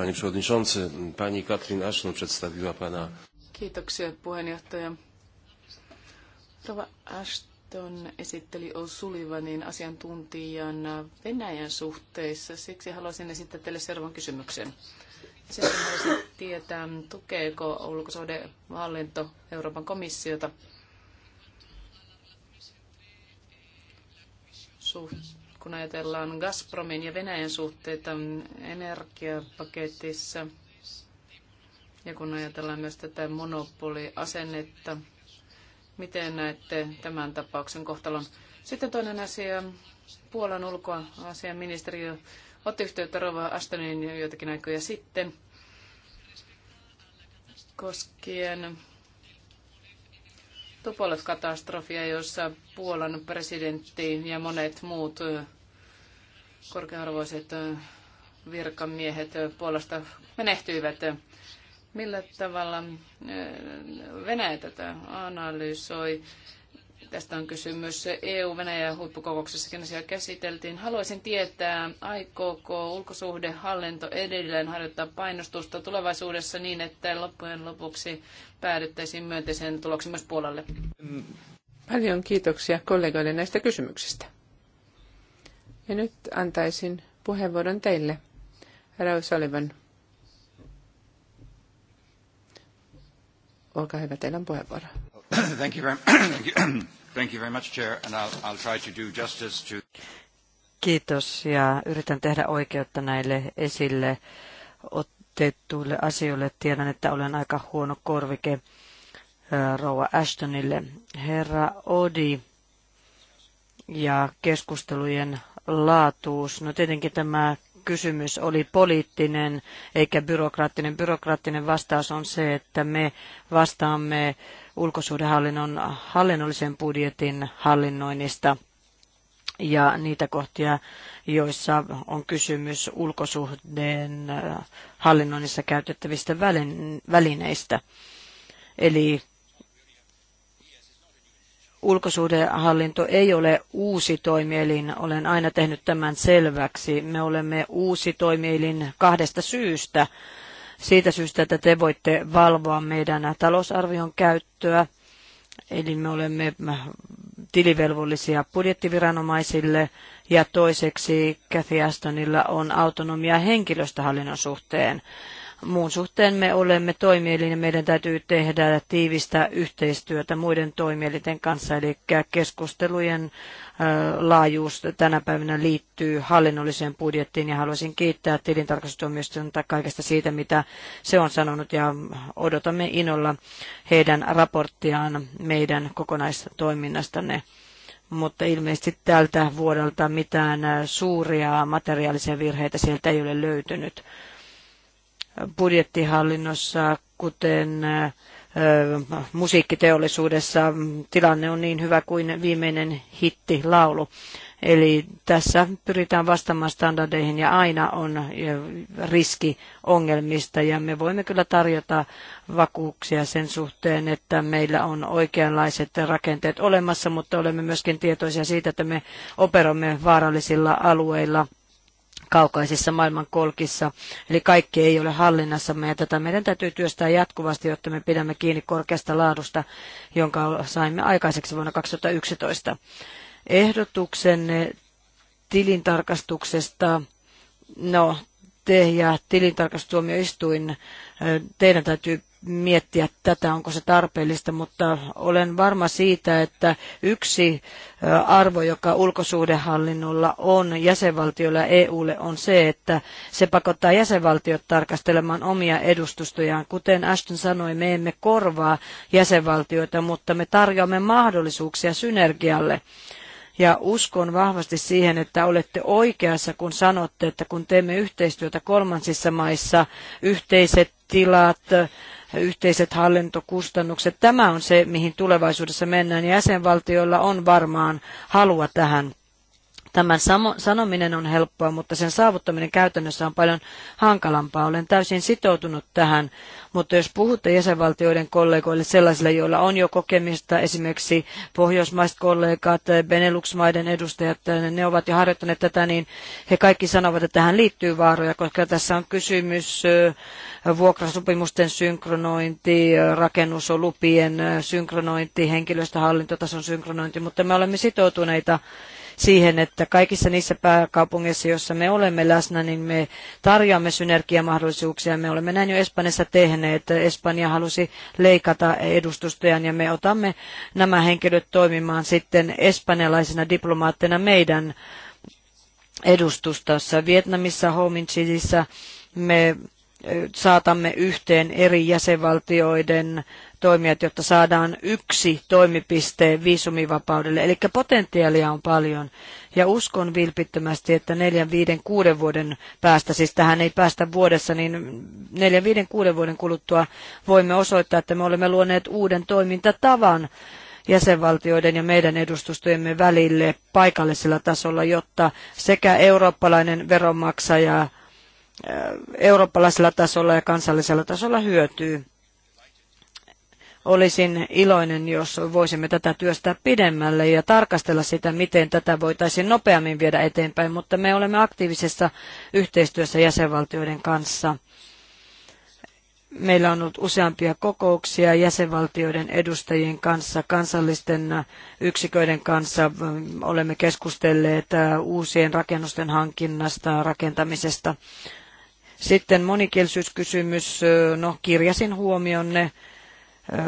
Pani pana. Kiitoksia puheenjohtaja. Rova Ashton esitteli osulivanin asiantuntijana Venäjän suhteissa. Siksi haluaisin esittää teille seuraavan kysymyksen. Sitten haluaisin tietää, tukeeko ulkosuuden hallinto Euroopan komissiota kun ajatellaan Gazpromin ja Venäjän suhteita energiapaketissa ja kun ajatellaan myös tätä monopoliasennetta, miten näette tämän tapauksen kohtalon? Sitten toinen asia, Puolan ulkoasiaministeriö ministeriö otti yhteyttä Rova jo joitakin aikoja sitten koskien Tupolev-katastrofia, jossa Puolan presidentti ja monet muut korkearvoiset virkamiehet Puolasta menehtyivät. Millä tavalla eh, Venäjä tätä analysoi? tästä on kysymys. EU-Venäjä huippukokouksessakin asiaa käsiteltiin. Haluaisin tietää, aikooko ulkosuhdehallinto edelleen harjoittaa painostusta tulevaisuudessa niin, että loppujen lopuksi päädyttäisiin myönteiseen tulokseen myös Puolalle? Paljon kiitoksia kollegoille näistä kysymyksistä. Ja nyt antaisin puheenvuoron teille, Herra Olivan. Olkaa hyvä, teillä on puheenvuoro. Thank you very, Thank you very much, Chair, and I'll, I'll try to do justice to... Kiitos ja yritän tehdä oikeutta näille esille otettuille asioille. Tiedän, että olen aika huono korvike äh, rouva Ashtonille. Herra Odi ja keskustelujen laatuus. No tietenkin tämä kysymys oli poliittinen eikä byrokraattinen. Byrokraattinen vastaus on se, että me vastaamme ulkosuhdehallinnon hallinnollisen budjetin hallinnoinnista ja niitä kohtia, joissa on kysymys ulkosuhteen äh, hallinnoinnissa käytettävistä välineistä. Eli ulkosuhdehallinto ei ole uusi toimielin, olen aina tehnyt tämän selväksi. Me olemme uusi toimielin kahdesta syystä. Siitä syystä, että te voitte valvoa meidän talousarvion käyttöä, eli me olemme tilivelvollisia budjettiviranomaisille, ja toiseksi Cathy Astonilla on autonomia henkilöstöhallinnon suhteen. Muun suhteen me olemme toimielin ja meidän täytyy tehdä tiivistä yhteistyötä muiden toimielinten kanssa, eli keskustelujen laajuus tänä päivänä liittyy hallinnolliseen budjettiin ja haluaisin kiittää tilintarkastustuomioistuinta kaikesta siitä, mitä se on sanonut ja odotamme innolla heidän raporttiaan meidän kokonaistoiminnastanne mutta ilmeisesti tältä vuodelta mitään suuria materiaalisia virheitä sieltä ei ole löytynyt budjettihallinnossa, kuten musiikkiteollisuudessa tilanne on niin hyvä kuin viimeinen hitti laulu. Eli tässä pyritään vastaamaan standardeihin ja aina on riski ongelmista ja me voimme kyllä tarjota vakuuksia sen suhteen, että meillä on oikeanlaiset rakenteet olemassa, mutta olemme myöskin tietoisia siitä, että me operomme vaarallisilla alueilla – kaukaisissa maailmankolkissa. Eli kaikki ei ole hallinnassamme ja tätä meidän täytyy työstää jatkuvasti, jotta me pidämme kiinni korkeasta laadusta, jonka saimme aikaiseksi vuonna 2011. Ehdotuksenne tilintarkastuksesta, no te ja tilintarkastustuomioistuin, teidän täytyy miettiä tätä, onko se tarpeellista, mutta olen varma siitä, että yksi arvo, joka ulkosuhdehallinnolla on jäsenvaltioilla ja EUlle, on se, että se pakottaa jäsenvaltiot tarkastelemaan omia edustustojaan. Kuten Ashton sanoi, me emme korvaa jäsenvaltioita, mutta me tarjoamme mahdollisuuksia synergialle. Ja uskon vahvasti siihen, että olette oikeassa, kun sanotte, että kun teemme yhteistyötä kolmansissa maissa, yhteiset tilat, yhteiset hallintokustannukset. Tämä on se, mihin tulevaisuudessa mennään. Jäsenvaltioilla on varmaan halua tähän Tämän sanominen on helppoa, mutta sen saavuttaminen käytännössä on paljon hankalampaa. Olen täysin sitoutunut tähän, mutta jos puhutte jäsenvaltioiden kollegoille sellaisille, joilla on jo kokemista, esimerkiksi pohjoismaiset kollegat, Benelux-maiden edustajat, ne ovat jo harjoittaneet tätä, niin he kaikki sanovat, että tähän liittyy vaaroja, koska tässä on kysymys vuokrasopimusten synkronointi, rakennusolupien synkronointi, henkilöstöhallintotason synkronointi, mutta me olemme sitoutuneita siihen, että kaikissa niissä pääkaupungeissa, joissa me olemme läsnä, niin me tarjoamme synergiamahdollisuuksia. Me olemme näin jo Espanjassa tehneet. että Espanja halusi leikata edustustojaan ja me otamme nämä henkilöt toimimaan sitten espanjalaisina diplomaatteina meidän edustustassa. Vietnamissa, Ho Chi Minhissä me saatamme yhteen eri jäsenvaltioiden toimijat, jotta saadaan yksi toimipiste viisumivapaudelle. Eli potentiaalia on paljon ja uskon vilpittömästi, että neljän, viiden, kuuden vuoden päästä, siis tähän ei päästä vuodessa, niin neljän, viiden, kuuden vuoden kuluttua voimme osoittaa, että me olemme luoneet uuden toimintatavan jäsenvaltioiden ja meidän edustustojemme välille paikallisella tasolla, jotta sekä eurooppalainen veronmaksaja äh, eurooppalaisella tasolla ja kansallisella tasolla hyötyy Olisin iloinen, jos voisimme tätä työstää pidemmälle ja tarkastella sitä, miten tätä voitaisiin nopeammin viedä eteenpäin, mutta me olemme aktiivisessa yhteistyössä jäsenvaltioiden kanssa. Meillä on ollut useampia kokouksia jäsenvaltioiden edustajien kanssa, kansallisten yksiköiden kanssa. Olemme keskustelleet äh, uusien rakennusten hankinnasta, rakentamisesta. Sitten monikielisyyskysymys. Äh, no, kirjasin huomionne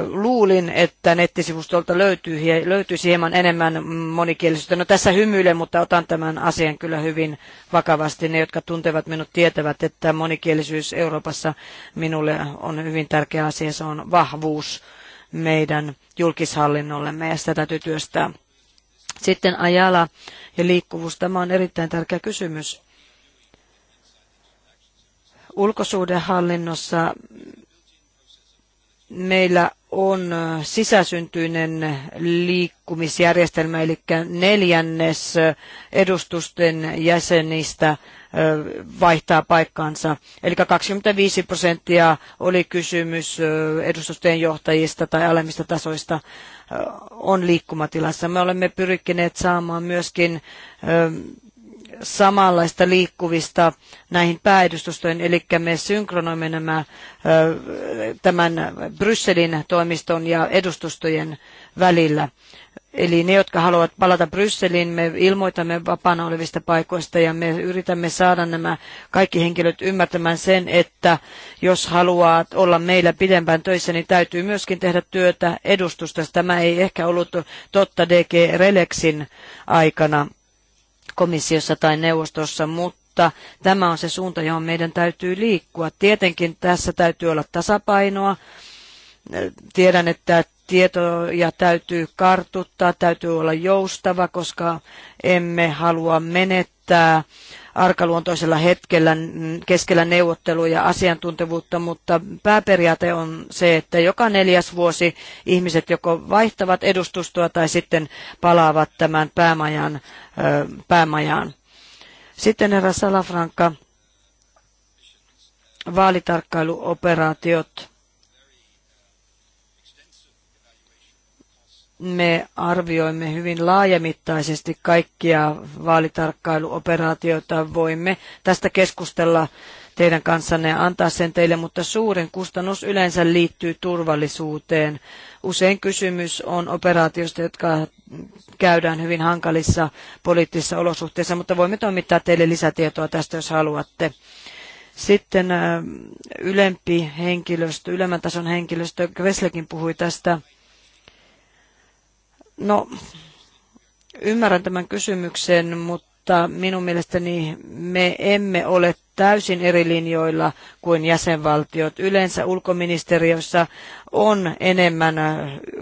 Luulin, että nettisivustolta löytyy, löytyisi hieman enemmän monikielisyyttä. No tässä hymyilen, mutta otan tämän asian kyllä hyvin vakavasti. Ne, jotka tuntevat minut, tietävät, että monikielisyys Euroopassa minulle on hyvin tärkeä asia. Se on vahvuus meidän julkishallinnollemme ja sitä täytyy työstää. Sitten ajala ja liikkuvuus. Tämä on erittäin tärkeä kysymys. Ulkosuudenhallinnossa meillä on sisäsyntyinen liikkumisjärjestelmä, eli neljännes edustusten jäsenistä vaihtaa paikkaansa. Eli 25 prosenttia oli kysymys edustustojen johtajista tai alemmista tasoista on liikkumatilassa. Me olemme pyrkineet saamaan myöskin samanlaista liikkuvista näihin pääedustustoihin, eli me synkronoimme nämä, tämän Brysselin toimiston ja edustustojen välillä. Eli ne, jotka haluavat palata Brysseliin, me ilmoitamme vapaana olevista paikoista ja me yritämme saada nämä kaikki henkilöt ymmärtämään sen, että jos haluaa olla meillä pidempään töissä, niin täytyy myöskin tehdä työtä edustusta. Tämä ei ehkä ollut totta DG Relexin aikana komissiossa tai neuvostossa, mutta tämä on se suunta, johon meidän täytyy liikkua. Tietenkin tässä täytyy olla tasapainoa. Tiedän, että tietoja täytyy kartuttaa, täytyy olla joustava, koska emme halua menettää arkaluontoisella hetkellä keskellä neuvotteluja asiantuntevuutta, mutta pääperiaate on se, että joka neljäs vuosi ihmiset joko vaihtavat edustustoa tai sitten palaavat tämän päämajan, päämajaan. Sitten herra Salafranka, vaalitarkkailuoperaatiot me arvioimme hyvin laajamittaisesti kaikkia vaalitarkkailuoperaatioita. Voimme tästä keskustella teidän kanssanne ja antaa sen teille, mutta suurin kustannus yleensä liittyy turvallisuuteen. Usein kysymys on operaatiosta, jotka käydään hyvin hankalissa poliittisissa olosuhteissa, mutta voimme toimittaa teille lisätietoa tästä, jos haluatte. Sitten ylempi henkilöstö, ylemmän tason henkilöstö, Veslekin puhui tästä No, ymmärrän tämän kysymyksen, mutta mutta minun mielestäni me emme ole täysin eri linjoilla kuin jäsenvaltiot. Yleensä ulkoministeriössä on enemmän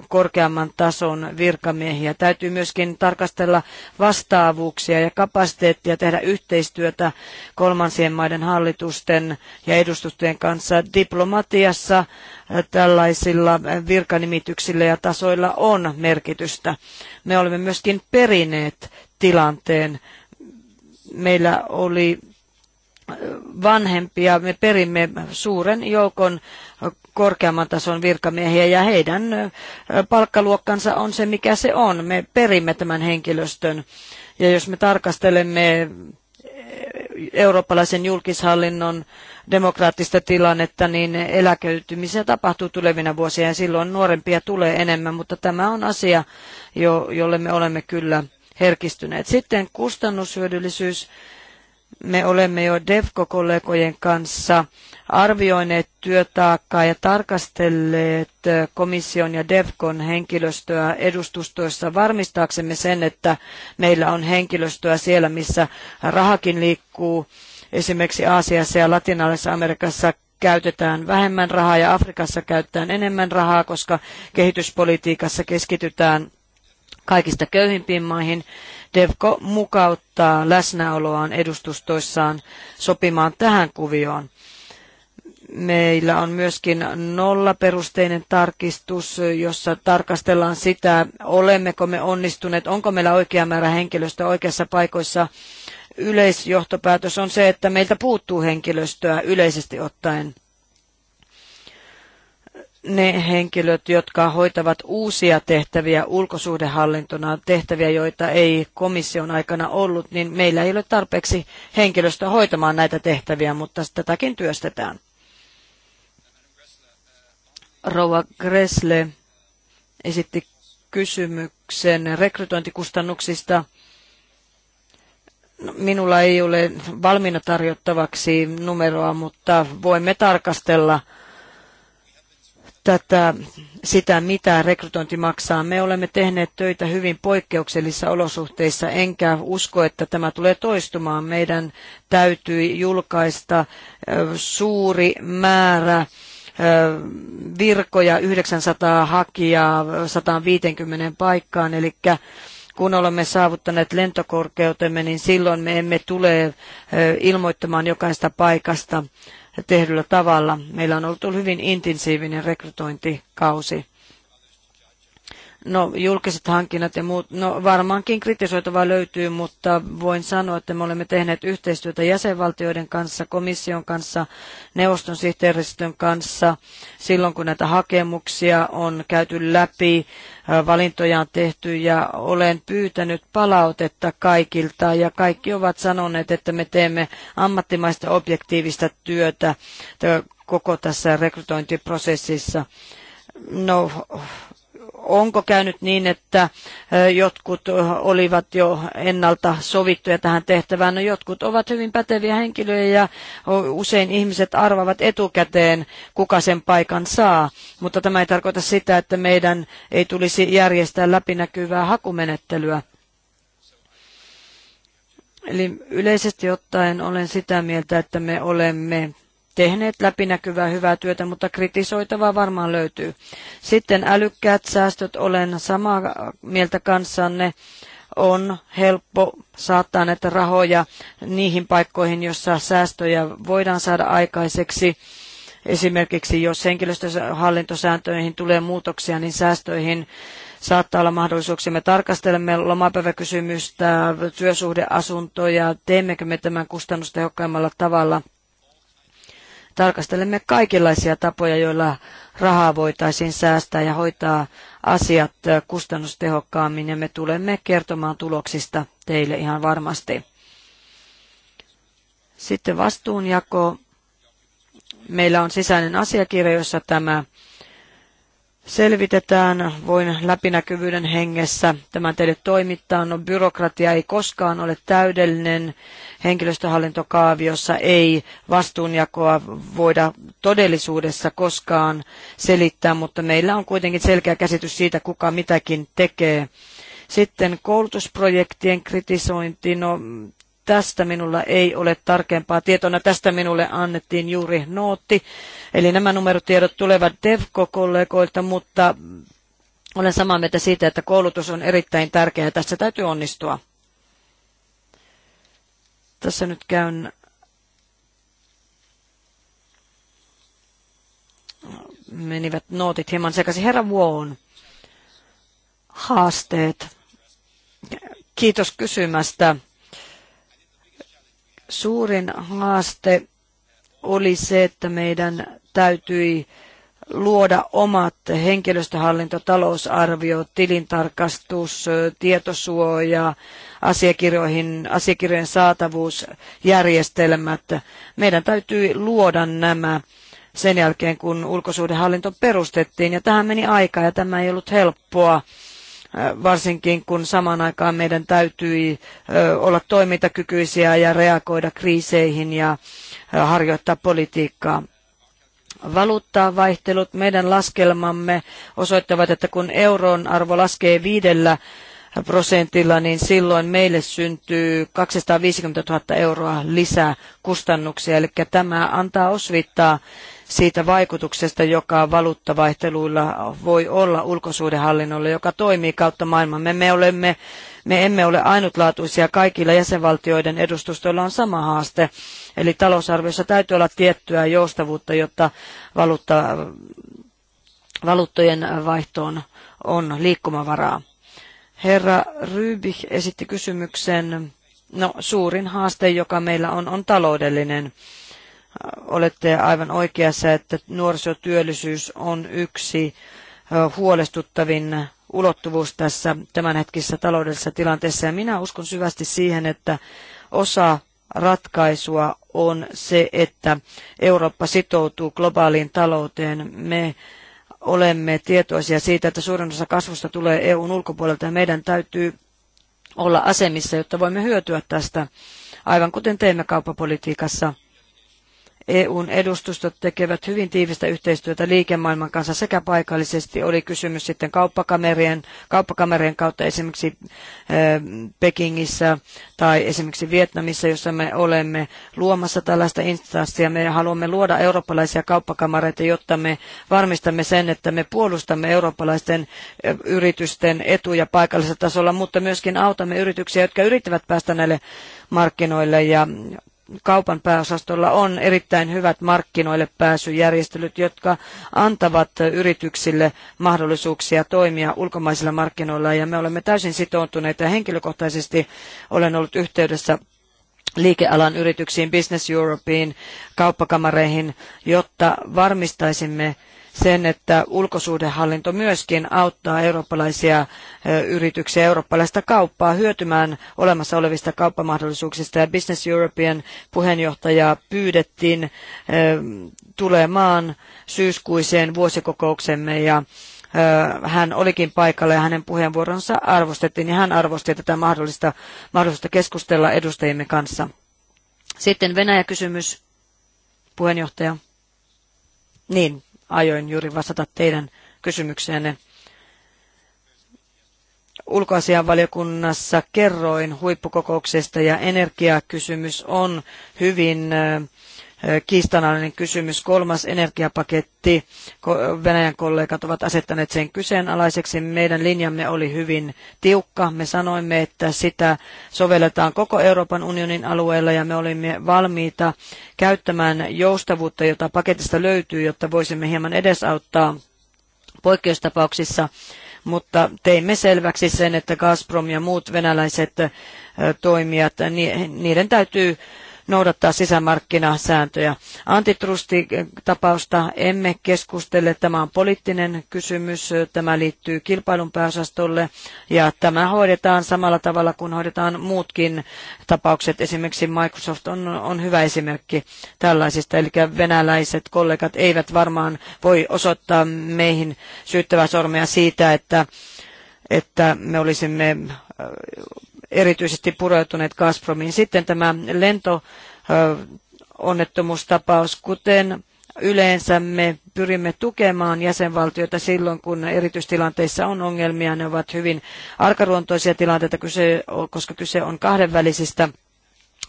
korkeamman tason virkamiehiä. Täytyy myöskin tarkastella vastaavuuksia ja kapasiteettia tehdä yhteistyötä kolmansien maiden hallitusten ja edustustojen kanssa. Diplomatiassa tällaisilla virkanimityksillä ja tasoilla on merkitystä. Me olemme myöskin perineet tilanteen meillä oli äh, vanhempia, me perimme suuren joukon korkeamman tason virkamiehiä ja heidän äh, palkkaluokkansa on se, mikä se on. Me perimme tämän henkilöstön ja jos me tarkastelemme äh, eurooppalaisen julkishallinnon demokraattista tilannetta, niin eläköitymisiä tapahtuu tulevina vuosina ja silloin nuorempia tulee enemmän, mutta tämä on asia, jo, jolle me olemme kyllä – herkistyneet. Sitten kustannushyödyllisyys. Me olemme jo DEVCO-kollegojen kanssa arvioineet työtaakkaa ja tarkastelleet komission ja DEVCON henkilöstöä edustustoissa varmistaaksemme sen, että meillä on henkilöstöä siellä, missä rahakin liikkuu. Esimerkiksi Aasiassa ja Latinalaisessa Amerikassa käytetään vähemmän rahaa ja Afrikassa käytetään enemmän rahaa, koska kehityspolitiikassa keskitytään kaikista köyhimpiin maihin. DEVCO mukauttaa läsnäoloaan edustustoissaan sopimaan tähän kuvioon. Meillä on myöskin nollaperusteinen tarkistus, jossa tarkastellaan sitä, olemmeko me onnistuneet, onko meillä oikea määrä henkilöstöä oikeassa paikoissa. Yleisjohtopäätös on se, että meiltä puuttuu henkilöstöä yleisesti ottaen ne henkilöt, jotka hoitavat uusia tehtäviä ulkosuhdehallintona, tehtäviä, joita ei komission aikana ollut, niin meillä ei ole tarpeeksi henkilöstöä hoitamaan näitä tehtäviä, mutta tätäkin työstetään. Rouva Gressle esitti kysymyksen rekrytointikustannuksista. No, minulla ei ole valmiina tarjottavaksi numeroa, mutta voimme tarkastella – tätä, sitä, mitä rekrytointi maksaa. Me olemme tehneet töitä hyvin poikkeuksellisissa olosuhteissa, enkä usko, että tämä tulee toistumaan. Meidän täytyy julkaista suuri määrä virkoja, 900 hakijaa 150 paikkaan, eli kun olemme saavuttaneet lentokorkeutemme, niin silloin me emme tule ilmoittamaan jokaista paikasta tehdyllä tavalla. Meillä on ollut hyvin intensiivinen rekrytointikausi No julkiset hankinnat ja muut, no varmaankin kritisoitavaa löytyy, mutta voin sanoa, että me olemme tehneet yhteistyötä jäsenvaltioiden kanssa, komission kanssa, neuvoston sihteeristön kanssa silloin, kun näitä hakemuksia on käyty läpi, valintoja on tehty ja olen pyytänyt palautetta kaikilta ja kaikki ovat sanoneet, että me teemme ammattimaista objektiivista työtä koko tässä rekrytointiprosessissa. No, onko käynyt niin, että jotkut olivat jo ennalta sovittuja tähän tehtävään? No jotkut ovat hyvin päteviä henkilöjä ja usein ihmiset arvavat etukäteen, kuka sen paikan saa. Mutta tämä ei tarkoita sitä, että meidän ei tulisi järjestää läpinäkyvää hakumenettelyä. Eli yleisesti ottaen olen sitä mieltä, että me olemme tehneet läpinäkyvää hyvää työtä, mutta kritisoitavaa varmaan löytyy. Sitten älykkäät säästöt, olen samaa mieltä kanssanne on helppo saattaa näitä rahoja niihin paikkoihin, jossa säästöjä voidaan saada aikaiseksi. Esimerkiksi jos henkilöstöhallintosääntöihin tulee muutoksia, niin säästöihin saattaa olla mahdollisuuksia. Me tarkastelemme lomapäiväkysymystä, työsuhdeasuntoja, teemmekö me tämän kustannustehokkaimmalla tavalla – tarkastelemme kaikenlaisia tapoja, joilla rahaa voitaisiin säästää ja hoitaa asiat kustannustehokkaammin ja me tulemme kertomaan tuloksista teille ihan varmasti. Sitten vastuunjako. Meillä on sisäinen asiakirja, jossa tämä selvitetään. Voin läpinäkyvyyden hengessä tämän teille toimittaa. No byrokratia ei koskaan ole täydellinen. Henkilöstöhallintokaaviossa ei vastuunjakoa voida todellisuudessa koskaan selittää, mutta meillä on kuitenkin selkeä käsitys siitä, kuka mitäkin tekee. Sitten koulutusprojektien kritisointi. No, tästä minulla ei ole tarkempaa tietoa. No, tästä minulle annettiin juuri nootti Eli nämä numerotiedot tulevat DEVCO-kollegoilta, mutta olen samaa mieltä siitä, että koulutus on erittäin tärkeää ja tässä täytyy onnistua. Tässä nyt käyn menivät nootit hieman sekaisin. Herra Vuon, haasteet. Kiitos kysymästä. Suurin haaste oli se, että meidän täytyi luoda omat henkilöstöhallinto, talousarvio, tilintarkastus, tietosuoja, asiakirjoihin, asiakirjojen saatavuusjärjestelmät. Meidän täytyy luoda nämä sen jälkeen, kun ulkosuhdehallinto perustettiin. Ja tähän meni aikaa ja tämä ei ollut helppoa äh, varsinkin kun samaan aikaan meidän täytyi äh, olla toimintakykyisiä ja reagoida kriiseihin ja äh, harjoittaa politiikkaa valuuttavaihtelut. Meidän laskelmamme osoittavat, että kun euron arvo laskee viidellä prosentilla, niin silloin meille syntyy 250 000 euroa lisää kustannuksia. Eli tämä antaa osvittaa siitä vaikutuksesta, joka valuuttavaihteluilla voi olla ulkosuhdehallinnolle, joka toimii kautta maailman. Me, me, olemme, me emme ole ainutlaatuisia. Kaikilla jäsenvaltioiden edustustoilla on sama haaste. Eli talousarviossa täytyy olla tiettyä joustavuutta, jotta valuutta, valuuttojen vaihtoon on liikkumavaraa. Herra Rybich esitti kysymyksen, no suurin haaste, joka meillä on, on taloudellinen olette aivan oikeassa, että nuorisotyöllisyys on yksi huolestuttavin ulottuvuus tässä tämänhetkisessä taloudellisessa tilanteessa. Ja minä uskon syvästi siihen, että osa ratkaisua on se, että Eurooppa sitoutuu globaaliin talouteen. Me olemme tietoisia siitä, että suurin osa kasvusta tulee EUn ulkopuolelta ja meidän täytyy olla asemissa, jotta voimme hyötyä tästä, aivan kuten teemme kauppapolitiikassa. EUn edustustot tekevät hyvin tiivistä yhteistyötä liikemaailman kanssa sekä paikallisesti. Oli kysymys sitten kauppakamerien, kauppakamerien kautta esimerkiksi Pekingissä tai esimerkiksi Vietnamissa, jossa me olemme luomassa tällaista instanssia. Me haluamme luoda eurooppalaisia kauppakamareita, jotta me varmistamme sen, että me puolustamme eurooppalaisten yritysten etuja paikallisella tasolla, mutta myöskin autamme yrityksiä, jotka yrittävät päästä näille markkinoille ja kaupan pääosastolla on erittäin hyvät markkinoille pääsyjärjestelyt, jotka antavat yrityksille mahdollisuuksia toimia ulkomaisilla markkinoilla ja me olemme täysin sitoutuneita ja henkilökohtaisesti olen ollut yhteydessä liikealan yrityksiin, Business Europeen, kauppakamareihin, jotta varmistaisimme sen, että ulkosuhdehallinto myöskin auttaa eurooppalaisia yrityksiä, eurooppalaista kauppaa hyötymään olemassa olevista kauppamahdollisuuksista. Ja Business European puheenjohtajaa pyydettiin tulemaan syyskuiseen vuosikokouksemme ja hän olikin paikalla ja hänen puheenvuoronsa arvostettiin ja hän arvosti tätä mahdollista, mahdollisuutta keskustella edustajimme kanssa. Sitten Venäjä-kysymys, puheenjohtaja. Niin, ajoin juuri vastata teidän kysymykseenne. Ulkoasianvaliokunnassa kerroin huippukokouksesta ja energiakysymys on hyvin kiistanalainen kysymys. Kolmas energiapaketti, Venäjän kollegat ovat asettaneet sen kyseenalaiseksi. Meidän linjamme oli hyvin tiukka. Me sanoimme, että sitä sovelletaan koko Euroopan unionin alueella ja me olimme valmiita käyttämään joustavuutta, jota paketista löytyy, jotta voisimme hieman edesauttaa poikkeustapauksissa mutta teimme selväksi sen, että Gazprom ja muut venäläiset toimijat, niiden täytyy noudattaa sisämarkkinasääntöjä. Antitrustitapausta emme keskustele. Tämä on poliittinen kysymys. Tämä liittyy kilpailun pääosastolle ja tämä hoidetaan samalla tavalla kuin hoidetaan muutkin tapaukset. Esimerkiksi Microsoft on, on hyvä esimerkki tällaisista. Eli venäläiset kollegat eivät varmaan voi osoittaa meihin syyttävää sormea siitä, että että me olisimme erityisesti pureutuneet Gazpromiin. Sitten tämä lentoonnettomuustapaus, kuten yleensä me pyrimme tukemaan jäsenvaltioita silloin, kun erityistilanteissa on ongelmia. Ne ovat hyvin arkaluontoisia tilanteita, koska kyse on kahdenvälisistä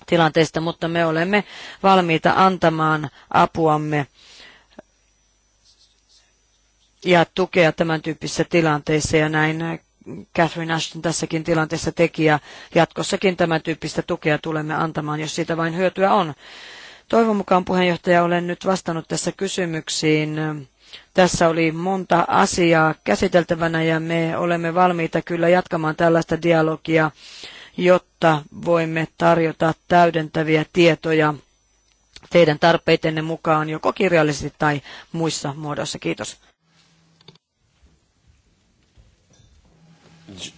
tilanteista, mutta me olemme valmiita antamaan apuamme ja tukea tämän tyyppisissä tilanteissa ja näin Catherine Ashton tässäkin tilanteessa teki ja jatkossakin tämän tyyppistä tukea tulemme antamaan, jos siitä vain hyötyä on. Toivon mukaan puheenjohtaja olen nyt vastannut tässä kysymyksiin. Tässä oli monta asiaa käsiteltävänä ja me olemme valmiita kyllä jatkamaan tällaista dialogia, jotta voimme tarjota täydentäviä tietoja teidän tarpeitenne mukaan joko kirjallisesti tai muissa muodoissa. Kiitos.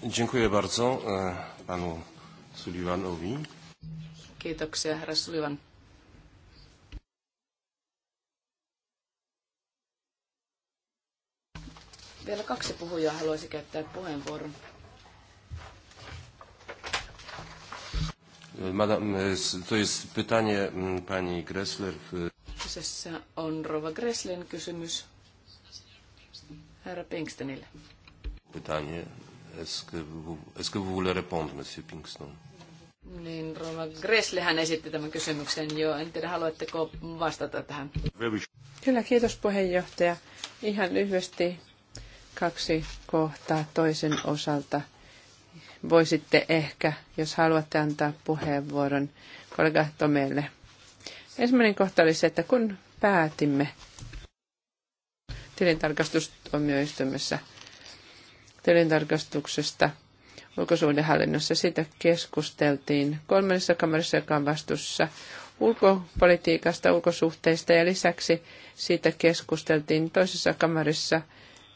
Dziękuję bardzo e, panu Sullivanowi. Kiitoksia, herra Sullivan. Vielä kaksi puhujaa haluaisi käyttää puheenvuoron. E, Madame, to jest pytanie pani Gressler. Kyseessä on Rova Gresslin kysymys herra Pinkstenille. Pytanie Est-ce que, vous, est que vous voulez répondre, Monsieur Pinkston? Niin, Rova Gresslehän esitti tämän kysymyksen jo. En tiedä, haluatteko vastata tähän? Kyllä, kiitos puheenjohtaja. Ihan lyhyesti kaksi kohtaa toisen osalta. Voisitte ehkä, jos haluatte antaa puheenvuoron kollega Tomelle. Ensimmäinen kohta oli se, että kun päätimme tilintarkastustuomioistuimessa – tilintarkastuksesta ulkosuhdehallinnossa. Siitä keskusteltiin kolmannessa kamarissa, joka on vastuussa ulkopolitiikasta, ulkosuhteista ja lisäksi siitä keskusteltiin toisessa kamarissa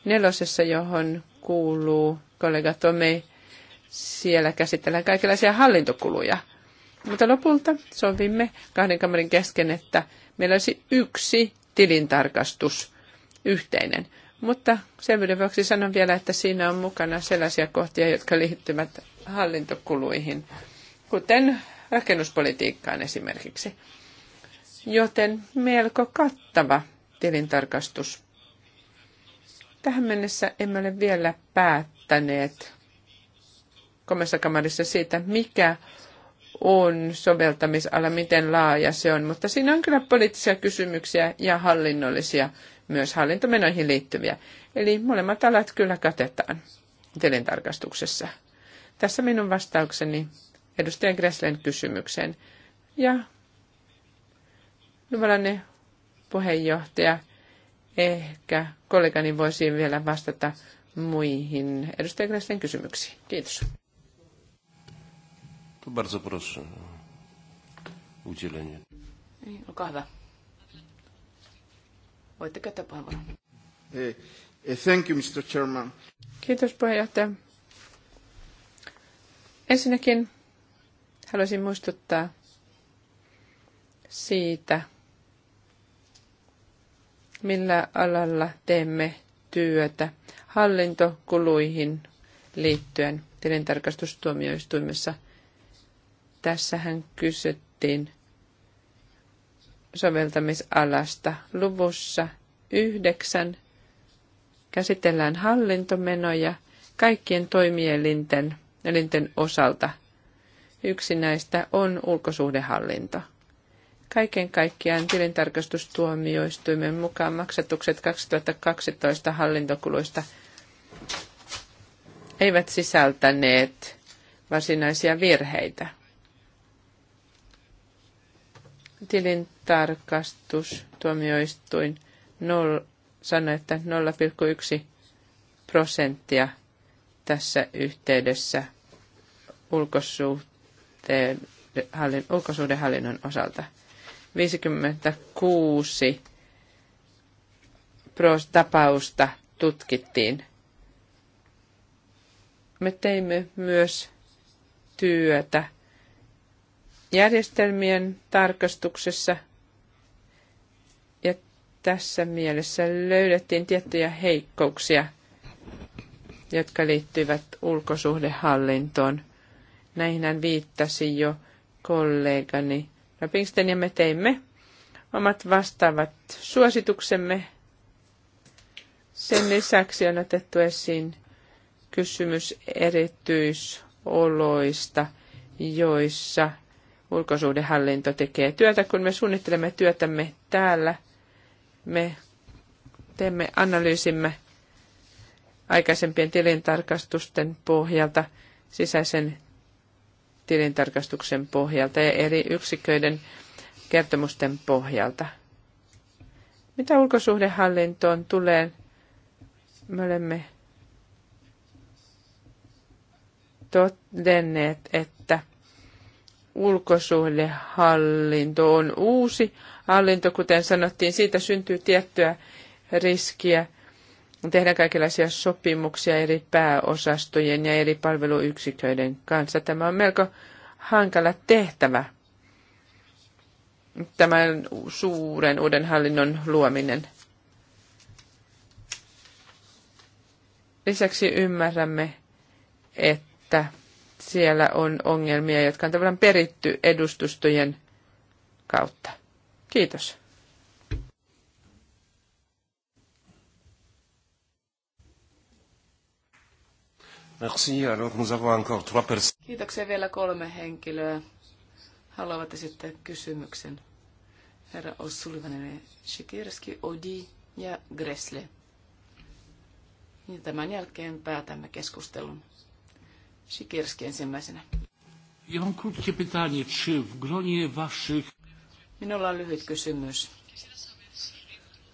nelosessa, johon kuuluu kollega Tomei. Siellä käsitellään kaikenlaisia hallintokuluja. Mutta lopulta sovimme kahden kamerin kesken, että meillä olisi yksi tilintarkastus yhteinen. Mutta selvyyden vuoksi sanon vielä, että siinä on mukana sellaisia kohtia, jotka liittyvät hallintokuluihin, kuten rakennuspolitiikkaan esimerkiksi. Joten melko kattava tilintarkastus. Tähän mennessä emme ole vielä päättäneet komessa kamarissa siitä, mikä on soveltamisala, miten laaja se on, mutta siinä on kyllä poliittisia kysymyksiä ja hallinnollisia myös hallintomenoihin liittyviä. Eli molemmat alat kyllä katetaan tilintarkastuksessa. Tässä minun vastaukseni edustajan Gresslen kysymykseen. Ja Nuvalanne puheenjohtaja, ehkä kollegani voisi vielä vastata muihin edustajan Gresslen kysymyksiin. Kiitos. bardzo proszę udzielenie. Niin, olkaa hyvä. Voitte puheenvuoron. Eh, eh, thank you, Mr. Chairman. Kiitos puheenjohtaja. Ensinnäkin haluaisin muistuttaa siitä, millä alalla teemme työtä hallintokuluihin liittyen tilintarkastustuomioistuimessa. Tässähän kysyttiin soveltamisalasta. Luvussa yhdeksän käsitellään hallintomenoja kaikkien toimielinten elinten osalta. Yksi näistä on ulkosuhdehallinto. Kaiken kaikkiaan tilintarkastustuomioistuimen mukaan maksatukset 2012 hallintokuluista eivät sisältäneet varsinaisia virheitä. Tilin tarkastustuomioistuin nol, sanoi, että 0,1 prosenttia tässä yhteydessä ulkosuhdehallinnon osalta. 56 pros, tapausta tutkittiin. Me teimme myös työtä järjestelmien tarkastuksessa – tässä mielessä löydettiin tiettyjä heikkouksia, jotka liittyvät ulkosuhdehallintoon. Näihin hän viittasi jo kollegani Rapingsten ja me teimme omat vastaavat suosituksemme. Sen lisäksi on otettu esiin kysymys erityisoloista, joissa ulkosuhdehallinto tekee työtä, kun me suunnittelemme työtämme täällä – me teemme analyysimme aikaisempien tilintarkastusten pohjalta, sisäisen tilintarkastuksen pohjalta ja eri yksiköiden kertomusten pohjalta. Mitä ulkosuhdehallintoon tulee, me olemme todenneet, että – ulkosuhdehallinto on uusi hallinto, kuten sanottiin, siitä syntyy tiettyä riskiä. Tehdään kaikenlaisia sopimuksia eri pääosastojen ja eri palveluyksiköiden kanssa. Tämä on melko hankala tehtävä, tämän suuren uuden hallinnon luominen. Lisäksi ymmärrämme, että siellä on ongelmia, jotka on tavallaan peritty edustustojen kautta. Kiitos. Merci. Kiitoksia vielä kolme henkilöä. Haluavat esittää kysymyksen. Herra Ossulivanen, Shikirski, Odi ja Gressle. Ja tämän jälkeen päätämme keskustelun. Sikirski ensimmäisenä. Ihan krótkie pytanie, czy w gronie waszych... Minulla on lyhyt kysymys.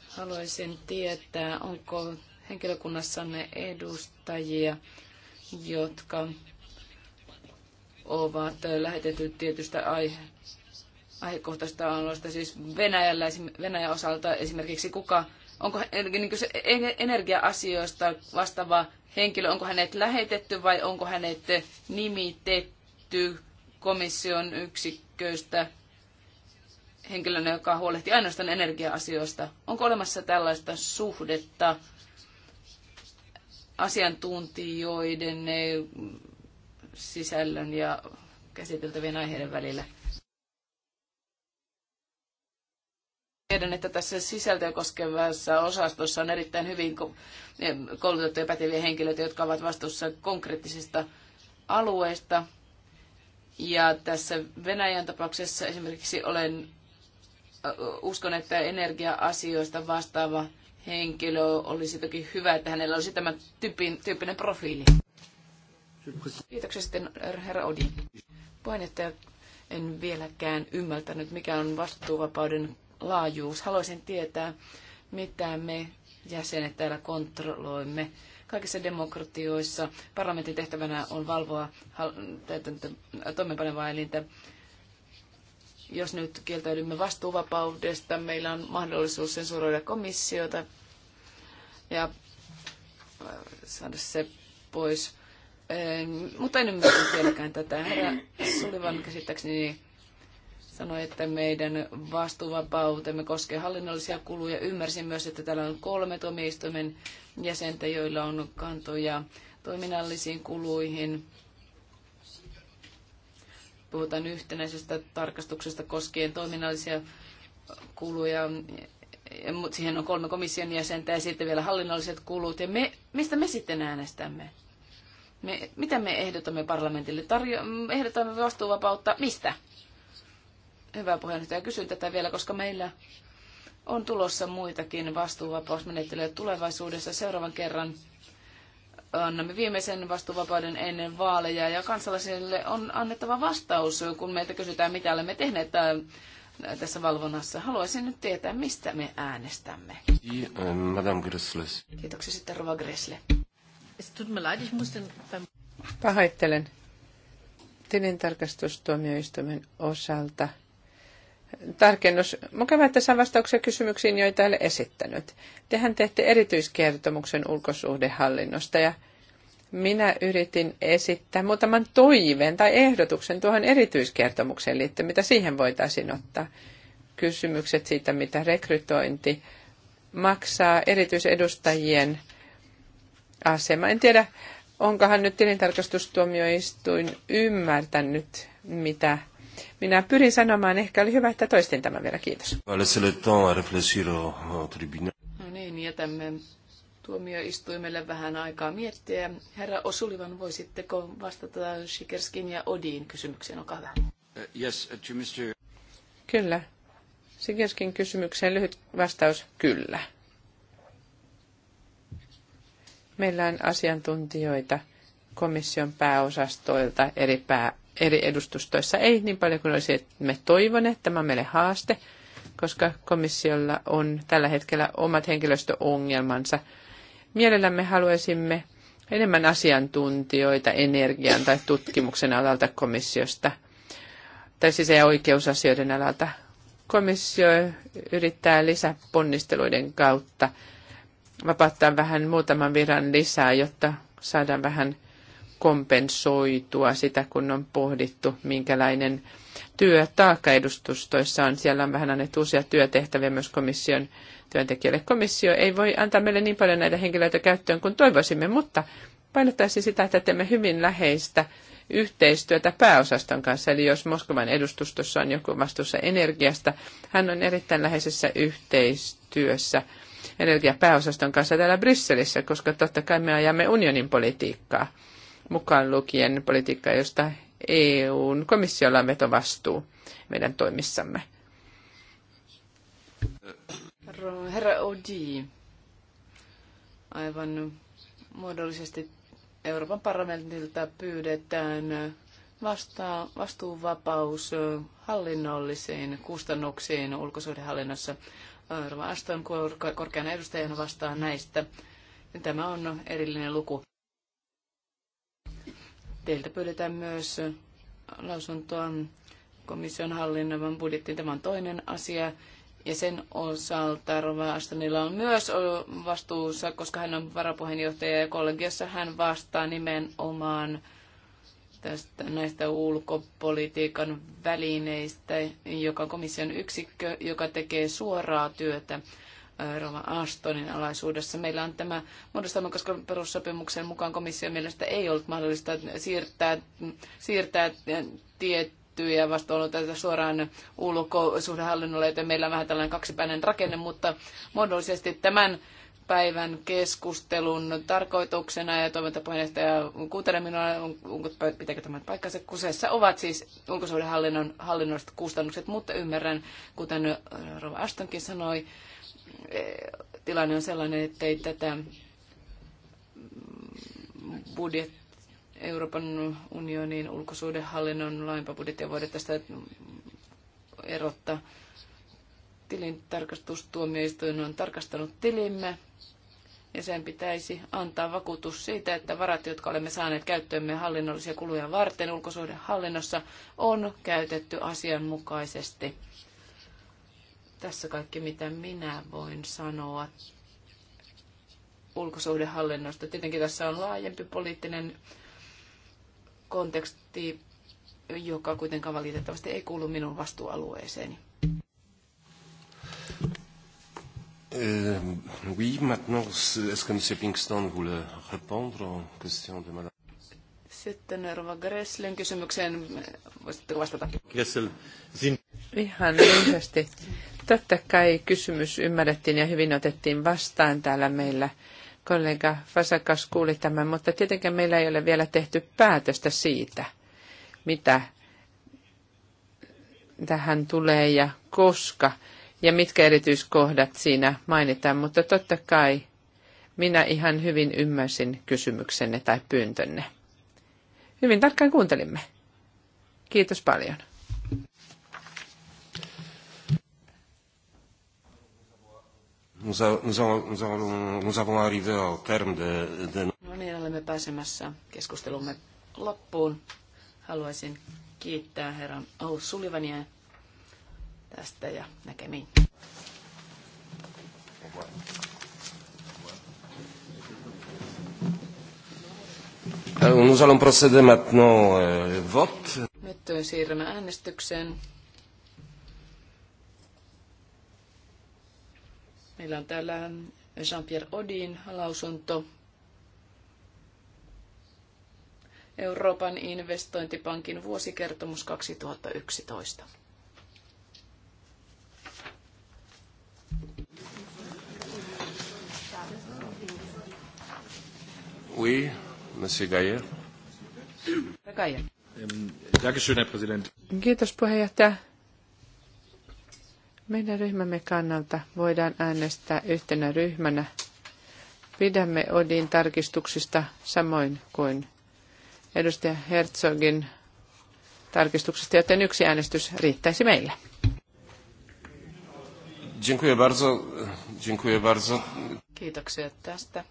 Haluaisin tietää, onko henkilökunnassanne edustajia, jotka ovat lähetetyt tietystä aihe, aihekohtaista aloista, siis Venäjällä, Venäjän osalta esimerkiksi kuka onko niin se e- e- energia-asioista vastaava henkilö, onko hänet lähetetty vai onko hänet nimitetty komission yksiköistä henkilönä, joka huolehtii ainoastaan energia-asioista. Onko olemassa tällaista suhdetta asiantuntijoiden eh, sisällön ja käsiteltävien aiheiden välillä? Tiedän, että tässä sisältöä koskevassa osastossa on erittäin hyvin koulutettuja päteviä henkilöitä, jotka ovat vastuussa konkreettisista alueista. Ja tässä Venäjän tapauksessa esimerkiksi olen, uskon, että energia-asioista vastaava henkilö olisi toki hyvä, että hänellä olisi tämä tyypin, tyyppinen profiili. Kiitoksia sitten herra Odin. Puheenjohtaja, en vieläkään ymmärtänyt, mikä on vastuuvapauden laajuus. Haluaisin tietää, mitä me jäsenet täällä kontrolloimme. Kaikissa demokratioissa parlamentin tehtävänä on valvoa toimeenpanevaa elintä. Jos nyt kieltäydymme vastuuvapaudesta, meillä on mahdollisuus sensuroida komissiota ja äh, saada se pois. Äh, mutta en ymmärrä vieläkään tätä. Herra Sulivan käsittääkseni niin sanoi, että meidän vastuuvapautemme koskee hallinnollisia kuluja. Ymmärsin myös, että täällä on kolme tuomioistuimen jäsentä, joilla on kantoja toiminnallisiin kuluihin. Puhutaan yhtenäisestä tarkastuksesta koskien toiminnallisia kuluja. Mutta siihen on kolme komission jäsentä ja sitten vielä hallinnolliset kulut. Ja me, mistä me sitten äänestämme? Me, mitä me ehdotamme parlamentille? Tarjo- ehdotamme vastuuvapautta mistä? Hyvä puheenjohtaja, kysyn tätä vielä, koska meillä on tulossa muitakin vastuuvapausmenettelyjä tulevaisuudessa. Seuraavan kerran annamme viimeisen vastuuvapauden ennen vaaleja ja kansalaisille on annettava vastaus, kun meiltä kysytään, mitä olemme tehneet äh, tässä valvonnassa. Haluaisin nyt tietää, mistä me äänestämme. Äh, Madame Kiitoksia sitten Rova Gressle. Pahoittelen tilintarkastustuomioistuimen osalta – tarkennus. Mukava, että saan vastauksia kysymyksiin, joita olen esittänyt. Tehän teette erityiskertomuksen ulkosuhdehallinnosta ja minä yritin esittää muutaman toiveen tai ehdotuksen tuohon erityiskertomukseen liittyen, mitä siihen voitaisiin ottaa. Kysymykset siitä, mitä rekrytointi maksaa erityisedustajien asema. En tiedä, onkohan nyt tilintarkastustuomioistuin ymmärtänyt, mitä minä pyrin sanomaan, ehkä oli hyvä, että toistin tämän vielä. Kiitos. No niin, jätämme tuomioistuimelle vähän aikaa miettiä. Herra Osulivan, voisitteko vastata Shikerskin ja Odin kysymykseen? Olkaa hyvä. Uh, yes, uh, to Mr. Kyllä. Shikerskin kysymykseen lyhyt vastaus, kyllä. Meillä on asiantuntijoita komission pääosastoilta, eri pää, eri edustustoissa ei niin paljon kuin olisimme toivoneet. Tämä on meille haaste, koska komissiolla on tällä hetkellä omat henkilöstöongelmansa. Mielellämme haluaisimme enemmän asiantuntijoita energian tai tutkimuksen alalta komissiosta, tai siis ja oikeusasioiden alalta. Komissio yrittää lisäponnisteluiden kautta vapauttaa vähän muutaman viran lisää, jotta saadaan vähän – kompensoitua sitä, kun on pohdittu, minkälainen työ edustustoissa on. Siellä on vähän annettu uusia työtehtäviä myös komission työntekijöille. Komissio ei voi antaa meille niin paljon näitä henkilöitä käyttöön kuin toivoisimme, mutta painottaisi sitä, että teemme hyvin läheistä yhteistyötä pääosaston kanssa. Eli jos Moskovan edustustossa on joku vastuussa energiasta, hän on erittäin läheisessä yhteistyössä energiapääosaston kanssa täällä Brysselissä, koska totta kai me ajamme unionin politiikkaa mukaan lukien politiikka, josta EUn komissiolla on vetovastuu meidän toimissamme. Herra Odi, aivan muodollisesti Euroopan parlamentilta pyydetään vastaa, vastuuvapaus hallinnollisiin kustannuksiin ulkosuhdehallinnossa. Arva Aston korkeana edustajana vastaa näistä. Tämä on erillinen luku. Teiltä pyydetään myös lausuntoa komission hallinnoiman budjettiin. Tämä on toinen asia. Ja sen osalta Rova Astonilla on myös vastuussa, koska hän on varapuheenjohtaja ja kollegiossa hän vastaa nimenomaan tästä, näistä ulkopolitiikan välineistä, joka on komission yksikkö, joka tekee suoraa työtä Rova Ashtonin alaisuudessa. Meillä on tämä muodostelma, koska perussopimuksen mukaan komission mielestä ei ollut mahdollista siirtää, siirtää tiettyjä vastuunottajia suoraan ulkosuhdehallinnolle, joten meillä on vähän tällainen kaksipäinen rakenne, mutta muodollisesti tämän päivän keskustelun tarkoituksena ja toimintapuheenjohtaja kuuntele minua, onko, pitääkö tämä paikkansa. Kuseessa ovat siis ulkosuhdehallinnon hallinnolliset kustannukset, mutta ymmärrän, kuten Rova Astonkin sanoi, tilanne on sellainen, että ei tätä budjet, Euroopan unionin ulkosuhdehallinnon lainpabudjettia voida tästä erottaa. Tilintarkastustuomioistuin on tarkastanut tilimme ja sen pitäisi antaa vakuutus siitä, että varat, jotka olemme saaneet käyttöömme hallinnollisia kuluja varten ulkosuhdehallinnossa, on käytetty asianmukaisesti. Tässä kaikki, mitä minä voin sanoa ulkosuhdehallinnosta. Tietenkin tässä on laajempi poliittinen konteksti, joka kuitenkaan valitettavasti ei kuulu minun vastuualueeseeni. Euh, oui, maintenant, est-ce que M. Pinkston voulait répondre aux questions de Madame Sitten Rova Gresslin kysymykseen voisitteko vastata? Gressel, sin... Ihan lyhyesti. Totta kai kysymys ymmärrettiin ja hyvin otettiin vastaan täällä meillä. Kollega Fasakas kuuli tämän, mutta tietenkään meillä ei ole vielä tehty päätöstä siitä, mitä tähän tulee ja koska ja mitkä erityiskohdat siinä mainitaan, mutta totta kai minä ihan hyvin ymmärsin kysymyksenne tai pyyntönne. Hyvin tarkkaan kuuntelimme. Kiitos paljon. Nous, a, nous, a, nous, allons, nous avons arrivé au terme de, de... No niin, olemme pääsemässä keskustelumme loppuun. Haluaisin kiittää herran O'Sullivania tästä ja näkemiin. Nous allons procéder maintenant euh, vote. Nyt siirrymme äänestykseen. Meillä on täällä Jean-Pierre Odin lausunto Euroopan investointipankin vuosikertomus 2011. Oui, monsieur Gaillard. Gaillard. Kiitos puheenjohtaja. Meidän ryhmämme kannalta voidaan äänestää yhtenä ryhmänä. Pidämme Odin tarkistuksista samoin kuin edustaja Herzogin tarkistuksista, joten yksi äänestys riittäisi meille. Dziękuję bardzo. Dziękuję bardzo. Kiitoksia tästä.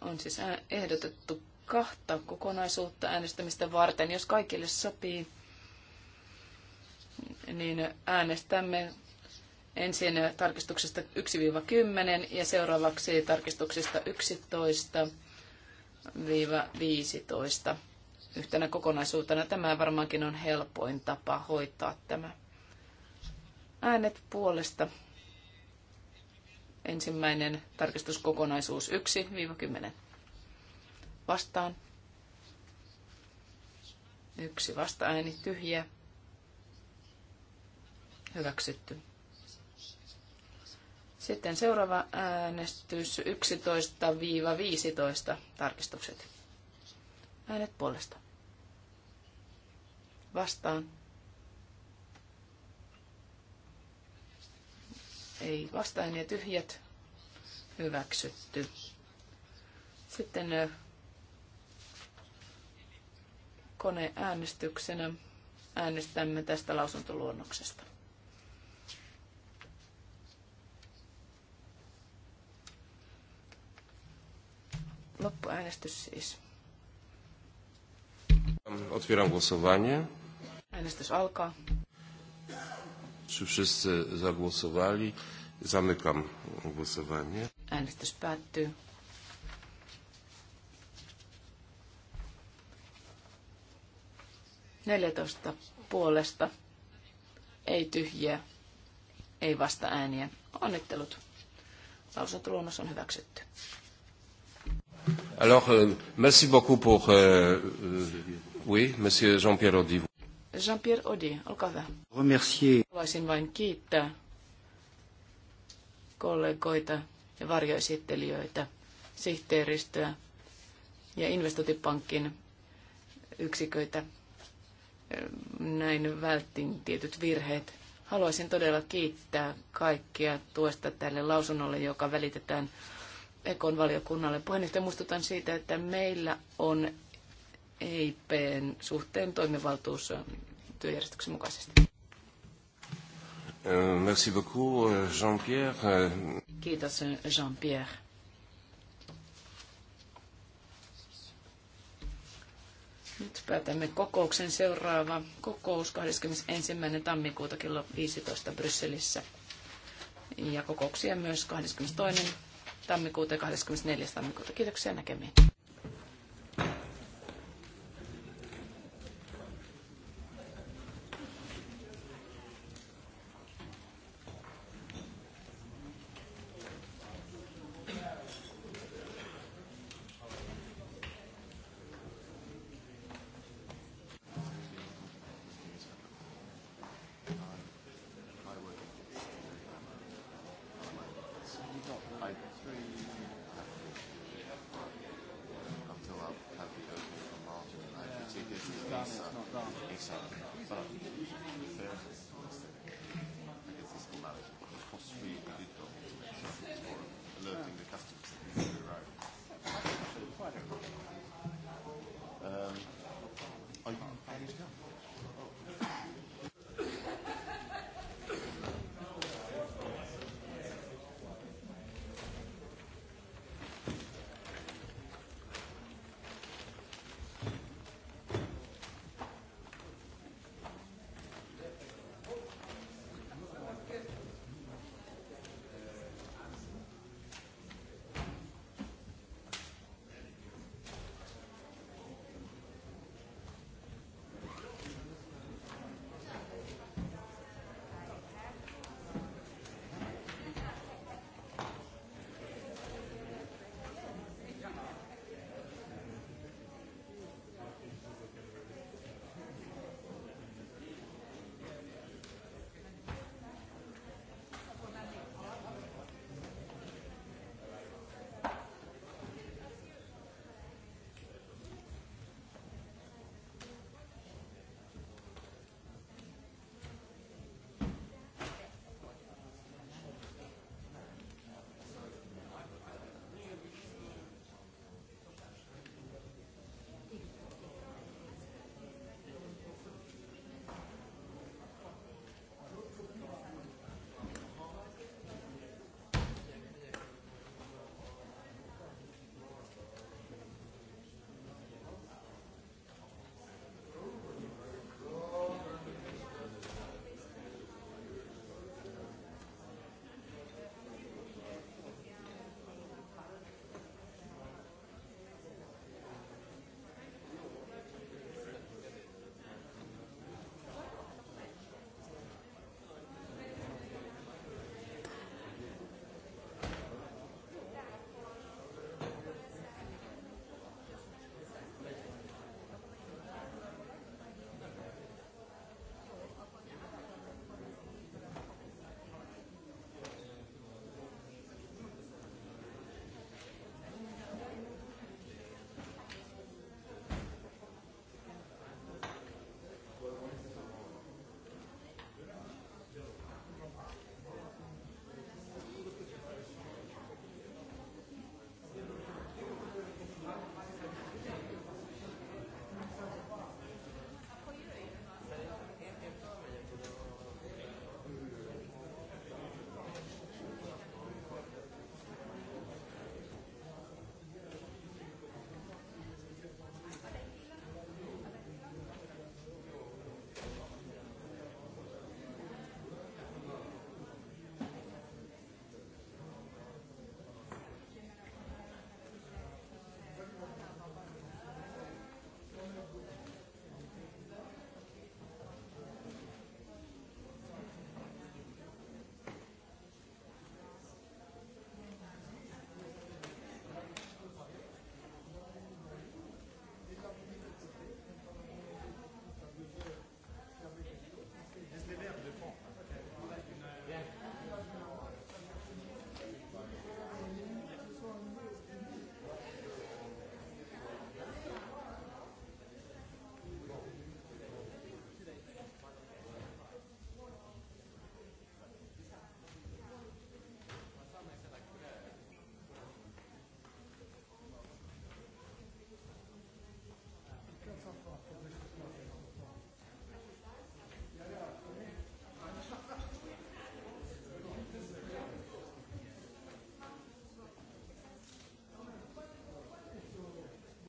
On siis ehdotettu kahta kokonaisuutta äänestämistä varten. Jos kaikille sopii, niin äänestämme ensin tarkistuksesta 1-10 ja seuraavaksi tarkistuksesta 11-15 yhtenä kokonaisuutena. Tämä varmaankin on helpoin tapa hoitaa tämä. Äänet puolesta. Ensimmäinen tarkistuskokonaisuus 1-10 vastaan. Yksi vasta-ääni tyhjä. Hyväksytty. Sitten seuraava äänestys 11-15 tarkistukset. Äänet puolesta. Vastaan. Ei vastaan ja tyhjät. Hyväksytty. Sitten koneäänestyksenä äänestämme tästä lausuntoluonnoksesta. Loppuäänestys siis. Otwieram głosowanie. Äänestys alkaa. Czy wszyscy zagłosowali? Zamykam głosowanie. Äänestys päättyy. 14 puolesta. Ei tyhjiä, ei vasta ääniä. Onnittelut. Lausuntoluonnos on hyväksytty. Alors, euh, merci beaucoup pour... Euh, euh, oui, monsieur Jean-Pierre Audi. Jean-Pierre Audi, olkaa hyvä. Remercier. Haluaisin vain kiittää kollegoita ja varjoesittelijöitä, sihteeristöä ja investointipankin yksiköitä näin välttin tietyt virheet. Haluaisin todella kiittää kaikkia tuosta tälle lausunnolle, joka välitetään Ekon valiokunnalle. Puheenjohtaja muistutan siitä, että meillä on EIPn suhteen toimivaltuus äh, työjärjestyksen mukaisesti. Euh, merci beaucoup, euh, Jean-Pierre. Euh, Kiitos, Jean-Pierre. Nyt päätämme kokouksen seuraava kokous 21. tammikuuta kello 15 Brysselissä. Ja kokouksia myös 22. tammikuuta ja 24. tammikuuta. Kiitoksia näkemiin.